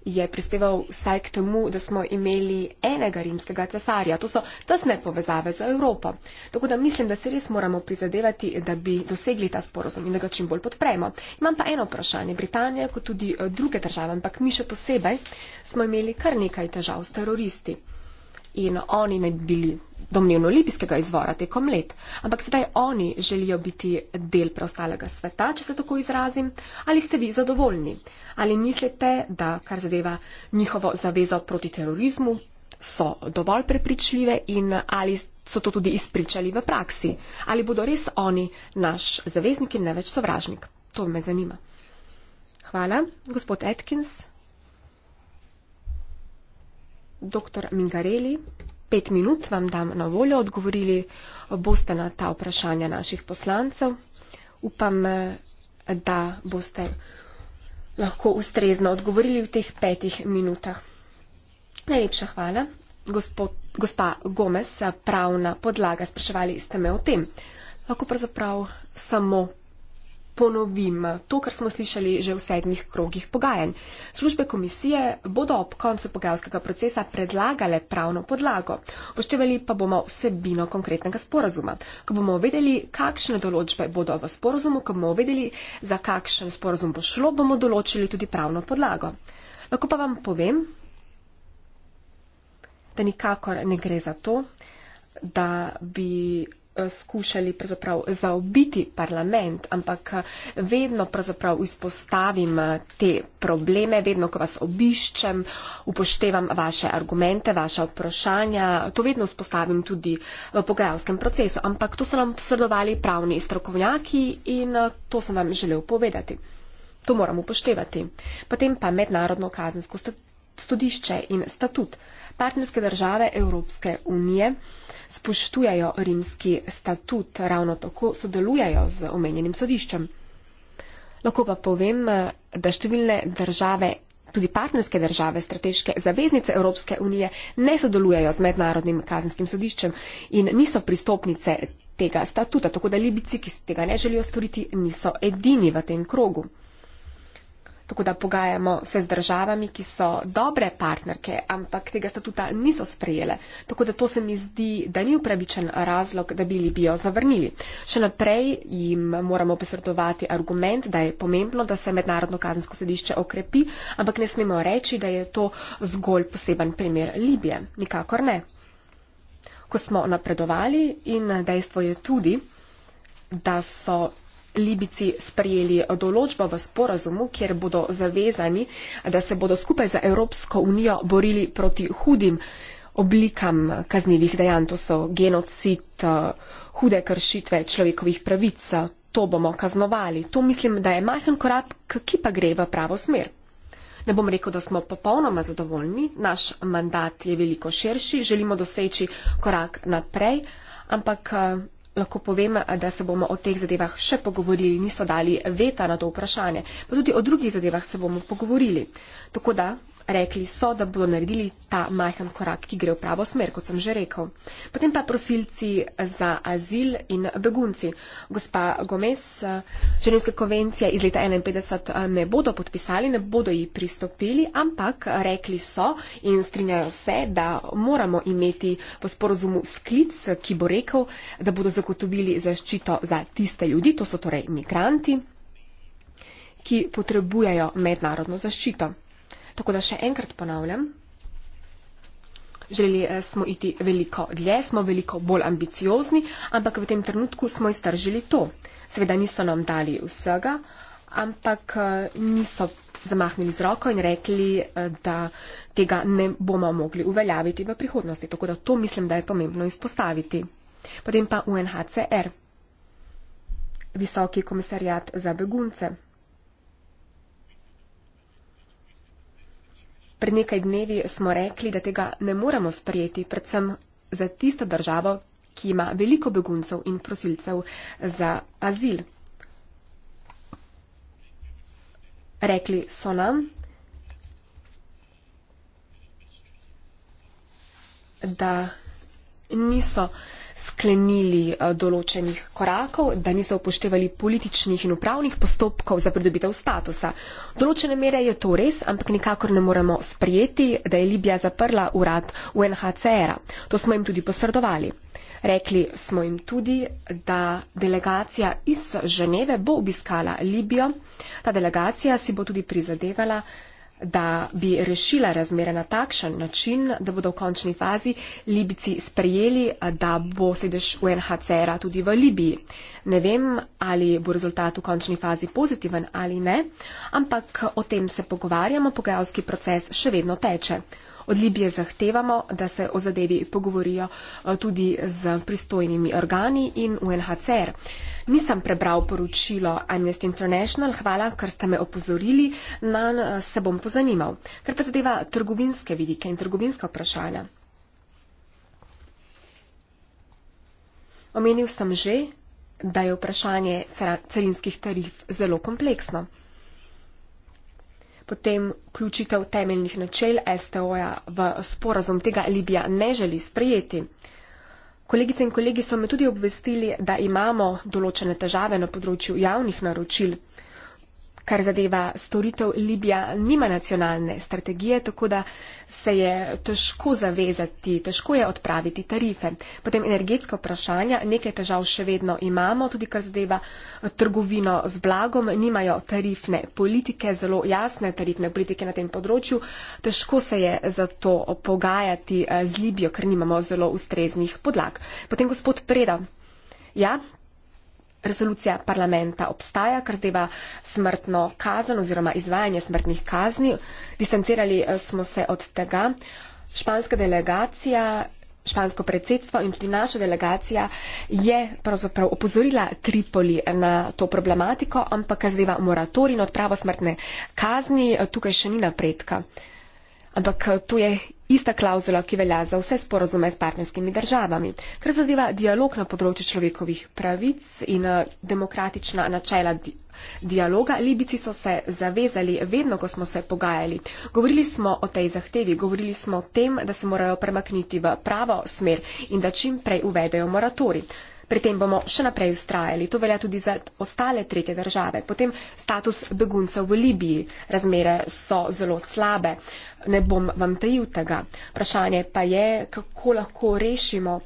je prispeval vsaj k temu, da smo imeli enega rimskega cesarja. To so tesne povezave za Evropo. Tako da mislim, da se res moramo prizadevati, da bi dosegli ta sporozum in da ga čim bolj podpremo. Imam pa eno vprašanje. Britanija, kot tudi eh, druge države, ampak mi še posebej, smo imeli kar nekaj težav s teroristi. In oni ne bi bili domnevno libijskega izvora tekom let. Ampak sedaj oni želijo biti del preostalega sveta, če se tako izrazim. Ali ste vi zadovoljni? Ali mislite, da kar zadeva njihovo zavezo proti terorizmu, so dovolj prepričljive in ali so to tudi izpričali v praksi? Ali bodo res oni naš zaveznik in ne več sovražnik? To me zanima. Hvala. Gospod Atkins. Doktor Mingareli, pet minut vam dam na voljo, odgovorili boste na ta vprašanja naših poslancev. Upam, da boste lahko ustrezno odgovorili v teh petih minutah. Najlepša hvala. Gospod, gospa Gomez, pravna podlaga, spraševali ste me o tem. Lahko pravzaprav samo ponovim to, kar smo slišali že v sedmih krogih pogajanj. Službe komisije bodo ob koncu pogajalskega procesa predlagale pravno podlago. Poštevali pa bomo vsebino konkretnega sporazuma. Ko bomo vedeli, kakšne določbe bodo v sporazumu, ko bomo vedeli, za kakšen sporazum bo šlo, bomo določili tudi pravno podlago. Lahko pa vam povem, da nikakor ne gre za to, da bi Eh, skušali zaobiti parlament, ampak eh, vedno izpostavim eh, te probleme, vedno, ko vas obiščem, upoštevam vaše argumente, vaše vprašanja. To vedno izpostavim tudi v pogajalskem procesu, ampak to so nam posredovali pravni strokovnjaki in to sem vam želel povedati. To moram upoštevati. Potem pa mednarodno kazensko sodišče in statut partnerske države Evropske unije spoštujajo rimski statut, ravno tako sodelujajo z omenjenim sodiščem. Lahko pa povem, da številne države, tudi partnerske države, strateške zaveznice Evropske unije ne sodelujajo z mednarodnim kazenskim sodiščem in niso pristopnice tega statuta, tako da libici, ki se tega ne želijo storiti, niso edini v tem krogu tako da pogajamo se z državami, ki so dobre partnerke, ampak tega statuta niso sprejele. Tako da to se mi zdi, da ni upravičen razlog, da bi Libijo zavrnili. Še naprej jim moramo posredovati argument, da je pomembno, da se mednarodno kazensko sodišče okrepi, ampak ne smemo reči, da je to zgolj poseben primer Libije. Nikakor ne. Ko smo napredovali in dejstvo je tudi, da so Libici sprejeli določbo v sporazumu, kjer bodo zavezani, da se bodo skupaj z Evropsko unijo borili proti hudim oblikam kaznjivih dejanj, to so genocid, hude kršitve človekovih pravic. To bomo kaznovali. To mislim, da je majhen korak, ki pa gre v pravo smer. Ne bom rekel, da smo popolnoma zadovoljni, naš mandat je veliko širši, želimo doseči korak naprej, ampak lahko povem, da se bomo o teh zadevah še pogovorili, niso dali veta na to vprašanje, pa tudi o drugih zadevah se bomo pogovorili. Tako da Rekli so, da bodo naredili ta majhen korak, ki gre v pravo smer, kot sem že rekel. Potem pa prosilci za azil in begunci. Gospa Gomez, Ženevske konvencije iz leta 51 eh, ne bodo podpisali, ne bodo ji pristopili, ampak rekli so in strinjajo se, da moramo imeti po sporozumu sklic, ki bo rekel, da bodo zagotovili zaščito za tiste ljudi, to so torej migranti, ki potrebujejo mednarodno zaščito. Tako da še enkrat ponavljam, želeli eh, smo iti veliko dlje, smo veliko bolj ambiciozni, ampak v tem trenutku smo iztržili to. Sveda niso nam dali vsega, ampak eh, niso zamahnili z roko in rekli, eh, da tega ne bomo mogli uveljaviti v prihodnosti. Tako da to mislim, da je pomembno izpostaviti. Potem pa UNHCR, visoki komisarjat za begunce. Pred nekaj dnevi smo rekli, da tega ne moremo sprejeti, predvsem za tisto državo, ki ima veliko beguncev in prosilcev za azil. Rekli so nam, da niso sklenili eh, določenih korakov, da niso upoštevali političnih in upravnih postopkov za pridobitev statusa. Določene mere je to res, ampak nikakor ne moremo sprijeti, da je Libija zaprla urad UNHCR-a. To smo jim tudi posredovali. Rekli smo jim tudi, da delegacija iz Ženeve bo obiskala Libijo. Ta delegacija si bo tudi prizadevala da bi rešila razmere na takšen način, da bodo v končni fazi Libici sprejeli, da bo sedež UNHCR-a tudi v Libiji. Ne vem, ali bo rezultat v končni fazi pozitiven ali ne, ampak o tem se pogovarjamo, pogajalski proces še vedno teče. Od Libije zahtevamo, da se o zadevi pogovorijo eh, tudi z pristojnimi organi in UNHCR. Nisem prebral poročilo Amnesty International, hvala, ker ste me opozorili, na eh, se bom pozanimal. Ker pa zadeva trgovinske vidike in trgovinska vprašanja. Omenil sem že, da je vprašanje carinskih tarif zelo kompleksno potem vključitev temeljnih načel STO-ja v sporazum tega Libija ne želi sprejeti. Kolegice in kolegi so me tudi obvestili, da imamo določene težave na področju javnih naročil kar zadeva storitev, Libija nima nacionalne strategije, tako da se je težko zavezati, težko je odpraviti tarife. Potem energetska vprašanja, nekaj težav še vedno imamo, tudi kar zadeva trgovino z blagom, nimajo tarifne politike, zelo jasne tarifne politike na tem področju. Težko se je zato pogajati eh, z Libijo, ker nimamo zelo ustreznih podlag. Potem gospod Preda. Ja, resolucija parlamenta obstaja, kar zdeva smrtno kazen oziroma izvajanje smrtnih kazni. Distancirali eh, smo se od tega. Španska delegacija, špansko predsedstvo in tudi naša delegacija je pravzaprav opozorila Tripoli na to problematiko, ampak kar zdeva moratorij in odpravo smrtne kazni, eh, tukaj še ni napredka. Ampak eh, tu je ista klauzula, ki velja za vse sporozume s partnerskimi državami. Kar zadeva dialog na področju človekovih pravic in eh, demokratična načela di dialoga, Libici so se zavezali vedno, ko smo se pogajali. Govorili smo o tej zahtevi, govorili smo o tem, da se morajo premakniti v pravo smer in da čim prej uvedejo moratori. Pri tem bomo še naprej ustrajali. To velja tudi za ostale tretje države. Potem status beguncev v Libiji. Razmere so zelo slabe. Ne bom vam tajil tega. Vprašanje pa je, kako lahko rešimo.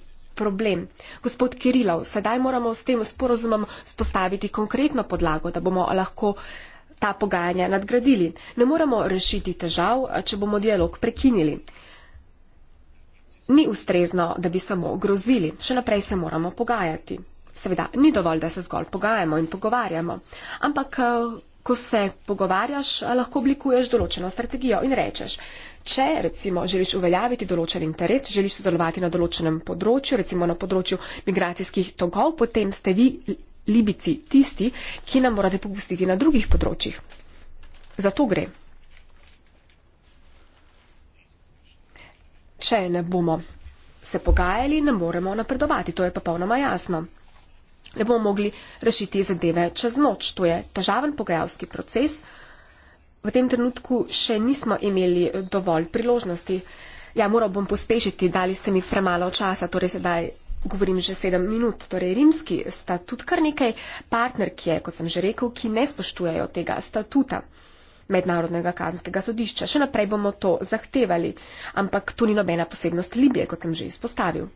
Problem. Gospod Kirilov, sedaj moramo s tem sporozumom spostaviti konkretno podlago, da bomo lahko ta pogajanja nadgradili. Ne moramo rešiti težav, če bomo dialog prekinili ni ustrezno, da bi samo grozili. Še naprej se moramo pogajati. Seveda, ni dovolj, da se zgolj pogajamo in pogovarjamo. Ampak, eh, ko se pogovarjaš, lahko oblikuješ določeno strategijo in rečeš, če recimo želiš uveljaviti določen interes, želiš sodelovati na določenem področju, recimo na področju migracijskih togov, potem ste vi, Libici, tisti, ki nam morate popustiti na drugih področjih. Zato gre. če ne bomo se pogajali, ne moremo napredovati. To je pa polnoma jasno. Ne bomo mogli rešiti zadeve čez noč. To je težaven pogajalski proces. V tem trenutku še nismo imeli dovolj priložnosti. Ja, moral bom pospešiti, dali ste mi premalo časa, torej sedaj govorim že sedem minut. Torej, rimski statut, kar nekaj partner, ki je, kot sem že rekel, ki ne spoštujejo tega statuta mednarodnega kazenskega sodišča. Še naprej bomo to zahtevali, ampak to ni nobena posebnost Libije, kot sem že izpostavil.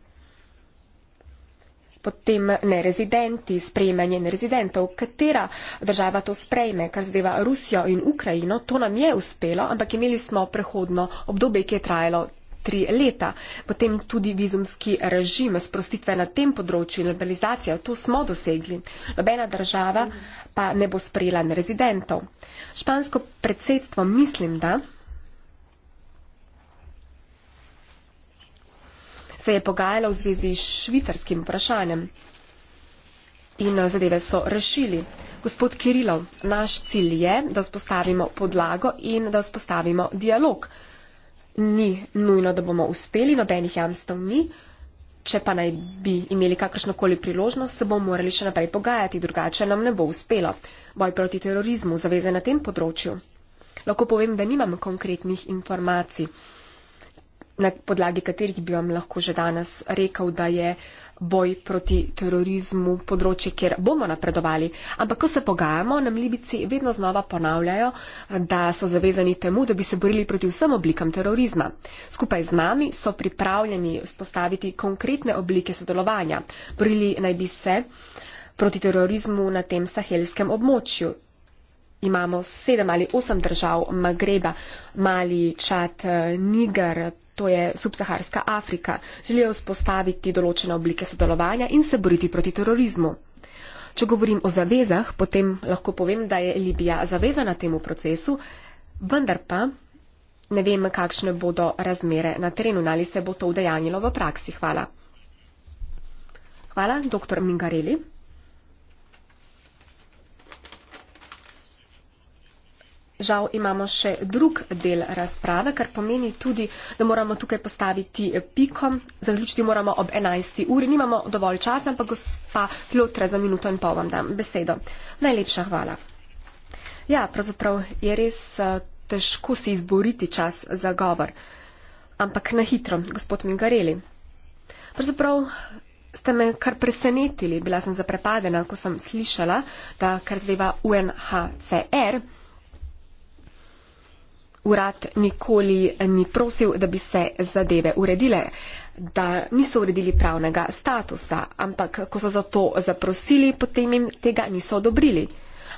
Potem nerezidenti, sprejemanje nerezidentov, katera država to sprejme, kar zdeva Rusijo in Ukrajino, to nam je uspelo, ampak imeli smo prehodno obdobje, ki je trajalo tri leta. Potem tudi vizumski režim, sprostitve na tem področju in liberalizacija, to smo dosegli. Nobena država pa ne bo sprejela nerezidentov špansko predsedstvo, mislim, da se je pogajalo v zvezi s švicarskim vprašanjem in eh, zadeve so rešili. Gospod Kirilov, naš cilj je, da vzpostavimo podlago in da vzpostavimo dialog. Ni nujno, da bomo uspeli, nobenih jamstv ni. Če pa naj bi imeli kakršnokoli priložnost, se bomo morali še naprej pogajati, drugače nam ne bo uspelo boj proti terorizmu, zaveze na tem področju. Lahko povem, da nimam konkretnih informacij, na podlagi katerih bi vam lahko že danes rekel, da je boj proti terorizmu področje, kjer bomo napredovali. Ampak, ko se pogajamo, nam Libici vedno znova ponavljajo, da so zavezani temu, da bi se borili proti vsem oblikam terorizma. Skupaj z nami so pripravljeni spostaviti konkretne oblike sodelovanja. Borili naj bi se. Uh, proti terorizmu na tem sahelskem območju. Imamo sedem ali osem držav Magreba, Mali, Čad, Niger, to je subsaharska Afrika. Želijo vzpostaviti določene oblike sodelovanja in se boriti proti terorizmu. Če govorim o zavezah, potem lahko povem, da je Libija zavezana temu procesu, vendar pa ne vem, kakšne bodo razmere na terenu, ali se bo to udejanjilo v praksi. Hvala. Hvala, dr. Mingareli. žal imamo še drug del razprave, kar pomeni tudi, da moramo tukaj postaviti piko. Zaključiti moramo ob 11. uri. Nimamo dovolj časa, ampak gospa Flotra za minuto in pol vam dam besedo. Najlepša hvala. Ja, pravzaprav je res eh, težko si izboriti čas za govor. Ampak na hitro, gospod Mingareli. Pravzaprav ste me kar presenetili, bila sem zaprepadena, ko sem slišala, da kar zdajva UNHCR urad nikoli ni prosil, da bi se zadeve uredile, da niso uredili pravnega statusa, ampak ko so za to zaprosili, potem jim tega niso odobrili.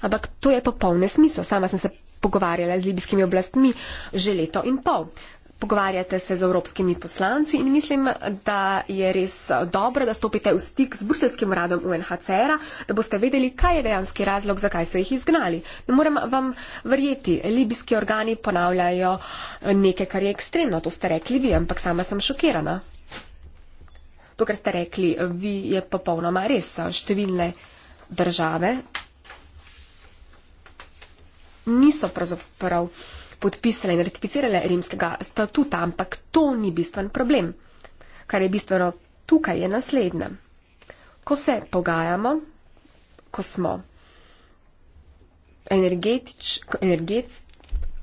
Ampak to je popolne smisel. Sama sem se pogovarjala z libijskimi oblastmi že leto in pol pogovarjate se z evropskimi poslanci in mislim, da je res dobro, da stopite v stik z bruselskim radom UNHCR-a, da boste vedeli, kaj je dejanski razlog, zakaj so jih izgnali. Ne morem vam verjeti, libijski organi ponavljajo nekaj, kar je ekstremno, to ste rekli vi, ampak sama sem šokirana. To, kar ste rekli, vi je popolnoma res. Številne države niso pravzaprav. Prav podpisale in ratificirale rimskega statuta, ampak to ni bistven problem. Kar je bistveno tukaj je naslednje. Ko se pogajamo, ko smo energetič, energet,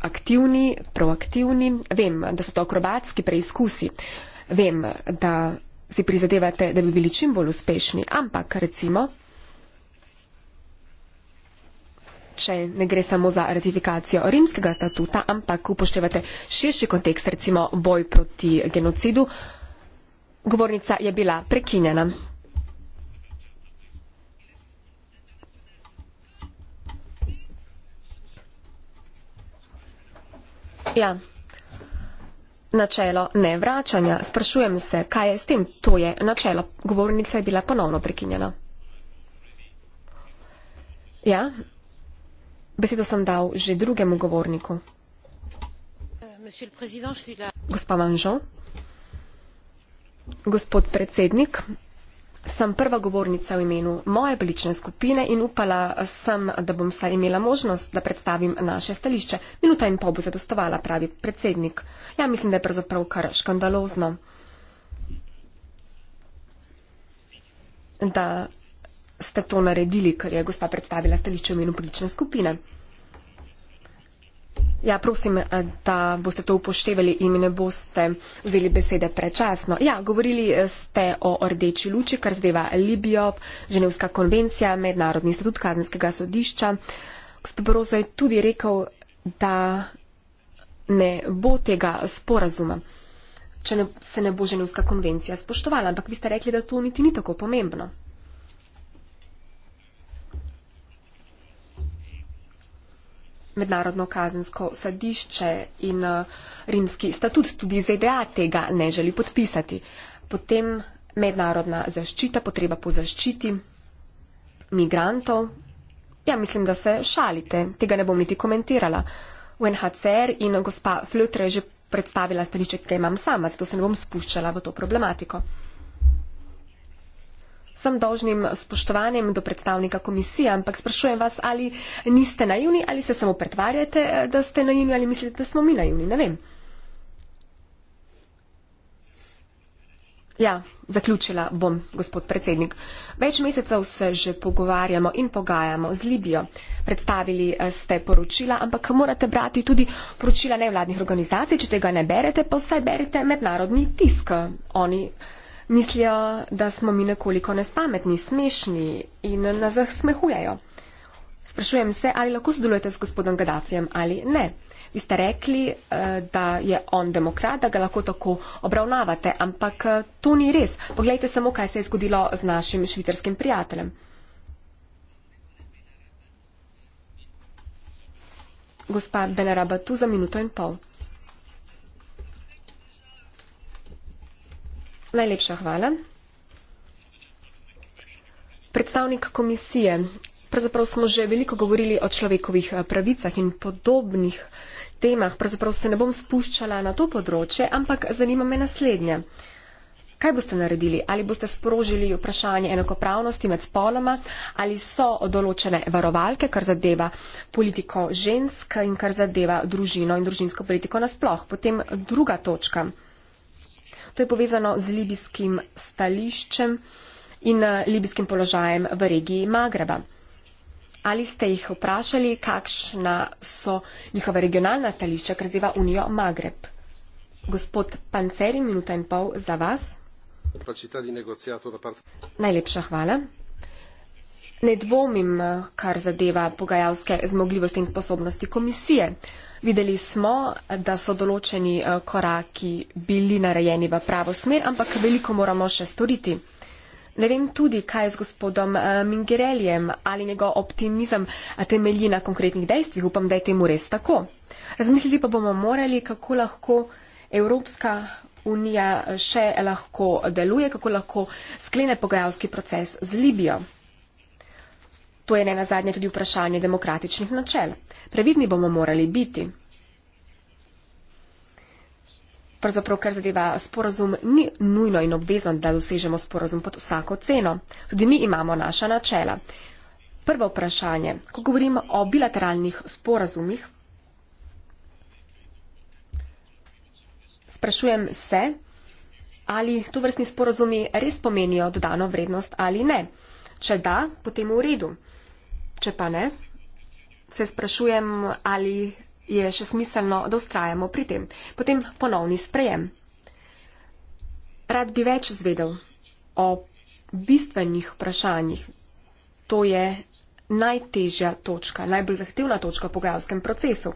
aktivni, proaktivni, vem, da so to akrobatski preizkusi, vem, da si prizadevate, da bi bili čim bolj uspešni, ampak recimo, če ne gre samo za ratifikacijo rimskega statuta, ampak upoštevate širši kontekst, recimo boj proti genocidu. Govornica je bila prekinjena. Ja. Načelo nevračanja. Sprašujem se, kaj je s tem. To je načelo. Govornica je bila ponovno prekinjena. Ja. Besedo sem dal že drugemu govorniku. Gospa Manžo. Gospod predsednik, sem prva govornica v imenu moje politične skupine in upala sem, da bom saj imela možnost, da predstavim naše stališče. Minuta in pol bo zadostovala, pravi predsednik. Ja, mislim, da je pravzaprav kar škandalozno, da ste to naredili, ker je gospa predstavila stališče v imenu politične skupine. Ja, prosim, eh, da boste to upoštevali in ne boste vzeli besede prečasno. Ja, govorili eh, ste o rdeči luči, kar zdeva Libijo, Ženevska konvencija, Mednarodni institut kazenskega sodišča. Gospod Broza je tudi rekel, da ne bo tega sporazuma, če ne, se ne bo Ženevska konvencija spoštovala, ampak vi ste rekli, da to niti ni tako pomembno. mednarodno kazensko sadišče in eh, rimski statut tudi ZDA tega ne želi podpisati. Potem mednarodna zaščita, potreba po zaščiti migrantov. Ja, mislim, da se šalite, tega ne bom niti komentirala. UNHCR in gospa Flutre je že predstavila stališče, ki ga imam sama, zato se ne bom spuščala v to problematiko sem dolžnim spoštovanjem do predstavnika komisije, ampak sprašujem vas, ali niste naivni, ali se samo pretvarjate, eh, da ste naivni, ali mislite, da smo mi naivni, ne vem. Ja, zaključila bom, gospod predsednik. Več mesecev se že pogovarjamo in pogajamo z Libijo. Predstavili eh, ste poročila, ampak morate brati tudi poročila nevladnih organizacij. Če tega ne berete, pa vsaj berite mednarodni tisk. Oni Mislijo, da smo mi nekoliko nespametni, smešni in nas zasmehujejo. Sprašujem se, ali lahko sodelujete z gospodom Gaddafijem ali ne. Vi ste rekli, eh, da je on demokrat, da ga lahko tako obravnavate, ampak eh, to ni res. Poglejte samo, kaj se je zgodilo z našim švicarskim prijateljem. Gospa Benera Batu za minuto in pol. Najlepša hvala. Predstavnik komisije, pravzaprav smo že veliko govorili o človekovih eh, pravicah in podobnih temah, pravzaprav se ne bom spuščala na to področje, ampak zanima me naslednje. Kaj boste naredili? Ali boste sprožili vprašanje enakopravnosti med spoloma? Ali so določene varovalke, kar zadeva politiko žensk in kar zadeva družino in družinsko politiko nasploh? Potem druga točka. To je povezano z libijskim stališčem in eh, libijskim položajem v regiji Magreba. Ali ste jih vprašali, kakšna so njihova regionalna stališča, kar zdaj Unijo Magreb? Gospod Panceri, minuta in pol za vas. Najlepša hvala. Ne dvomim, kar zadeva pogajalske zmogljivosti in sposobnosti komisije. Videli smo, da so določeni eh, koraki bili narejeni v pravo smer, ampak veliko moramo še storiti. Ne vem tudi, kaj je z gospodom eh, Mingereljem ali njegov optimizem eh, temelji na konkretnih dejstvih. Upam, da je temu res tako. Razmisliti pa bomo morali, kako lahko Evropska unija še lahko deluje, kako lahko sklene pogajalski proces z Libijo. To je ne nazadnje tudi vprašanje demokratičnih načel. Previdni bomo morali biti. Pravzaprav, kar zadeva sporozum, ni nujno in obvezno, da dosežemo sporozum pod vsako ceno. Tudi mi imamo naša načela. Prvo vprašanje, ko govorimo o bilateralnih sporozumih, sprašujem se, ali to vrstni sporozumi res pomenijo dodano vrednost ali ne. Če da, potem v redu. Če pa ne, se sprašujem, ali je še smiselno, da ustrajamo pri tem. Potem ponovni sprejem. Rad bi več zvedel o bistvenih vprašanjih. To je najtežja točka, najbolj zahtevna točka v pogajalskem procesu.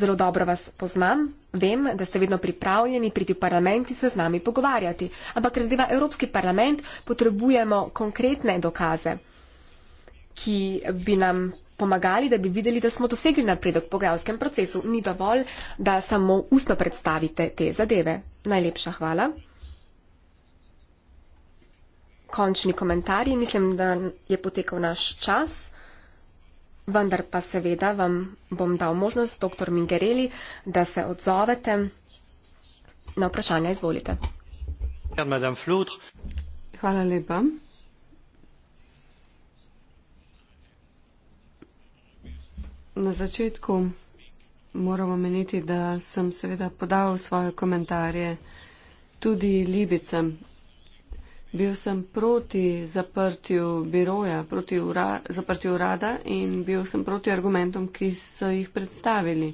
Zelo dobro vas poznam, vem, da ste vedno pripravljeni priti v parlament in se z nami pogovarjati. Ampak, ker zdaj v Evropski parlament potrebujemo konkretne dokaze ki bi nam pomagali, da bi videli, da smo dosegli napredek v pogajalskem procesu. Ni dovolj, da samo ustno predstavite te zadeve. Najlepša hvala. Končni komentarji. Mislim, da je potekal naš čas. Vendar pa seveda vam bom dal možnost, dr. Mingereli, da se odzovete na vprašanja. Izvolite. Hvala lepa. na začetku moramo meniti, da sem seveda podal svoje komentarje tudi Libicem. Bil sem proti zaprtju biroja, proti ura, zaprtju urada in bil sem proti argumentom, ki so jih predstavili.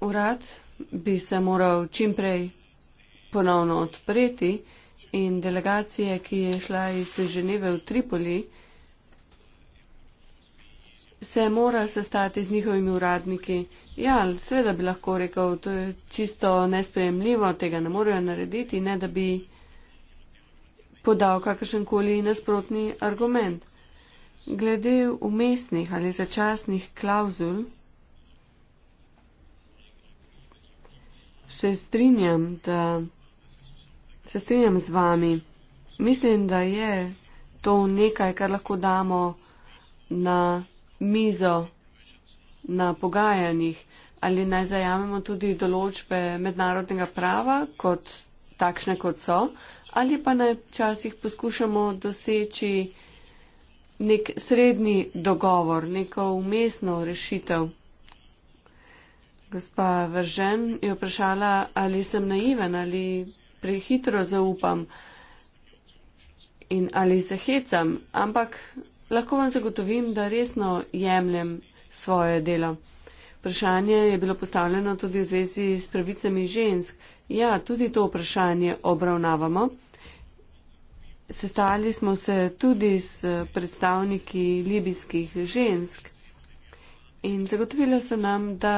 Urad bi se moral čimprej ponovno odpreti in delegacije, ki je šla iz Ženeve v Tripoli, se mora sestati z njihovimi uradniki. Ja, seveda bi lahko rekel, to je čisto nespremljivo, tega ne morejo narediti, ne da bi podal kakršenkoli nasprotni argument. Glede umestnih ali začasnih klauzul, se strinjam, da, se strinjam z vami. Mislim, da je to nekaj, kar lahko damo na mizo na pogajanjih ali naj zajamemo tudi določbe mednarodnega prava kot takšne, kot so, ali pa naj včasih poskušamo doseči nek srednji dogovor, neko umestno rešitev. Gospa Vržen je vprašala, ali sem naiven, ali prehitro zaupam in ali zahecam, ampak Lahko vam zagotovim, da resno jemljem svoje delo. Vprašanje je bilo postavljeno tudi v zvezi s pravicami žensk. Ja, tudi to vprašanje obravnavamo. Sestali smo se tudi s predstavniki libijskih žensk in zagotovila so nam, da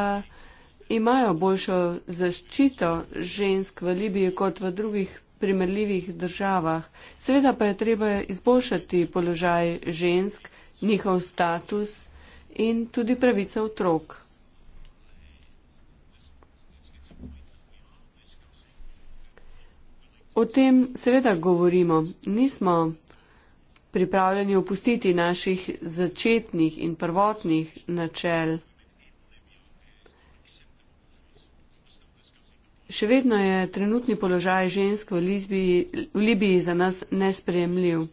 imajo boljšo zaščito žensk v Libiji kot v drugih primerljivih državah. Seveda pa je treba izboljšati položaj žensk, njihov status in tudi pravice otrok. O tem seveda govorimo. Nismo pripravljeni opustiti naših začetnih in prvotnih načel. Še vedno je trenutni položaj žensk v Libiji, v Libiji za nas nespremljiv.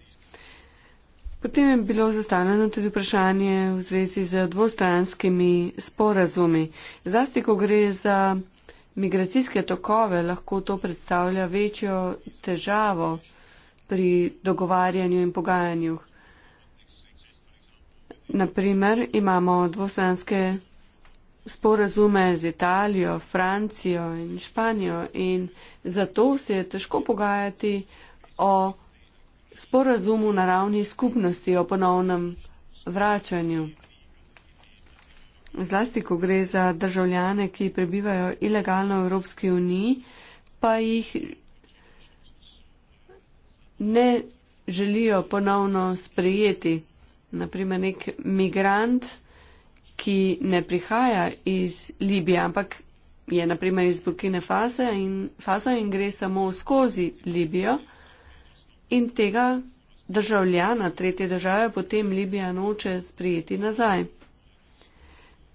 Potem je bilo zastavljeno tudi vprašanje v zvezi z dvostranskimi sporazumi. Zlasti, ko gre za migracijske tokove, lahko to predstavlja večjo težavo pri dogovarjanju in pogajanju. Naprimer, imamo dvostranske sporazume z Italijo, Francijo in Španijo in zato se je težko pogajati o sporazumu na ravni skupnosti, o ponovnem vračanju. Zlasti, ko gre za državljane, ki prebivajo ilegalno v Evropski uniji, pa jih ne želijo ponovno sprejeti. Naprimer, nek migrant, ki ne prihaja iz Libije, ampak je naprimer iz Burkine Faso in, Faso in gre samo skozi Libijo in tega državljana tretje države potem Libija noče sprijeti nazaj.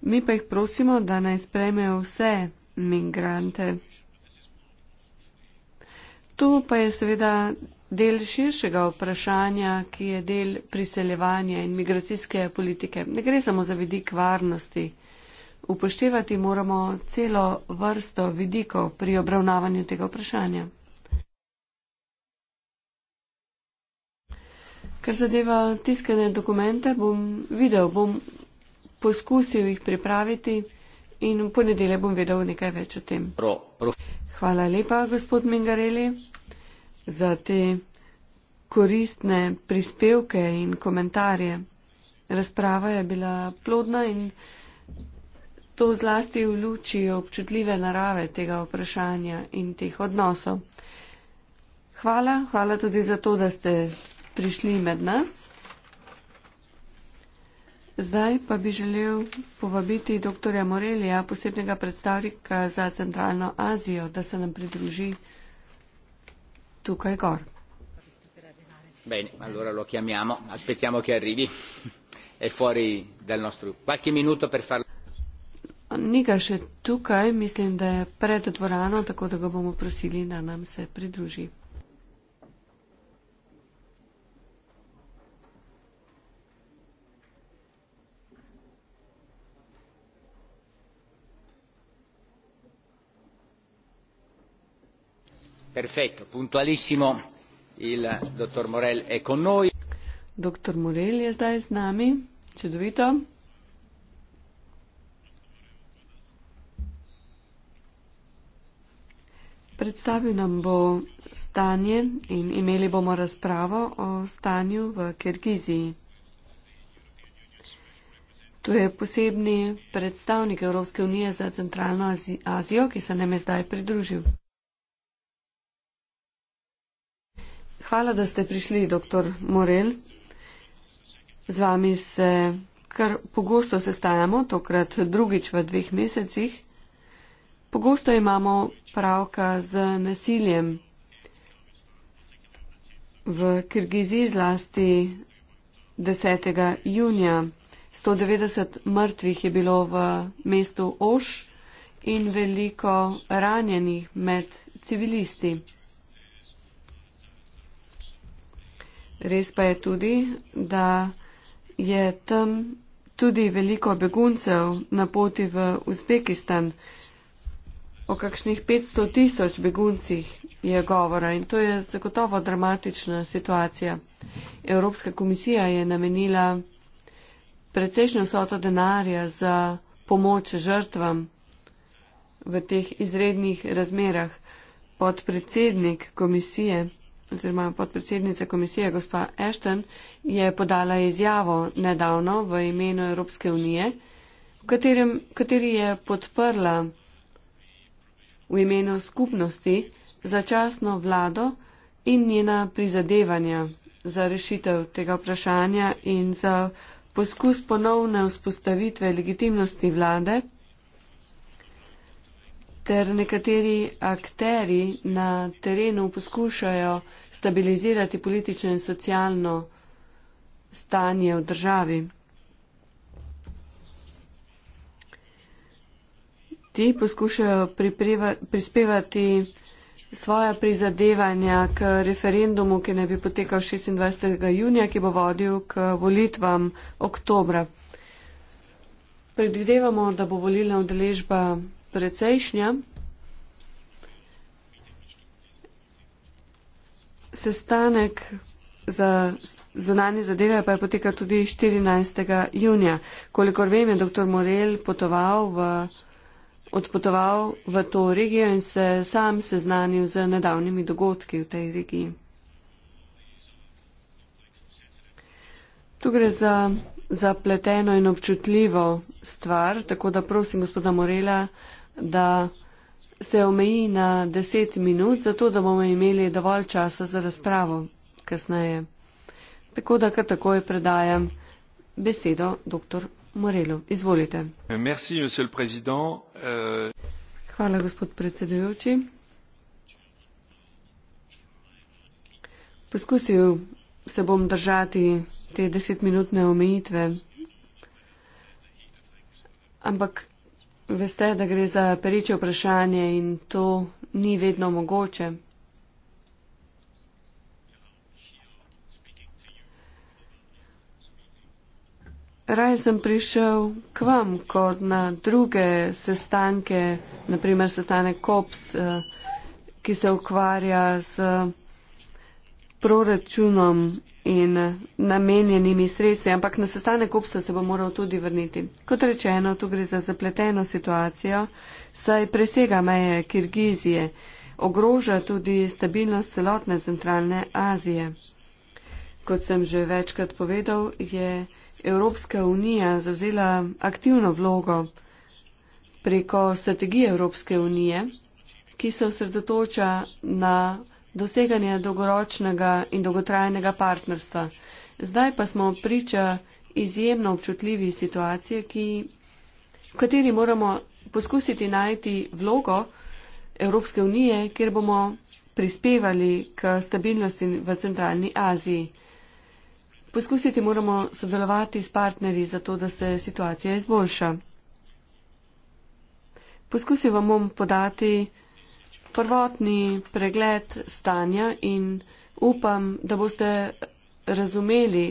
Mi pa jih prosimo, da naj spremejo vse migrante. To pa je seveda del širšega vprašanja, ki je del priseljevanja in migracijske politike. Ne gre samo za vidik varnosti. Upoštevati moramo celo vrsto vidikov pri obravnavanju tega vprašanja. Kar zadeva tiskane dokumente, bom videl, bom poskusil jih pripraviti in v ponedelje bom vedel nekaj več o tem. Hvala lepa, gospod Mingareli za te koristne prispevke in komentarje. Razprava je bila plodna in to zlasti v luči občutljive narave tega vprašanja in teh odnosov. Hvala, hvala tudi za to, da ste prišli med nas. Zdaj pa bi želel povabiti dr. Morelija, posebnega predstavnika za Centralno Azijo, da se nam pridruži tukaj gor. Bene, allora lo chiamiamo, aspettiamo che arrivi. È fuori dal nostro. qualche minuto per farlo. Nika še tukaj, mislim, da je pred dvorano, tako da ga bomo prosili, da nam se pridruži. Perfetto, puntualissimo, il dottor Morel è con noi. Dottor Morel je zdaj z nami, čudovito. Predstavil nam bo stanje in imeli bomo razpravo o stanju v Kirgiziji. To je posebni predstavnik Evropske unije za Centralno Azijo, ki se nam je zdaj pridružil. Hvala, da ste prišli, dr. Morel. Z vami se kar pogosto sestajamo, tokrat drugič v dveh mesecih. Pogosto imamo pravka z nasiljem. V Kirgiziji zlasti 10. junija 190 mrtvih je bilo v mestu Oš in veliko ranjenih med civilisti. Res pa je tudi, da je tam tudi veliko beguncev na poti v Uzbekistan. O kakšnih 500 tisoč beguncih je govora in to je zagotovo dramatična situacija. Evropska komisija je namenila precejšnjo soto denarja za pomoč žrtvam v teh izrednih razmerah. Podpredsednik komisije oziroma podpredsednica komisije gospa Ashton je podala izjavo nedavno v imenu Evropske unije, katerem, kateri je podprla v imenu skupnosti začasno vlado in njena prizadevanja za rešitev tega vprašanja in za poskus ponovne vzpostavitve legitimnosti vlade ter nekateri akteri na terenu poskušajo stabilizirati politično in socialno stanje v državi. Ti poskušajo prispevati svoja prizadevanja k referendumu, ki ne bi potekal 26. junija, ki bo vodil k volitvam oktobra. Predvidevamo, da bo volilna udeležba precejšnja. Sestanek za zunanje zadeve pa je potekal tudi 14. junija. Kolikor vem, je dr. Morel potoval v, odpotoval v to regijo in se sam seznanil z nedavnimi dogodki v tej regiji. Tu gre za zapleteno in občutljivo stvar, tako da prosim gospoda Morela, da se omeji na 10 minut, zato da bomo imeli dovolj časa za razpravo kasneje. Tako da kar takoj predajam besedo dr. Morelu. Izvolite. Merci, euh, Hvala, gospod predsedujoči. Poskusil se bom držati te desetminutne omejitve, ampak veste, da gre za pereče vprašanje in to ni vedno mogoče. Raj sem prišel k vam, kot na druge sestanke, naprimer sestanek COPS, eh, ki se ukvarja z proračunom in namenjenimi sredstvi, ampak na sestanek obsta se bo moral tudi vrniti. Kot rečeno, tu gre za zapleteno situacijo, saj presega meje Kirgizije, ogroža tudi stabilnost celotne centralne Azije. Kot sem že večkrat povedal, je Evropska unija zavzela aktivno vlogo preko strategije Evropske unije, ki se osredotoča na doseganja dolgoročnega in dolgotrajnega partnerstva. Zdaj pa smo priča izjemno občutljivi situacije, ki, v kateri moramo poskusiti najti vlogo Evropske unije, kjer bomo prispevali k stabilnosti v centralni Aziji. Poskusiti moramo sodelovati s partnerji za to, da se situacija izboljša. Poskusil vam bom podati prvotni pregled stanja in upam, da boste razumeli,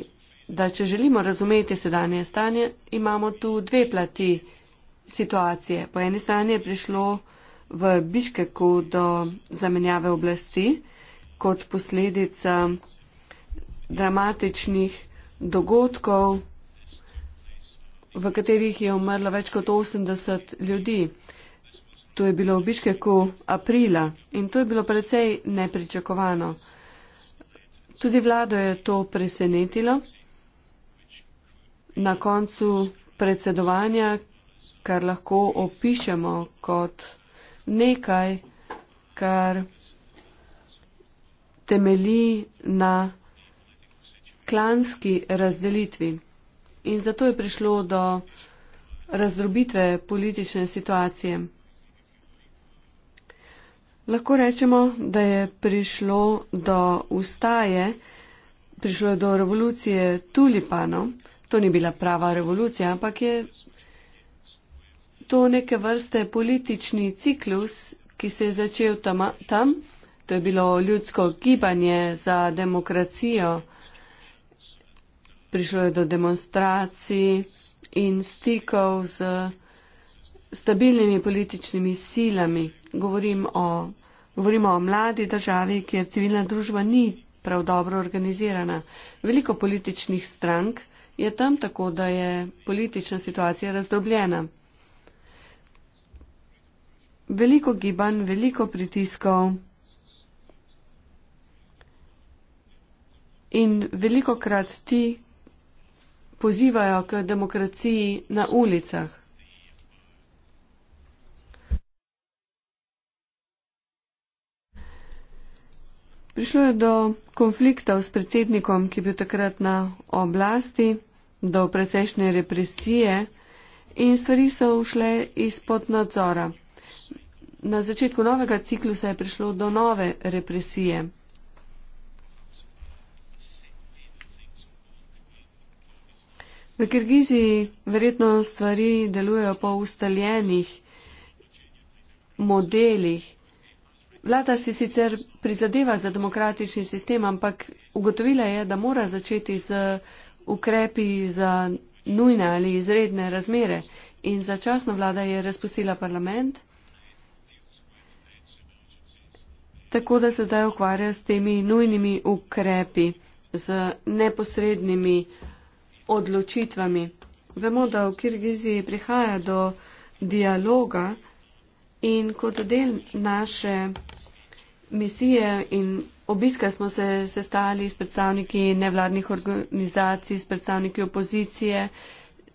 da če želimo razumeti sedanje stanje, imamo tu dve plati situacije. Po eni strani je prišlo v Biškeku do zamenjave oblasti kot posledica dramatičnih dogodkov, v katerih je umrlo več kot 80 ljudi. To je bilo v Biškeku aprila in to je bilo precej nepričakovano. Tudi vlado je to presenetilo. Na koncu predsedovanja, kar lahko opišemo kot nekaj, kar temeli na klanski razdelitvi. In zato je prišlo do razdrobitve politične situacije. Lahko rečemo, da je prišlo do ustaje, prišlo je do revolucije tulipanov. To ni bila prava revolucija, ampak je to neke vrste politični ciklus, ki se je začel tama, tam. To je bilo ljudsko gibanje za demokracijo. Prišlo je do demonstracij in stikov z stabilnimi političnimi silami. Govorim o Govorimo o mladi državi, kjer civilna družba ni prav dobro organizirana. Veliko političnih strank je tam tako, da je politična situacija razdrobljena. Veliko gibanj, veliko pritiskov in veliko krat ti pozivajo k demokraciji na ulicah. Prišlo je do konfliktov s predsednikom, ki je bil takrat na oblasti, do precejšnje represije in stvari so ušle izpod nadzora. Na začetku novega ciklusa je prišlo do nove represije. V Kirgiziji verjetno stvari delujejo po ustaljenih modelih. Vlada si sicer prizadeva za demokratični sistem, ampak ugotovila je, da mora začeti z ukrepi za nujne ali izredne razmere in začasno vlada je razpustila parlament. Tako da se zdaj ukvarja s temi nujnimi ukrepi, z neposrednimi odločitvami. Vemo, da v Kirgiziji prihaja do dialoga in kot del naše misije in obiska smo se sestali s predstavniki nevladnih organizacij, s predstavniki opozicije.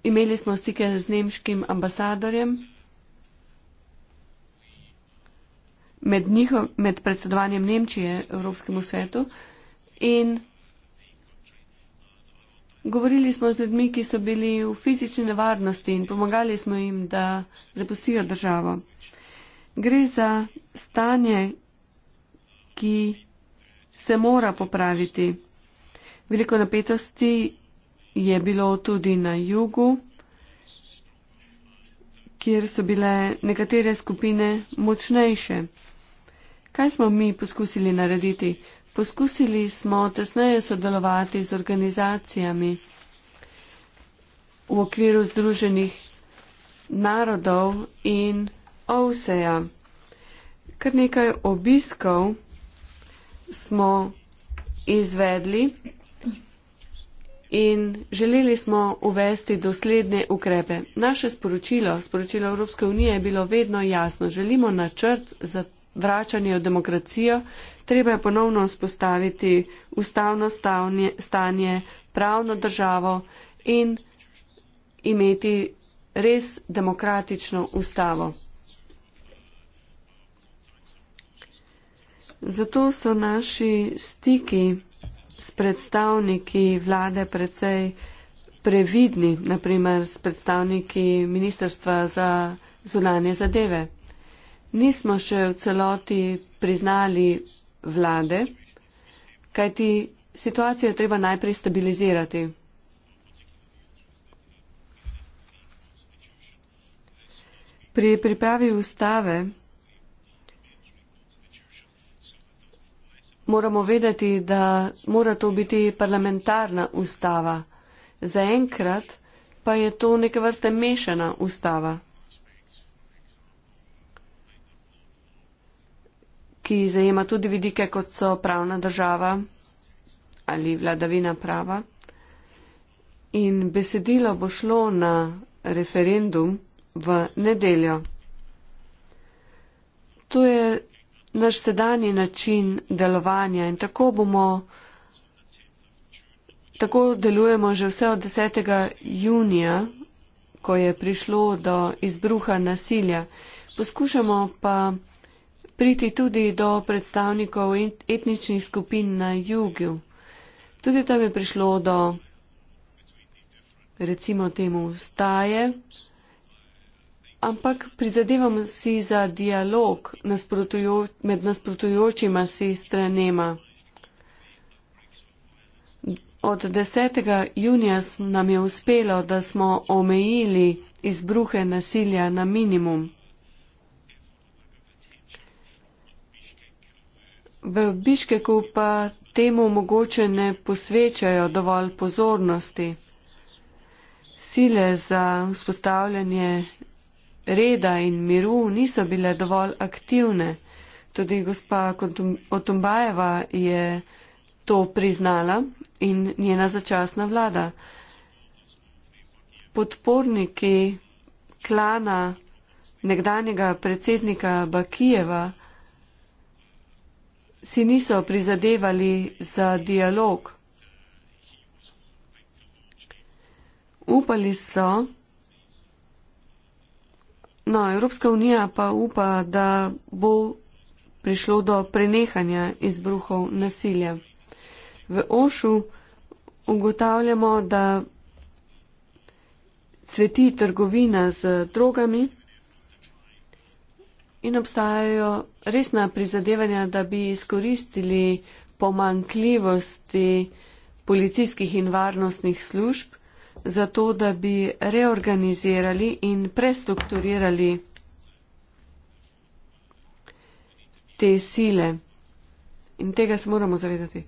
Imeli smo stike z nemškim ambasadorjem. Med, njiho, med predsedovanjem Nemčije Evropskemu svetu in govorili smo z ljudmi, ki so bili v fizični nevarnosti in pomagali smo jim, da zapustijo državo. Gre za stanje, ki se mora popraviti. Veliko napetosti je bilo tudi na jugu, kjer so bile nekatere skupine močnejše. Kaj smo mi poskusili narediti? Poskusili smo tesneje sodelovati z organizacijami v okviru Združenih narodov in OVSEJA. Kar nekaj obiskov smo izvedli in želeli smo uvesti dosledne ukrepe. Naše sporočilo, sporočilo Evropske unije je bilo vedno jasno. Želimo načrt za vračanje v demokracijo, treba je ponovno vzpostaviti ustavno stavnje, stanje, pravno državo in imeti res demokratično ustavo. Zato so naši stiki s predstavniki vlade precej previdni, naprimer s predstavniki Ministrstva za zunanje zadeve. Nismo še v celoti priznali vlade, kajti situacijo je treba najprej stabilizirati. Pri pripravi ustave moramo vedeti, da mora to biti parlamentarna ustava. Zaenkrat pa je to neke vrste mešana ustava, ki zajema tudi vidike, kot so pravna država ali vladavina prava. In besedilo bo šlo na referendum v nedeljo. To je naš sedanji način delovanja in tako bomo, tako delujemo že vse od 10. junija, ko je prišlo do izbruha nasilja. Poskušamo pa priti tudi do predstavnikov etničnih skupin na jugu. Tudi tam je prišlo do, recimo temu, staje, ampak prizadevamo si za dialog nasprotujo, med nasprotujočima si stranema. Od 10. junija nam je uspelo, da smo omejili izbruhe nasilja na minimum. V Biškeku pa temu mogoče ne posvečajo dovolj pozornosti. Sile za vzpostavljanje reda in miru niso bile dovolj aktivne. Tudi gospa Otombajeva je to priznala in njena začasna vlada. Podporniki klana nekdanjega predsednika Bakijeva si niso prizadevali za dialog. Upali so, No, Evropska unija pa upa, da bo prišlo do prenehanja izbruhov nasilja. V Ošu ugotavljamo, da cveti trgovina z drogami in obstajajo resna prizadevanja, da bi izkoristili pomankljivosti policijskih in varnostnih služb zato, da bi reorganizirali in prestrukturirali te sile. In tega se moramo zavedati.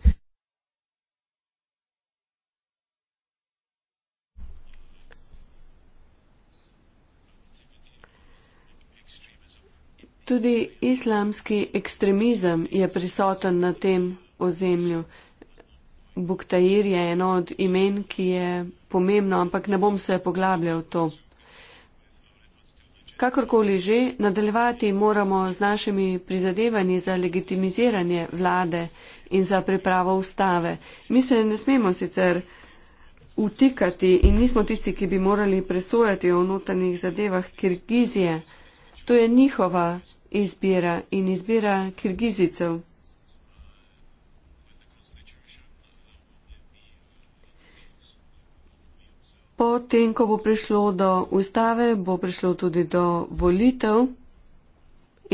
Tudi islamski ekstremizem je prisoten na tem ozemlju. Buktair je eno od imen, ki je pomembno, ampak ne bom se poglabljal v to. Kakorkoli že, nadaljevati moramo z našimi prizadevanji za legitimiziranje vlade in za pripravo ustave. Mi se ne smemo sicer utikati in nismo tisti, ki bi morali presojati o notranjih zadevah Kirgizije. To je njihova izbira in izbira Kirgizicev. Potem, ko bo prišlo do ustave, bo prišlo tudi do volitev,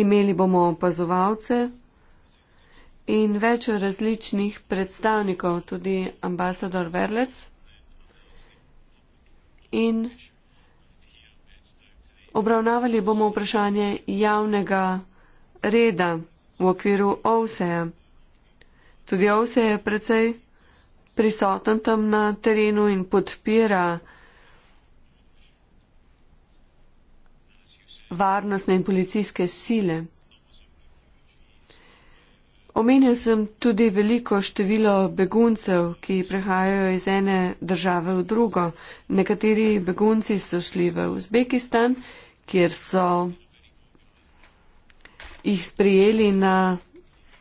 imeli bomo opazovalce in več različnih predstavnikov, tudi ambasador Verlec. In obravnavali bomo vprašanje javnega reda v okviru OVSE-ja. Tudi OVSE je precej prisoten tam na terenu in podpira varnostne in policijske sile. Omenil sem tudi veliko število beguncev, ki prehajajo iz ene države v drugo. Nekateri begunci so šli v Uzbekistan, kjer so jih sprijeli na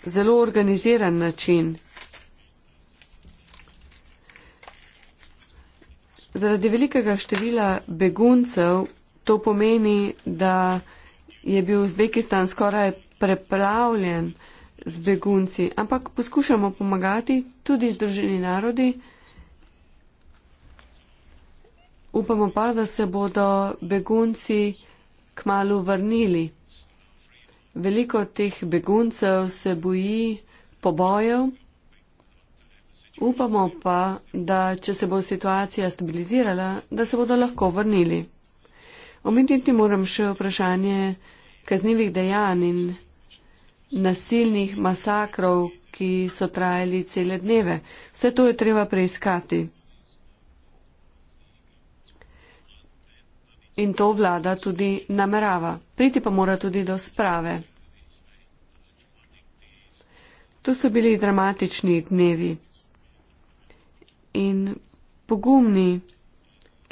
zelo organiziran način. Zaradi velikega števila beguncev to pomeni, da je bil Uzbekistan skoraj preplavljen z begunci, ampak poskušamo pomagati tudi združeni narodi. Upamo pa, da se bodo begunci k malu vrnili. Veliko teh beguncev se boji pobojev. Upamo pa, da če se bo situacija stabilizirala, da se bodo lahko vrnili. Omeniti moram še vprašanje kaznjivih dejanj in nasilnih masakrov, ki so trajali cele dneve. Vse to je treba preiskati. In to vlada tudi namerava. Priti pa mora tudi do sprave. To so bili dramatični dnevi in pogumni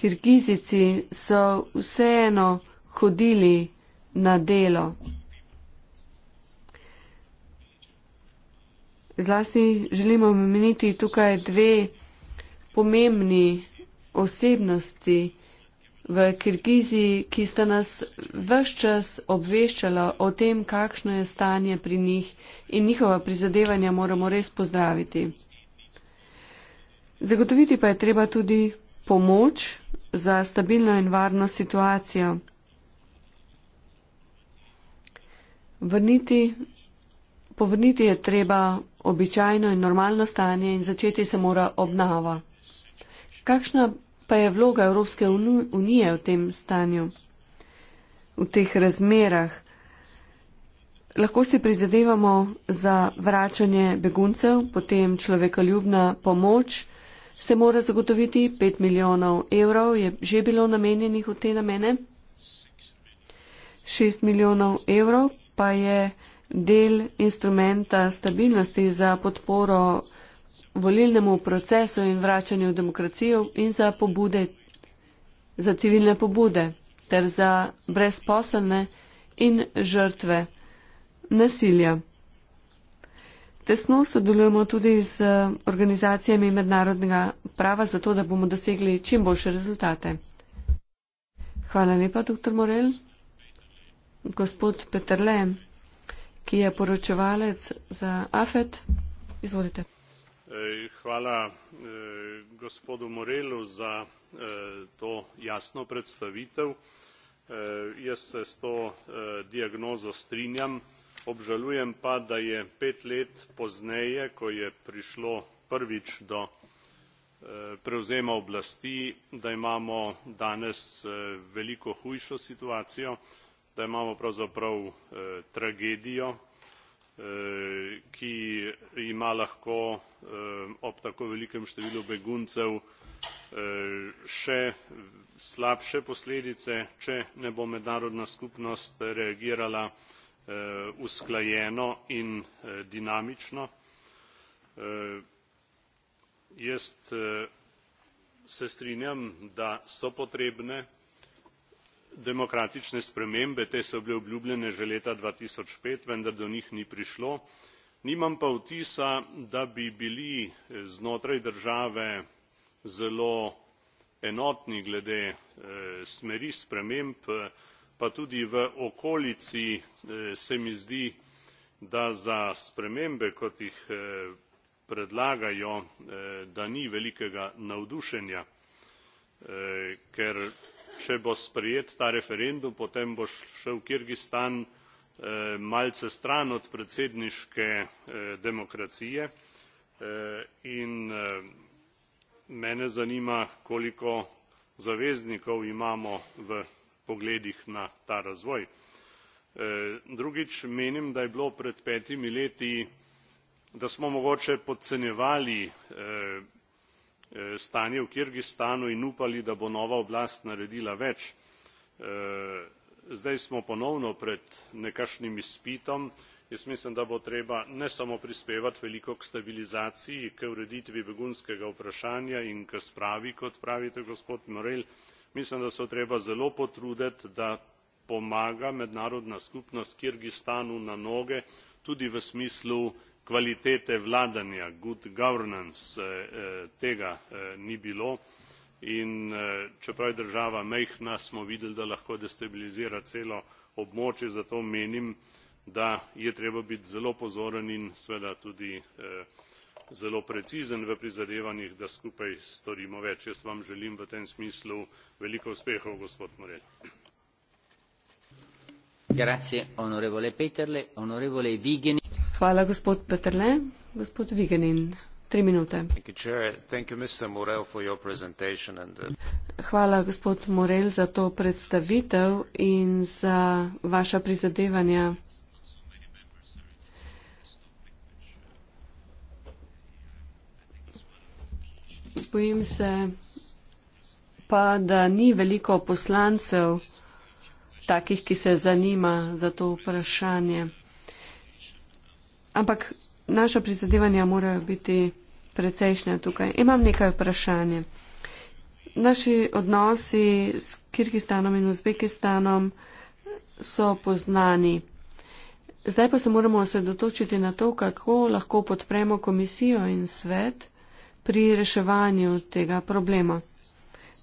Kirgizici so vseeno hodili na delo. Zlasti želimo omeniti tukaj dve pomembni osebnosti v Kirgiziji, ki sta nas vse čas obveščala o tem, kakšno je stanje pri njih in njihova prizadevanja moramo res pozdraviti. Zagotoviti pa je treba tudi pomoč za stabilno in varno situacijo. Vrniti, povrniti je treba običajno in normalno stanje in začeti se mora obnava. Kakšna pa je vloga Evropske unije v tem stanju, v teh razmerah? Lahko si prizadevamo za vračanje beguncev, potem človekoljubna pomoč se mora zagotoviti 5 milijonov evrov, je že bilo namenjenih v te namene, 6 milijonov evrov pa je del instrumenta stabilnosti za podporo volilnemu procesu in vračanju v demokracijo in za pobude, za civilne pobude ter za brezposelne in žrtve nasilja. Tesno sodelujemo tudi z eh, organizacijami mednarodnega prava, zato da bomo dosegli čim boljše rezultate. Hvala lepa, dr. Morel. Gospod Peterle, ki je poročevalec za AFET, izvolite. Eh, hvala eh, gospodu Morelu za to jasno predstavitev. Jaz se s to diagnozo strinjam obžalujem pa da je pet let pozneje ko je prišlo prvič do eh, prevzema oblasti da imamo danes eh, veliko hujšo situacijo da imamo pravzaprav eh, tragedijo ki ima lahko ob tako velikem številu beguncev še slabše posledice če ne bo mednarodna skupnost reagirala Eh, usklajeno in eh, dinamično. Eh, jaz se strinjam da so potrebne demokratične spremembe te so bile obljubljene že leta dva tisoč pet vendar do njih ni prišlo nimam pa vtisa da bi bili znotraj države zelo enotni glede smeri sprememb pa tudi v okolici eh, se mi zdi da za spremembe kot jih eh, predlagajo eh, da ni velikega navdušenja ker če bo sprejet ta referendum potem bo šel kirgistan malce stran od predsedniške demokracije in mene zanima koliko zaveznikov imamo v pogledih na ta razvoj. Eh, drugič menim da je bilo pred petimi leti da smo mogoče podcenjevali eh, eh, stanje v kirgistanu in upali da bo nova oblast naredila več. zdaj smo ponovno pred nekakšnim izpitom. jaz mislim da bo treba ne samo prispevati veliko k stabilizaciji k ureditvi begunskega vprašanja in k spravi kot pravite gospod morel mislim da se bo treba zelo potruditi da pomaga mednarodna skupnost kirgistanu na noge tudi v smislu kvalitete vladanja good governance eh, eh, tega eh, ni bilo in čeprav je država majhna smo videli da lahko destabilizira celo območje zato menim da je treba biti zelo pozoren in seveda tudi zelo precizen v prizadevanjih da skupaj storimo več. jaz vam želim v tem smislu veliko uspehov gospod morel. hvala gospod morel za to predstavitev in za vaša prizadevanja. bojim se pa, da ni veliko poslancev takih, ki se zanima za to vprašanje. Ampak naša prizadevanja morajo biti precejšnja tukaj. Imam nekaj vprašanje. Naši odnosi s Kirgistanom in Uzbekistanom so poznani. Zdaj pa se moramo osredotočiti na to, kako lahko podpremo komisijo in svet – pri reševanju tega problema.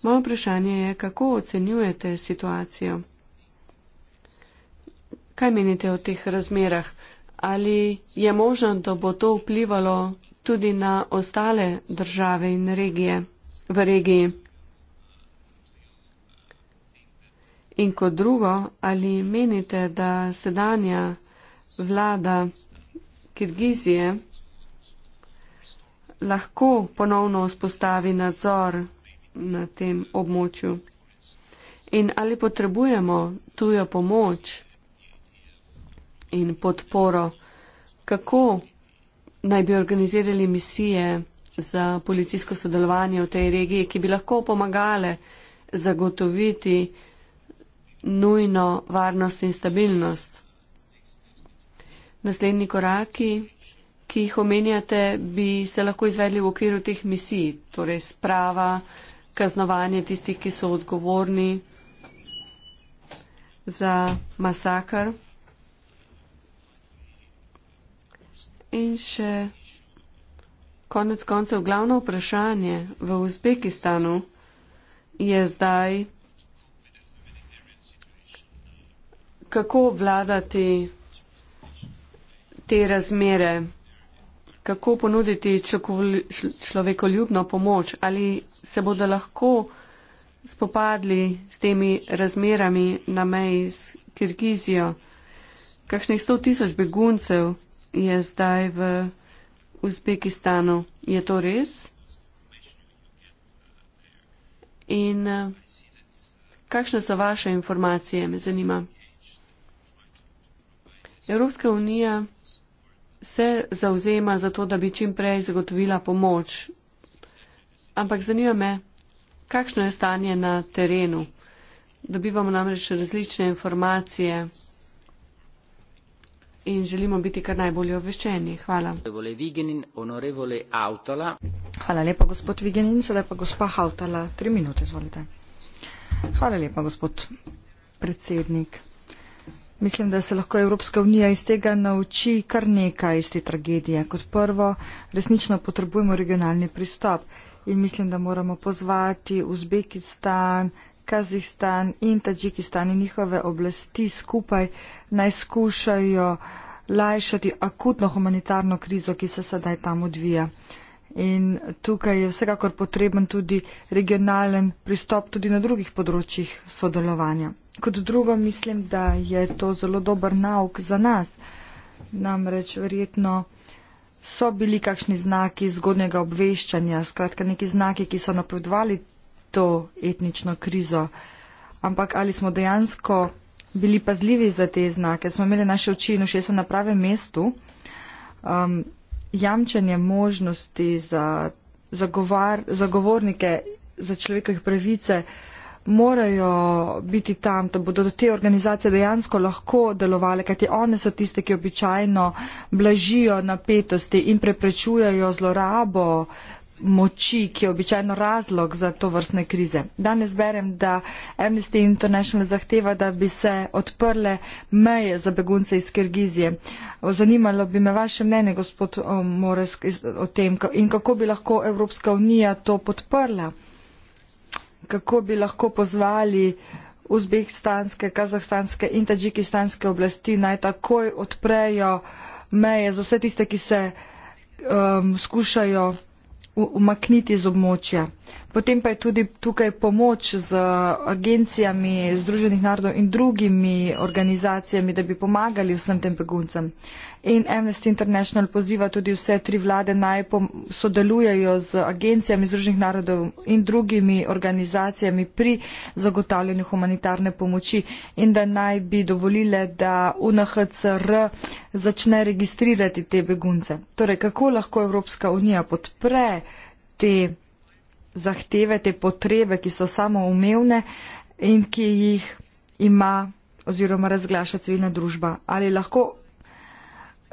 Moje vprašanje je, kako ocenjujete situacijo? Kaj menite o teh razmerah? Ali je možno, da bo to vplivalo tudi na ostale države in regije v regiji? In kot drugo, ali menite, da sedanja vlada Kirgizije lahko ponovno vzpostavi nadzor na tem območju? In ali potrebujemo tujo pomoč in podporo, kako naj bi organizirali misije za policijsko sodelovanje v tej regiji, ki bi lahko pomagale zagotoviti nujno varnost in stabilnost? Naslednji koraki ki jih omenjate, bi se lahko izvedli v okviru teh misij, torej sprava, kaznovanje tistih, ki so odgovorni za masakr. In še konec koncev glavno vprašanje v Uzbekistanu je zdaj, kako vladati te razmere kako ponuditi človekoljubno pomoč, ali se bodo lahko spopadli s temi razmerami na meji s Kirgizijo. Kakšnih 100 tisoč beguncev je zdaj v Uzbekistanu. Je to res? In kakšne so vaše informacije, me zanima. Evropska unija se zauzema za to, da bi čim prej zagotovila pomoč. Ampak zanima me, kakšno je stanje na terenu. Dobivamo namreč različne informacije in želimo biti kar najbolje obveščeni. Hvala. Hvala lepa, gospod Vigenin. Sedaj pa gospa Hautala. Tri minute, izvolite. Hvala lepa, gospod predsednik. Mislim, da se lahko Evropska unija iz tega nauči kar nekaj iz te tragedije. Kot prvo, resnično potrebujemo regionalni pristop in mislim, da moramo pozvati Uzbekistan, Kazahstan in Tadžikistan in njihove oblasti skupaj naj skušajo lajšati akutno humanitarno krizo, ki se sedaj tam odvija. In tukaj je vsekakor potreben tudi regionalen pristop tudi na drugih področjih sodelovanja. Kot drugo mislim, da je to zelo dober nauk za nas. Namreč verjetno so bili kakšni znaki zgodnjega obveščanja, skratka neki znaki, ki so napovedovali to etnično krizo. Ampak ali smo dejansko bili pazljivi za te znake? Smo imeli naše oči in ušesa na pravem mestu. Um, jamčenje možnosti za zagovar, zagovornike za človekovih pravice morajo biti tam, da bodo te organizacije dejansko lahko delovale, kajti one so tiste, ki običajno blažijo napetosti in preprečujejo zlorabo uh, moči, ki je običajno razlog za to vrstne krize. Danes berem, da Amnesty International zahteva, da bi se odprle meje za begunce iz Kirgizije. Zanimalo bi me vaše mnenje, gospod Mores, o tem in kako bi lahko Evropska unija to podprla. Kako bi lahko pozvali uzbekistanske, kazahstanske in tađikistanske oblasti naj takoj odprejo meje za vse tiste, ki se um, skušajo umakniti z območja. Potem pa je tudi tukaj pomoč z agencijami Združenih narodov in drugimi organizacijami, da bi pomagali vsem tem beguncem. In Amnesty International poziva tudi vse tri vlade naj sodelujejo z agencijami Združenih narodov in drugimi organizacijami pri zagotavljanju humanitarne pomoči in da naj bi dovolile, da UNHCR začne registrirati te begunce. Torej, kako lahko Evropska unija podpre te begunce? zahteve, te potrebe, ki so samoumevne in ki jih ima oziroma razglaša civilna družba. Ali lahko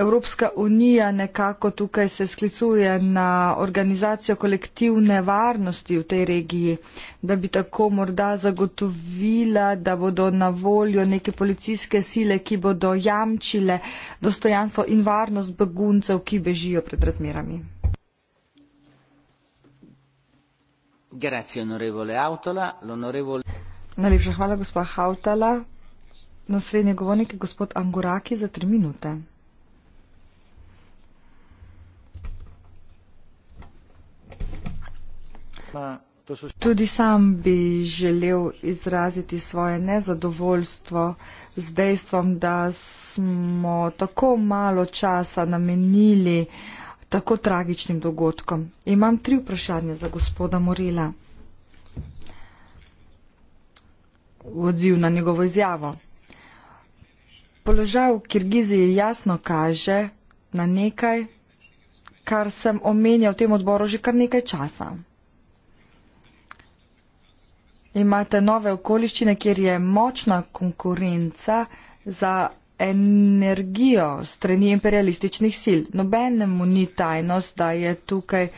Evropska unija nekako tukaj se sklicuje na organizacijo kolektivne varnosti v tej regiji, da bi tako morda zagotovila, da bodo na voljo neke policijske sile, ki bodo jamčile dostojanstvo in varnost beguncev, ki bežijo pred razmerami. Grazie, onorevole Autola. L'onorevole... Najlepša hvala, gospod Hautala. Naslednji govornik je gospod Anguraki za tri minute. Tudi sam bi želel izraziti svoje nezadovoljstvo z dejstvom, da smo tako malo časa namenili uh, tako tragičnim dogodkom. Imam tri vprašanja za gospoda Morela. V odziv na njegovo izjavo. Položaj v Kirgiziji jasno kaže na nekaj, kar sem omenjal v tem odboru že kar nekaj časa. Imate nove okoliščine, kjer je močna konkurenca za energijo strani imperialističnih sil. Nobenemu ni tajnost, da, je tukaj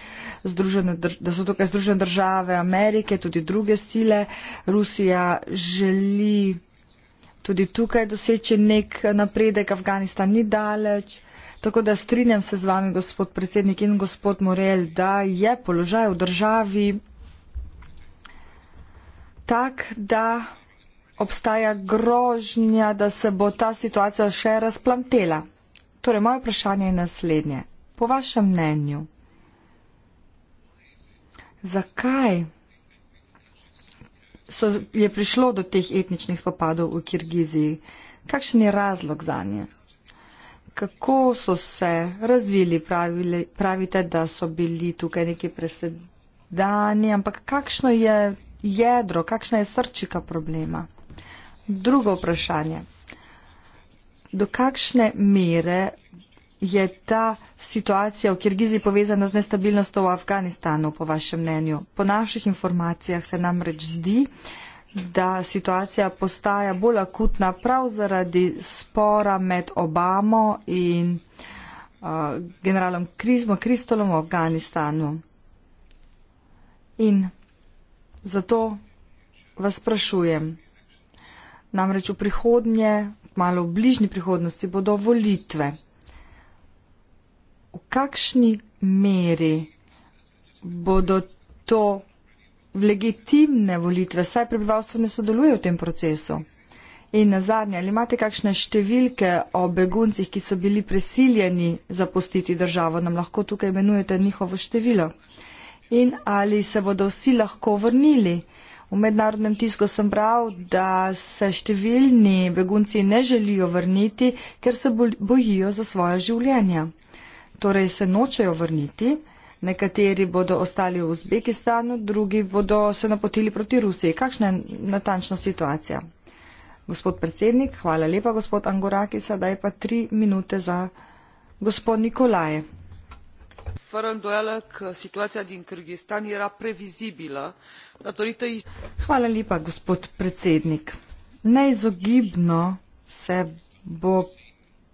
združene, da so tukaj združene države Amerike, tudi druge sile. Rusija želi tudi tukaj doseči nek napredek, Afganistan ni daleč. Tako da strinjam se z vami, gospod predsednik in gospod Morel, da je položaj v državi tak, da obstaja grožnja, da se bo ta situacija še razplantela. Torej, moje vprašanje je naslednje. Po vašem mnenju, zakaj so, je prišlo do teh etničnih spopadov v Kirgiziji? Kakšen je razlog za nje? Kako so se razvili? Pravili, pravite, da so bili tukaj neki presedani, ampak kakšno je jedro, kakšna je srčika problema? Drugo vprašanje. Do kakšne mere je ta situacija v Kirgiziji povezana z nestabilnostjo v Afganistanu, po vašem mnenju? Po naših informacijah se nam reč zdi, da situacija postaja bolj akutna prav zaradi spora med Obamo in uh, generalom Krizmo Kristolom v Afganistanu. In zato vas sprašujem, Namreč v prihodnje, malo v bližnji prihodnosti, bodo volitve. V kakšni meri bodo to legitimne volitve, saj prebivalstvo ne sodeluje v tem procesu? In na zadnje, ali imate kakšne številke o beguncih, ki so bili presiljeni zapustiti državo? Nam lahko tukaj imenujete njihovo število. In ali se bodo vsi lahko vrnili? V mednarodnem tisku sem bral, da se številni begunci ne želijo vrniti, ker se bojijo za svoje življenje. Torej se nočejo vrniti. Nekateri bodo ostali v Uzbekistanu, drugi bodo se napotili proti Rusiji. Kakšna je natančna situacija? Gospod predsednik, hvala lepa, gospod Angorakis, sedaj pa tri minute za gospod Nikolaje. Hvala lepa, gospod predsednik. Neizogibno se bo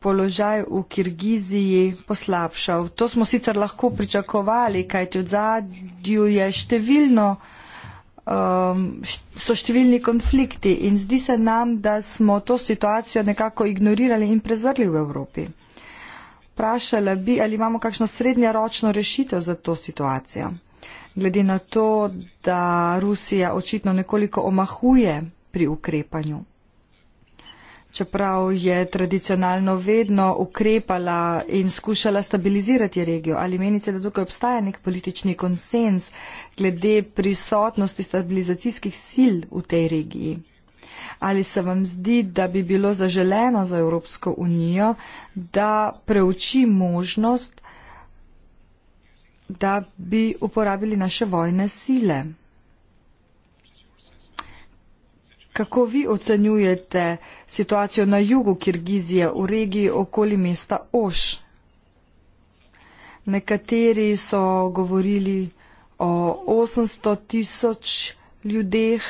položaj v Kirgiziji poslabšal. To smo sicer lahko pričakovali, kajti od zadju je številno, um, so številni konflikti in zdi se nam, da smo to situacijo nekako ignorirali in prezrli v Evropi vprašala bi, ali imamo kakšno srednjeročno rešitev za to situacijo. Glede na to, da Rusija očitno nekoliko omahuje pri ukrepanju. Čeprav je tradicionalno vedno ukrepala in skušala stabilizirati regijo, ali menite, da tukaj obstaja nek politični konsens glede prisotnosti stabilizacijskih sil v tej regiji? Ali se vam zdi, da bi bilo zaželeno za Evropsko unijo, da preuči možnost, da bi uporabili naše vojne sile? Kako vi ocenjujete situacijo na jugu Kirgizije v regiji okoli mesta Oš? Nekateri so govorili o 800 tisoč ljudeh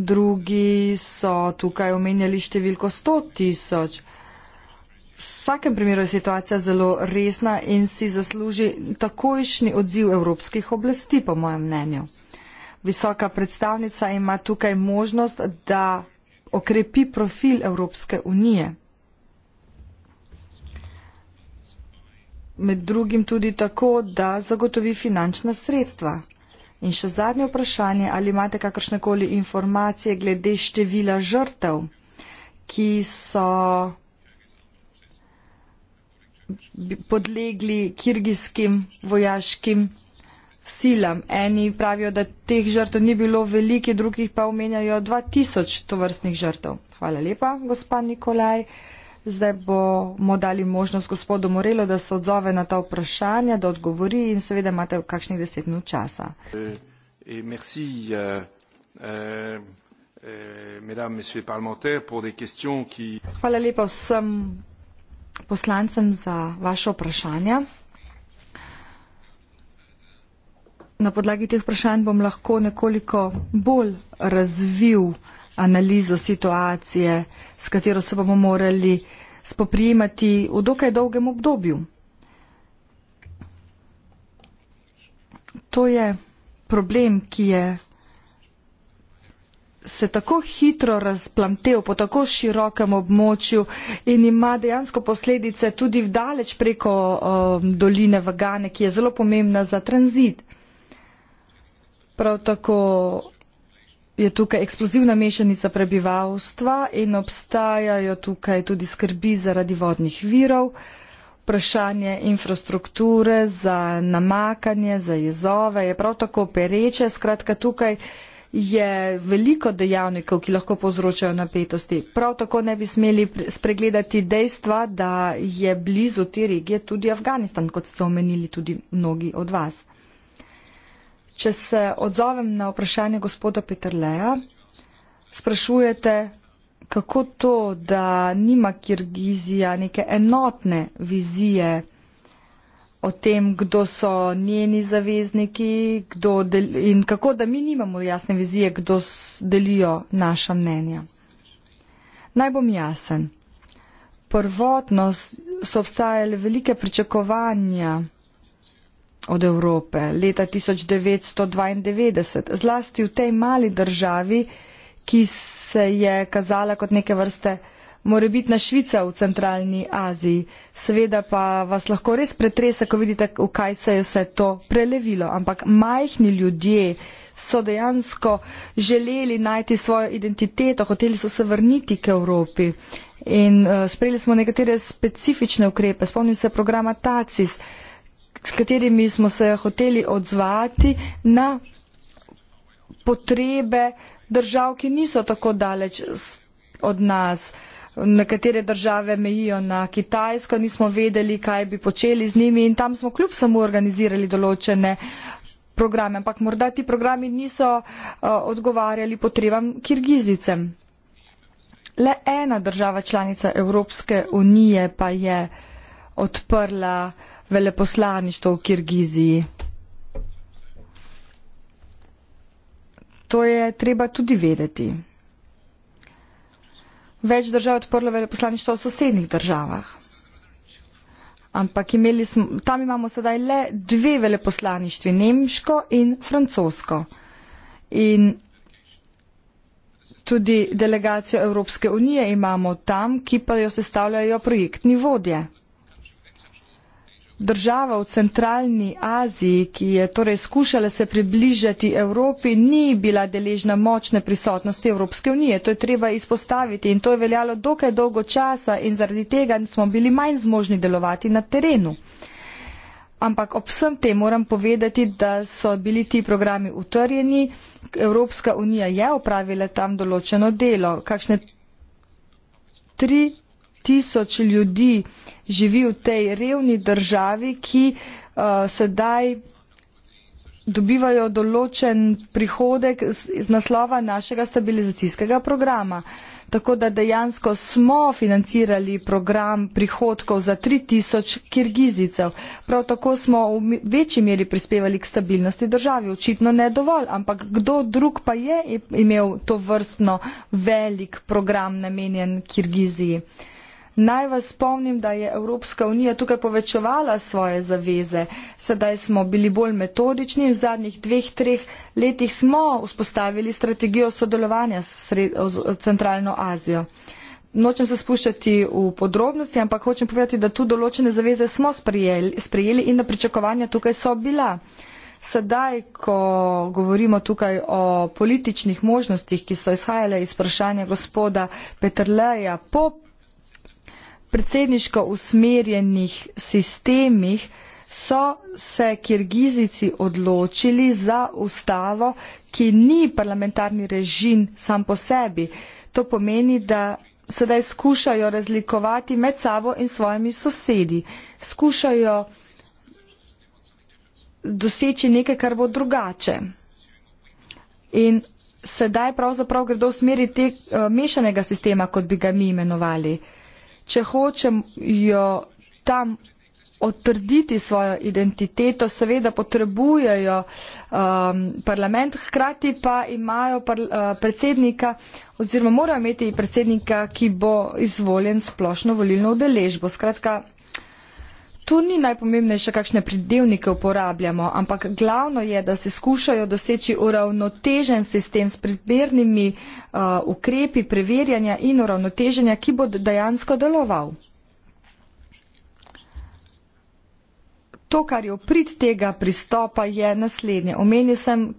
drugi so tukaj omenjali številko 100 tisoč. V vsakem primeru je situacija zelo resna in si zasluži takojšnji odziv evropskih oblasti, po mojem mnenju. Visoka predstavnica ima tukaj možnost, da okrepi profil Evropske unije. Med drugim tudi tako, da zagotovi finančna sredstva. In še zadnje vprašanje, ali imate kakršne koli informacije glede števila žrtev, ki so podlegli kirgijskim vojaškim silam. Eni pravijo, da teh žrtev ni bilo veliki, drugih pa omenjajo 2000 tovrstnih žrtev. Hvala lepa, gospod Nikolaj. Zdaj bomo dali možnost gospodu Morelu, da se odzove na ta vprašanja, da odgovori in seveda imate v kakšnih deset minut časa. Eh, eh, eh, Hvala lepa vsem poslancem za vaše vprašanja. Na podlagi teh vprašanj bom lahko nekoliko bolj razvil analizo situacije, s katero se bomo morali spoprijemati v dokaj dolgem obdobju. To je problem, ki je se tako hitro razplamtev po tako širokem območju in ima dejansko posledice tudi vdaleč preko um, doline Vagane, ki je zelo pomembna za tranzit. Prav tako je tukaj eksplozivna mešanica prebivalstva in obstajajo tukaj tudi skrbi zaradi vodnih virov, vprašanje infrastrukture za namakanje, za jezove, je prav tako pereče. Skratka, tukaj je veliko dejavnikov, ki lahko povzročajo napetosti. Prav tako ne bi smeli spregledati dejstva, da je blizu te regije tudi Afganistan, kot ste omenili tudi mnogi od vas. Če se odzovem na vprašanje gospoda Peterleja, sprašujete, kako to, da nima Kirgizija neke enotne vizije o tem, kdo so njeni zavezniki del, in kako, da mi nimamo jasne vizije, kdo delijo naša mnenja. Naj bom jasen. Prvotno so obstajale velike pričakovanja od Evrope leta 1992, zlasti v tej mali državi, ki se je kazala kot neke vrste morebitna Švica v centralni Aziji. Seveda pa vas lahko res pretrese, ko vidite, v kaj se je vse to prelevilo, ampak majhni ljudje so dejansko želeli najti svojo identiteto, hoteli so se vrniti k Evropi. In uh, sprejeli smo nekatere specifične ukrepe. Spomnim se programa TACIS, uh, s katerimi smo se hoteli odzvati na potrebe držav, ki niso tako daleč od nas. Nekatere države mejijo na Kitajsko, nismo vedeli, kaj bi počeli z njimi in tam smo kljub samo organizirali določene programe, ampak morda ti programi niso uh, odgovarjali potrebam Kirgizicem. Le ena država članica Evropske unije pa je odprla uh, veleposlaništvo v Kirgiziji. To je treba tudi vedeti. Več držav je odprlo veleposlaništvo v sosednjih državah. Ampak imeli smo, tam imamo sedaj le dve veleposlaništvi, nemško in francosko. In tudi delegacijo Evropske unije imamo tam, ki pa jo sestavljajo projektni vodje država v centralni Aziji, ki je torej skušala se približati Evropi, ni bila deležna močne prisotnosti Evropske unije. To je treba izpostaviti in to je veljalo dokaj dolgo časa in zaradi tega smo bili manj zmožni delovati na terenu. Ampak ob vsem tem moram povedati, da so bili ti programi utrjeni, Evropska unija je opravila tam določeno delo. Kakšne tri tisoč ljudi živi v tej revni državi, ki uh, sedaj dobivajo določen prihodek iz naslova našega stabilizacijskega programa. Tako da dejansko smo financirali program prihodkov za 3000 kirgizicev. Prav tako smo v večji meri prispevali k stabilnosti države. Očitno ne dovolj, ampak kdo drug pa je imel to vrstno velik program namenjen Kirgiziji. Uh, Naj vas spomnim, da je Evropska unija tukaj povečevala svoje zaveze. Sedaj smo bili bolj metodični. V zadnjih dveh, treh letih smo vzpostavili strategijo sodelovanja s, sred, s Centralno Azijo. Nočem se spuščati v podrobnosti, ampak hočem povedati, da tu določene zaveze smo sprejeli, sprejeli in da pričakovanja tukaj so bila. Sedaj, ko govorimo tukaj o političnih možnostih, ki so izhajale iz vprašanja gospoda Petrleja po predsedniško usmerjenih sistemih so se kirgizici odločili za ustavo, ki ni parlamentarni režim sam po sebi. To pomeni, da sedaj skušajo razlikovati med sabo in svojimi sosedi. Skušajo doseči nekaj, kar bo drugače. In sedaj pravzaprav gredo v smeri te uh, mešanega sistema, kot bi ga mi imenovali če hočem jo tam otrditi svojo identiteto, seveda potrebujejo um, parlament, hkrati pa imajo par, uh, predsednika oziroma morajo imeti predsednika, ki bo izvoljen splošno volilno udeležbo. Skratka, tu ni najpomembnejše, kakšne pridevnike uporabljamo, ampak glavno je, da se skušajo doseči uravnotežen sistem s primernimi uh, ukrepi preverjanja in uravnoteženja, ki bo dejansko deloval. To, kar je oprit tega pristopa, je naslednje. Omenil sem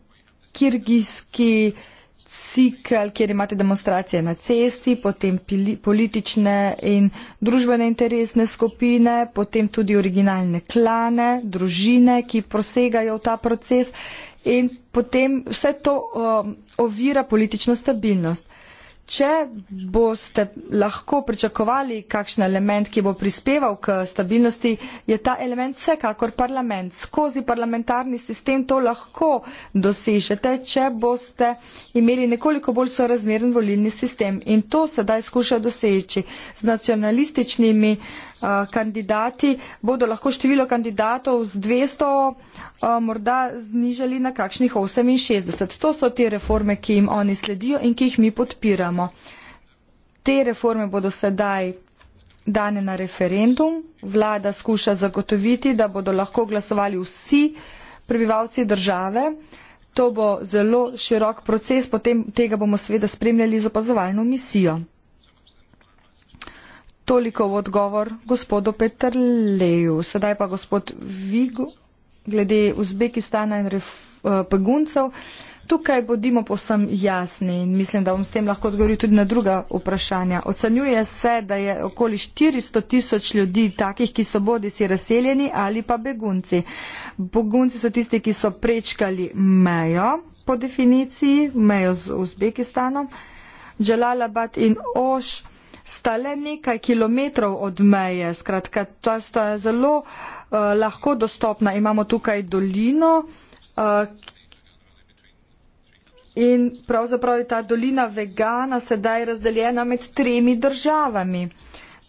kirgijski uh, cikl, kjer imate demonstracije na cesti, potem politične in družbene interesne skupine, potem tudi originalne klane, družine, ki prosegajo v ta proces in potem vse to um, ovira politično stabilnost. Če boste lahko pričakovali kakšen element, ki bo prispeval k stabilnosti, je ta element vsekakor parlament. Skozi parlamentarni sistem to lahko dosežete, če boste imeli nekoliko bolj sorazmeren volilni sistem. In to sedaj skušajo doseči z nacionalističnimi. Eh, kandidati, bodo lahko število kandidatov z 200 eh, morda znižali na kakšnih 68. To so te reforme, ki jim oni sledijo in ki jih mi podpiramo. Te reforme bodo sedaj dane na referendum. Vlada skuša zagotoviti, da bodo lahko glasovali vsi prebivalci države. To bo zelo širok proces, potem tega bomo seveda spremljali z opazovalno misijo. Toliko v odgovor gospodu Petrleju. Sedaj pa gospod Vigo, glede Uzbekistana in ref, eh, peguncev. Tukaj bodimo posem jasni in mislim, da bom s tem lahko odgovoril tudi na druga vprašanja. Ocenjuje se, da je okoli 400 tisoč ljudi takih, ki so bodi si razseljeni ali pa begunci. Begunci so tisti, ki so prečkali mejo po definiciji, mejo z Uzbekistanom. Džalalabad in Oš sta le nekaj kilometrov od meje, skratka, ta sta zelo uh, lahko dostopna. Imamo tukaj dolino uh, in pravzaprav je ta dolina vegana sedaj razdeljena med tremi državami.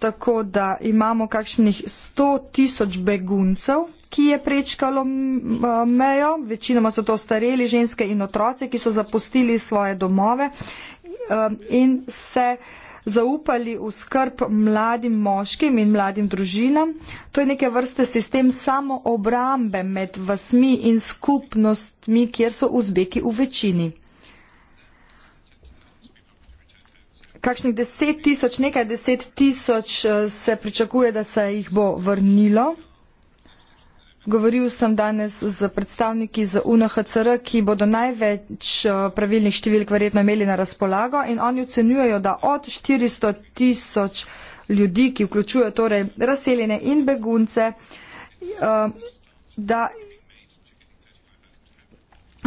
Tako da imamo kakšnih 100 tisoč beguncev, ki je prečkalo eh, mejo. Večinoma so to stareli ženske in otroci, ki so zapustili svoje domove in se zaupali v skrb mladim moškim in mladim družinam. To je neke vrste sistem samoobrambe med vasmi in skupnostmi, kjer so uzbeki v večini. Kakšnih deset tisoč, nekaj deset tisoč eh, se pričakuje, da se jih bo vrnilo. Govoril sem danes z predstavniki z UNHCR, ki bodo največ eh, pravilnih številk verjetno imeli na razpolago in oni ocenjujejo, da od 400 tisoč ljudi, ki vključujejo torej razseljene in begunce, eh, da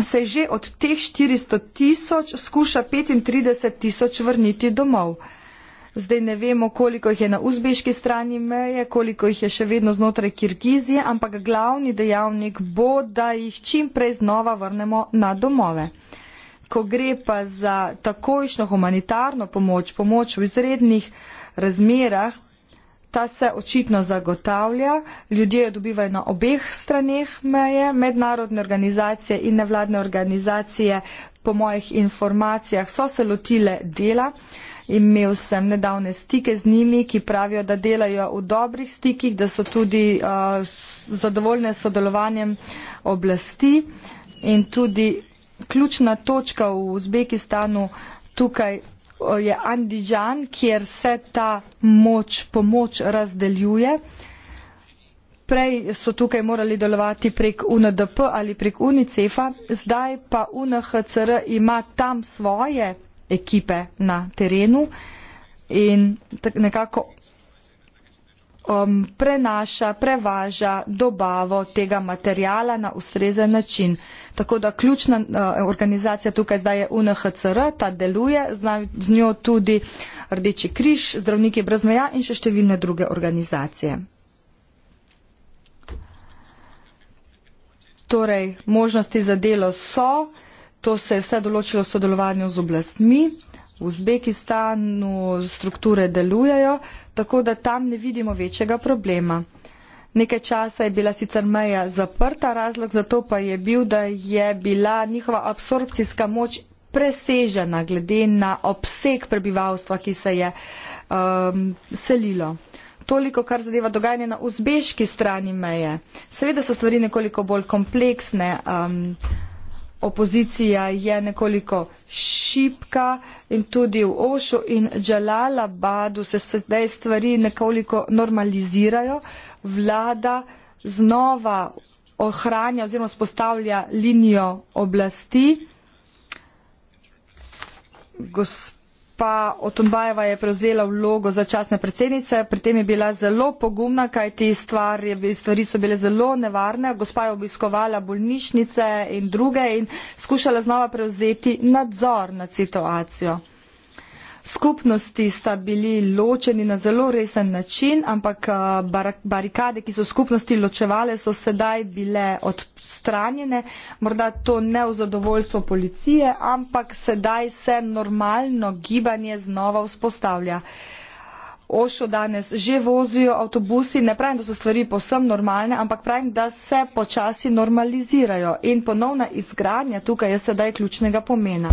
se že od teh 400 tisoč skuša 35 tisoč vrniti domov. Zdaj ne vemo, koliko jih je na uzbeški strani meje, koliko jih je še vedno znotraj Kirgizije, ampak glavni dejavnik bo, da jih čim prej znova vrnemo na domove. Ko gre pa za takojšno humanitarno pomoč, pomoč v izrednih razmerah, ta se očitno zagotavlja. Ljudje jo dobivajo na obeh straneh meje, mednarodne organizacije in nevladne organizacije, po mojih informacijah, so se lotile dela. Imel sem nedavne stike z njimi, ki pravijo, da delajo v dobrih stikih, da so tudi uh, zadovoljne s sodelovanjem oblasti in tudi ključna točka v Uzbekistanu tukaj uh, je Andijan, kjer se ta moč, pomoč razdeljuje. Prej so tukaj morali delovati prek UNDP ali prek UNICEF-a, zdaj pa UNHCR ima tam svoje ekipe na terenu in nekako um, prenaša, prevaža dobavo tega materijala na ustrezen način. Tako da ključna uh, organizacija tukaj zdaj je UNHCR, ta deluje, zna, z njo tudi Rdeči križ, zdravniki brez meja in še številne druge organizacije. Torej, možnosti za delo so. To se je vse določilo v sodelovanju z oblastmi. V Uzbekistanu strukture delujejo, tako da tam ne vidimo večjega problema. Nekaj časa je bila sicer meja zaprta, razlog za to pa je bil, da je bila njihova absorpcijska moč presežena glede na obseg prebivalstva, ki se je um, selilo. Toliko, kar zadeva dogajanje na uzbeški strani meje. Seveda so stvari nekoliko bolj kompleksne. Um, opozicija je nekoliko šipka in tudi v Ošu in Džalala Badu se sedaj stvari nekoliko normalizirajo. Vlada znova ohranja oziroma spostavlja linijo oblasti. Gospod gospa Otunbajeva je prevzela vlogo začasne predsednice, pri tem je bila zelo pogumna, kaj ti stvari so bile zelo nevarne. Gospa je obiskovala bolnišnice in druge in skušala znova prevzeti nadzor nad situacijo skupnosti sta bili ločeni na zelo resen način, ampak eh, barikade, ki so skupnosti ločevale, so sedaj bile odstranjene. Morda to ne v zadovoljstvo policije, ampak sedaj se normalno gibanje znova vzpostavlja. Ošo danes že vozijo avtobusi, ne pravim, da so stvari povsem normalne, ampak pravim, da se počasi normalizirajo in ponovna izgradnja tukaj je sedaj ključnega pomena.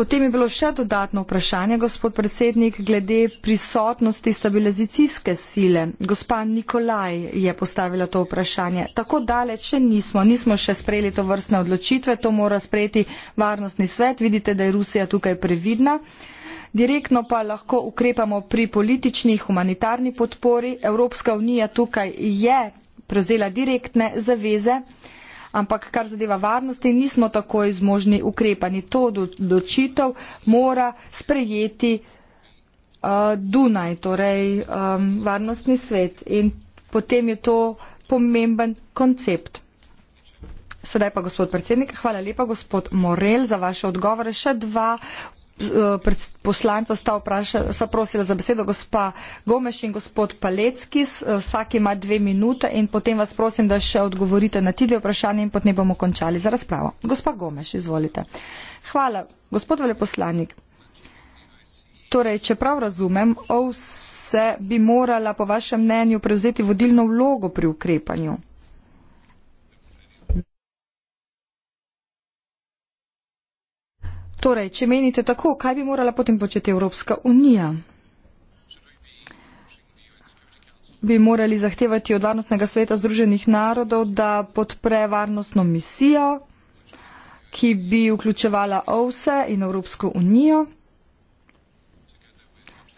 Potem je bilo še dodatno vprašanje, gospod predsednik, glede prisotnosti stabilizacijske sile. Gospa Nikolaj je postavila to vprašanje. Tako daleč še nismo, nismo še sprejeli to vrstne odločitve, to mora sprejeti varnostni svet. Vidite, da je Rusija tukaj previdna. Direktno pa lahko ukrepamo pri politični, humanitarni podpori. Evropska unija tukaj je prevzela direktne zaveze ampak kar zadeva varnosti, nismo tako izmožni ukrepani. To odločitev mora sprejeti uh, Dunaj, torej um, varnostni svet. In potem je to pomemben koncept. Sedaj pa gospod predsednik, hvala lepa gospod Morel za vaše odgovore. Še dva poslanca sta vprašala, sta prosila za besedo gospa Gomeš in gospod Palecki, eh, vsak ima dve minute in potem vas prosim, da še odgovorite na ti dve vprašanje in potem bomo končali za razpravo. Gospa Gomeš, izvolite. Hvala, gospod veleposlanik. Torej, če prav razumem, OVS e bi morala po vašem mnenju prevzeti vodilno vlogo pri ukrepanju. Torej, če menite tako, kaj bi morala potem početi Evropska unija? Bi morali zahtevati od Varnostnega sveta Združenih narodov, da podpre varnostno misijo, ki bi vključevala OVSE in Evropsko unijo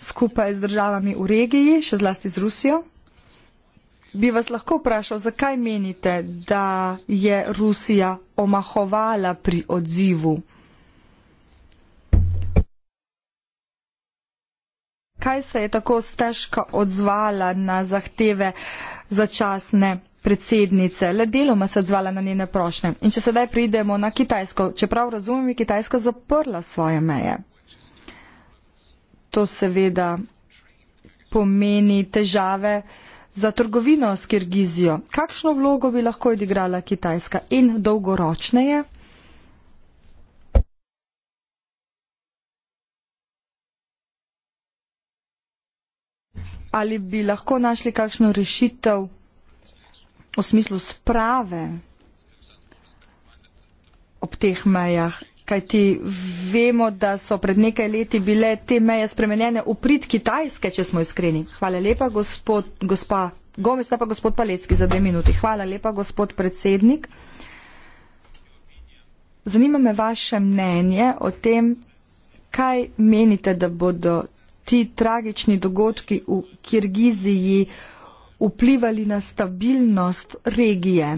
skupaj z državami v regiji, še zlasti z Rusijo. Bi vas lahko vprašal, zakaj menite, da je Rusija omahovala pri odzivu? kaj se je tako stežka odzvala na zahteve začasne predsednice, le deloma se odzvala na njene prošnje. In če sedaj pridemo na Kitajsko, čeprav razumem, je Kitajska zaprla svoje meje. To seveda pomeni težave za trgovino s Kirgizijo. Kakšno vlogo bi lahko odigrala Kitajska in dolgoročneje? ali bi lahko našli kakšno rešitev v smislu sprave ob teh mejah. Kajti vemo, da so pred nekaj leti bile te meje spremenjene v prid Kitajske, če smo iskreni. Hvala lepa, gospod, gospa Gomez, pa gospod Palecki za dve minuti. Hvala lepa, gospod predsednik. Zanima me vaše mnenje o tem, kaj menite, da bodo ti tragični dogodki v Kirgiziji vplivali na stabilnost regije?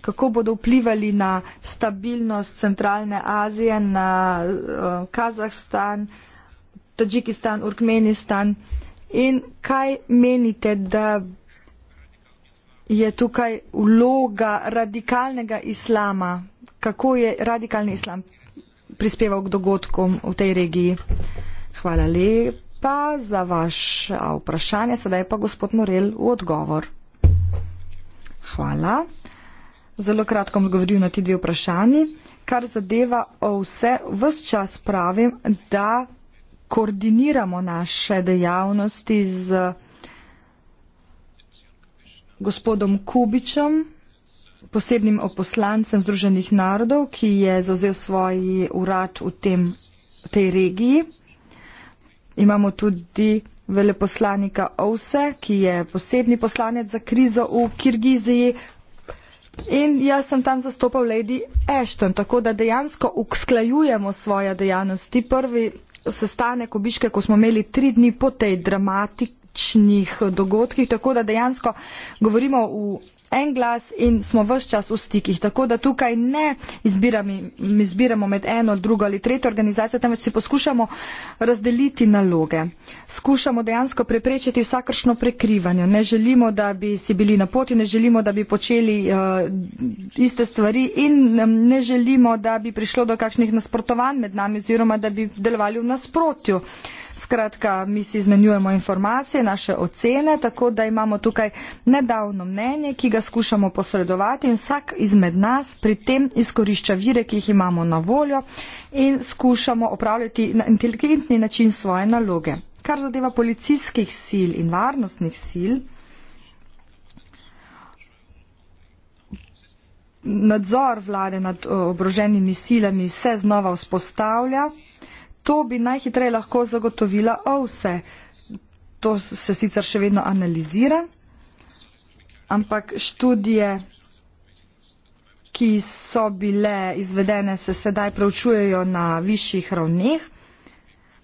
Kako bodo vplivali na stabilnost Centralne Azije, na uh, Kazahstan, Tadžikistan, Urkmenistan? In kaj menite, da je tukaj vloga radikalnega islama? Kako je radikalni islam prispeval k dogodkom v tej regiji? Hvala lepa pa za vaše vprašanje, sedaj pa gospod Morel v odgovor. Hvala. Zelo kratko bom odgovoril na ti dve vprašanji. Kar zadeva vse, vse čas pravim, da koordiniramo naše dejavnosti z gospodom Kubičem, posebnim oposlancem Združenih narodov, ki je zauzel svoj urad v tem, tej regiji. Imamo tudi veleposlanika Ovse, ki je posebni poslanec za krizo v Kirgiziji. In jaz sem tam zastopal Lady Ashton, tako da dejansko usklajujemo svoje dejavnosti. Prvi sestanek obiške, ko smo imeli tri dni po tej dramatični dogodkih, tako da dejansko govorimo v en glas in smo vse čas v stikih. Tako da tukaj ne izbiramo, izbiramo med eno, drugo ali tretjo organizacijo, temveč si poskušamo razdeliti naloge. Skušamo dejansko preprečiti vsakršno prekrivanje. Ne želimo, da bi si bili na poti, ne želimo, da bi počeli uh, iste stvari in ne želimo, da bi prišlo do kakšnih nasprotovanj med nami oziroma da bi delovali v nasprotju. Uh, Skratka, mi si izmenjujemo informacije, naše ocene, tako da imamo tukaj nedavno mnenje, ki ga skušamo posredovati in vsak izmed nas pri tem izkorišča vire, ki jih imamo na voljo in skušamo opravljati na inteligentni način svoje naloge. Kar zadeva policijskih sil in varnostnih sil, nadzor vlade nad eh, obroženimi silami se znova vzpostavlja to bi najhitreje lahko zagotovila ovse. To se sicer še vedno analizira, ampak študije, ki so bile izvedene, se sedaj preučujejo na višjih ravneh.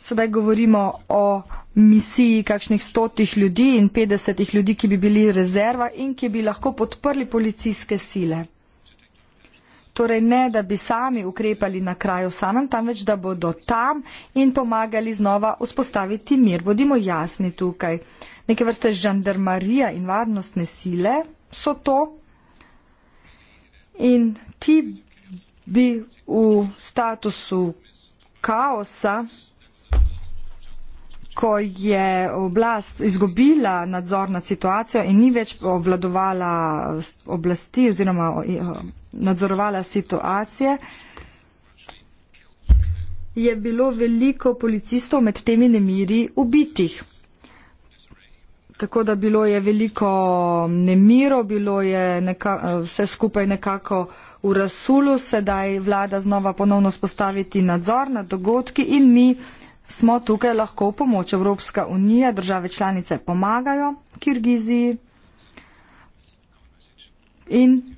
Sedaj govorimo o misiji kakšnih stotih ljudi in petdesetih ljudi, ki bi bili rezerva in ki bi lahko podprli policijske sile torej ne, da bi sami ukrepali na kraju samem, temveč da bodo tam in pomagali znova vzpostaviti mir. Bodimo jasni tukaj. Neke vrste žandarmarija in varnostne sile so to in ti bi v statusu kaosa, ko je oblast izgubila nadzor nad situacijo in ni več obvladovala oblasti oziroma eh, nadzorovala situacije. Je bilo veliko policistov med temi nemiri ubitih. Tako da bilo je veliko mm, nemiro, bilo je neka, eh, vse skupaj nekako v rasulu, sedaj vlada znova ponovno spostaviti nadzor nad dogodki in mi smo tukaj lahko v pomoč. Evropska unija, države članice pomagajo Kirgiziji in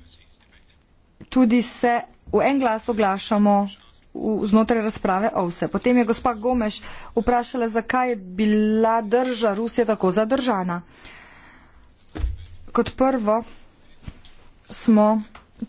tudi se v en glas oglašamo znotraj razprave o vse. Potem je gospa Gomeš vprašala, zakaj je bila drža Rusije tako zadržana. Kot prvo smo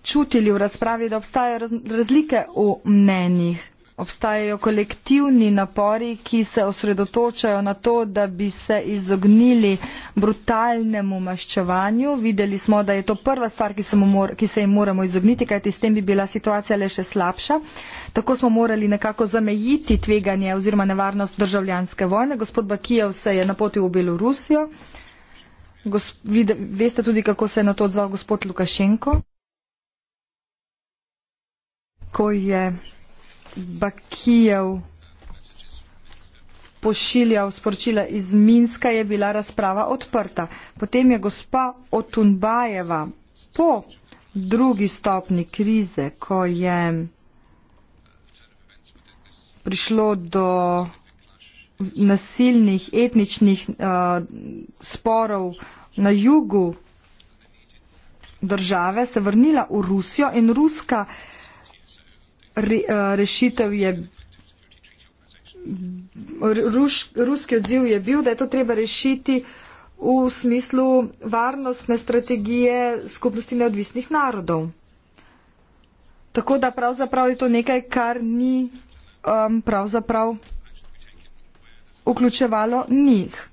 čutili v razpravi, da obstajajo razlike v mnenjih, obstajajo kolektivni napori, ki se osredotočajo na to, da bi se izognili brutalnemu maščevanju. Videli smo, da je to prva stvar, ki se, mor, ki se jim moramo izogniti, kajti s tem bi bila situacija le še slabša. Tako smo morali nekako zamejiti tveganje oziroma nevarnost državljanske vojne. Gospod Bakijev se je napotil v Belorusijo. Gospod, veste tudi, kako se je na to odzval gospod Lukašenko, ko je Bakijev pošiljal sporočila iz Minska, je bila razprava odprta. Potem je gospa Otunbajeva po drugi stopni krize, ko je prišlo do nasilnih etničnih uh, sporov na jugu države, se vrnila v Rusijo in ruska re, eh, rešitev je, ruš, ruski odziv je bil, da je to treba rešiti v smislu varnostne strategije skupnosti neodvisnih narodov. Tako da pravzaprav je to nekaj, kar ni um, pravzaprav vključevalo njih.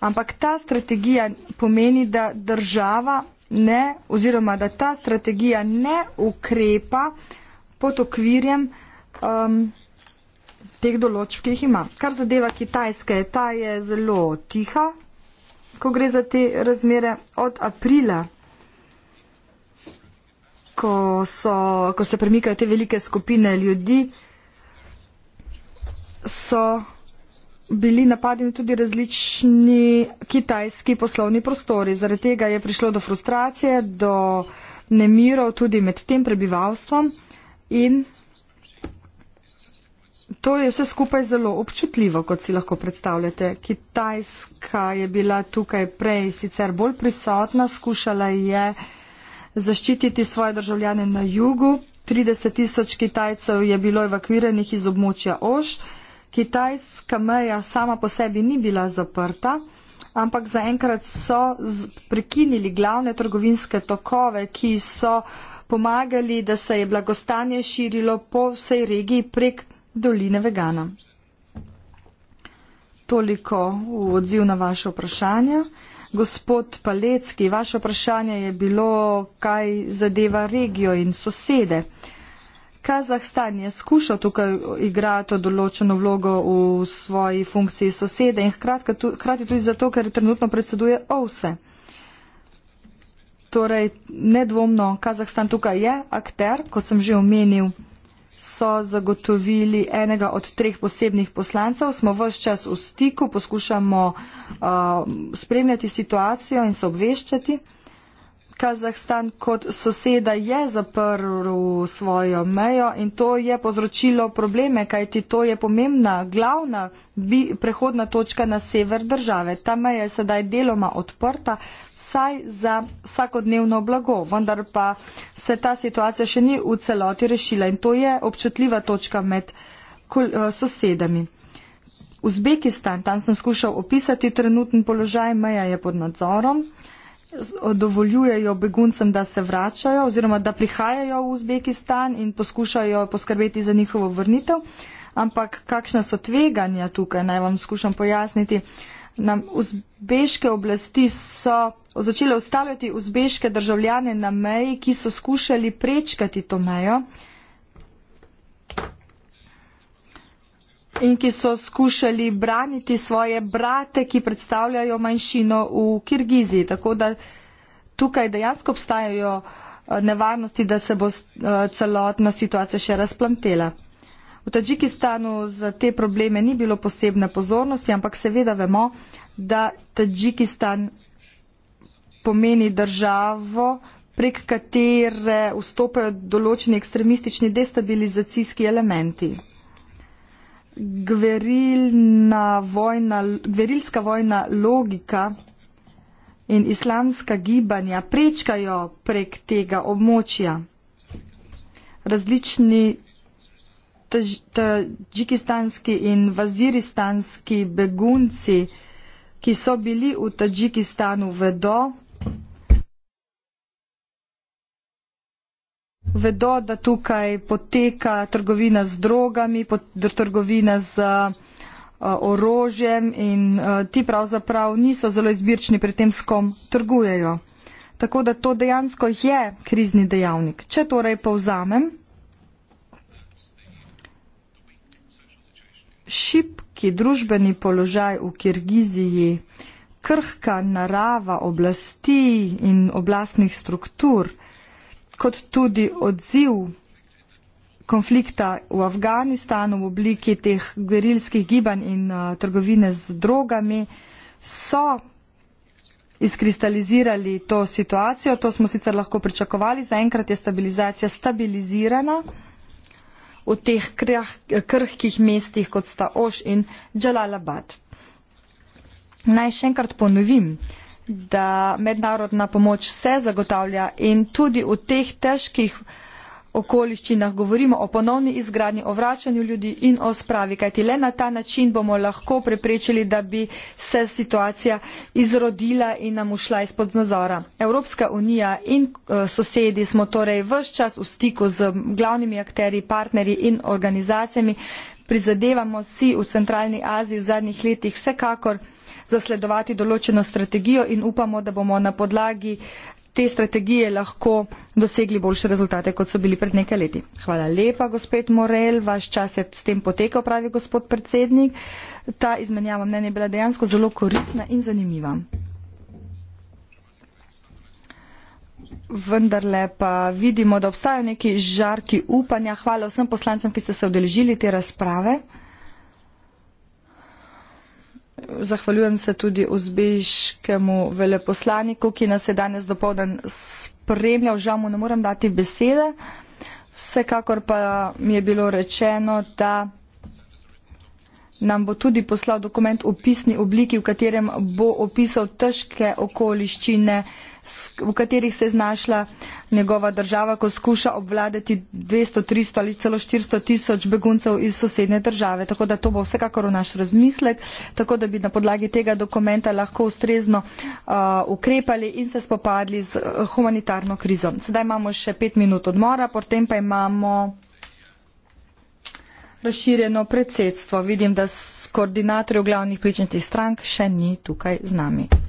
Ampak ta strategija pomeni, da država ne, oziroma da ta strategija ne ukrepa, uh, pod okvirjem um, teh določb, ki jih ima. Kar zadeva Kitajske, ta je zelo tiha, ko gre za te razmere od aprila. Ko, so, ko se premikajo te velike skupine ljudi, so bili napadeni tudi različni kitajski poslovni prostori. Zaradi tega je prišlo do frustracije, do nemirov tudi med tem prebivalstvom. In to je vse skupaj zelo občutljivo, kot si lahko predstavljate. Kitajska je bila tukaj prej sicer bolj prisotna, skušala je zaščititi svoje državljane na jugu. 30 tisoč Kitajcev je bilo evakuiranih iz območja Oš. Kitajska meja sama po sebi ni bila zaprta, ampak zaenkrat so prekinili glavne trgovinske tokove, ki so uh, pomagali, da se je blagostanje širilo po vsej regiji prek doline Vegana. Toliko v odziv na vaše vprašanje. Gospod Palecki, vaše vprašanje je bilo, kaj zadeva regijo in sosede. Kazahstan je skušal tukaj igrati določeno vlogo v svoji funkciji sosede in hkrati tudi zato, ker trenutno predseduje OVSE. Torej, nedvomno, Kazahstan tukaj je akter, kot sem že omenil, so zagotovili enega od treh posebnih poslancev, smo vse čas v stiku, poskušamo uh, spremljati situacijo in se obveščati. Kazahstan kot soseda je zaprl svojo mejo in to je povzročilo probleme, kajti to je pomembna, glavna bi, prehodna točka na sever države. Ta meja je sedaj deloma odprta vsaj za vsakodnevno blago, vendar pa se ta situacija še ni v celoti rešila in to je občutljiva točka med kol, eh, sosedami. Uzbekistan, tam sem skušal opisati trenutni položaj, meja je pod nadzorom dovoljujejo beguncem, da se vračajo oziroma da prihajajo v Uzbekistan in poskušajo poskrbeti za njihovo vrnitev. Ampak kakšna so tveganja tukaj, naj vam skušam pojasniti. Nam uzbeške oblasti so začele ustavljati uzbeške državljane na meji, ki so skušali prečkati to mejo. in ki so skušali braniti svoje brate, ki predstavljajo manjšino v Kirgiziji. Tako da tukaj dejansko obstajajo eh, nevarnosti, da se bo eh, celotna situacija še razplantela. V Tadžikistanu za te probleme ni bilo posebne pozornosti, ampak seveda vemo, da Tadžikistan pomeni državo, prek katere vstopajo določeni ekstremistični destabilizacijski elementi gverilna vojna, gverilska vojna logika in islamska gibanja prečkajo prek tega območja. Različni tadžikistanski in vaziristanski begunci, ki so bili v Tadžikistanu, vedo, vedo, da tukaj poteka trgovina z drogami, trgovina z eh, orožjem in eh, ti pravzaprav niso zelo izbirčni pri tem, s kom trgujejo. Tako da to dejansko je krizni dejavnik. Če torej povzamem, šipki družbeni položaj v Kirgiziji, krhka narava oblasti in oblastnih struktur, kot tudi odziv konflikta v Afganistanu v obliki teh gerilskih gibanj in uh, trgovine z drogami so izkristalizirali to situacijo. To smo sicer lahko pričakovali. Zaenkrat je stabilizacija stabilizirana v teh krh, krhkih mestih, kot sta Oš in Džalalabad. Naj še enkrat ponovim da mednarodna pomoč se zagotavlja in tudi v teh težkih okoliščinah govorimo o ponovni izgradnji, o vračanju ljudi in o spravi, kajti le na ta način bomo lahko preprečili, da bi se situacija izrodila in nam ušla izpod nazora. Evropska unija in eh, sosedi smo torej vse čas v stiku z glavnimi akteri, partnerji in organizacijami, prizadevamo si v Centralni Aziji v zadnjih letih vsekakor zasledovati določeno strategijo in upamo, da bomo na podlagi te strategije lahko dosegli boljše rezultate, kot so bili pred nekaj leti. Hvala lepa, gospod Morel, vaš čas je s tem potekal, pravi gospod predsednik. Ta izmenjava mnenja je bila dejansko zelo koristna in zanimiva. vendarle pa vidimo, da obstajajo neki žarki upanja. Hvala vsem poslancem, ki ste se odeležili te razprave. Zahvaljujem se tudi uzbeškemu veleposlaniku, ki nas je danes dopovdan spremljal. Žal mu ne morem dati besede. Vsekakor pa mi je bilo rečeno, da nam bo tudi poslal dokument v pisni obliki, v katerem bo opisal težke okoliščine, v katerih se je znašla njegova država, ko skuša obvladati 200, 300 ali celo 400 tisoč beguncev iz sosednje države. Tako da to bo vsekakor v naš razmislek, tako da bi na podlagi tega dokumenta lahko ustrezno uh, ukrepali in se spopadli z uh, humanitarno krizo. Sedaj imamo še pet minut odmora, potem pa imamo razširjeno predsedstvo. Vidim, da koordinatorjev glavnih pričnih strank še ni tukaj z nami.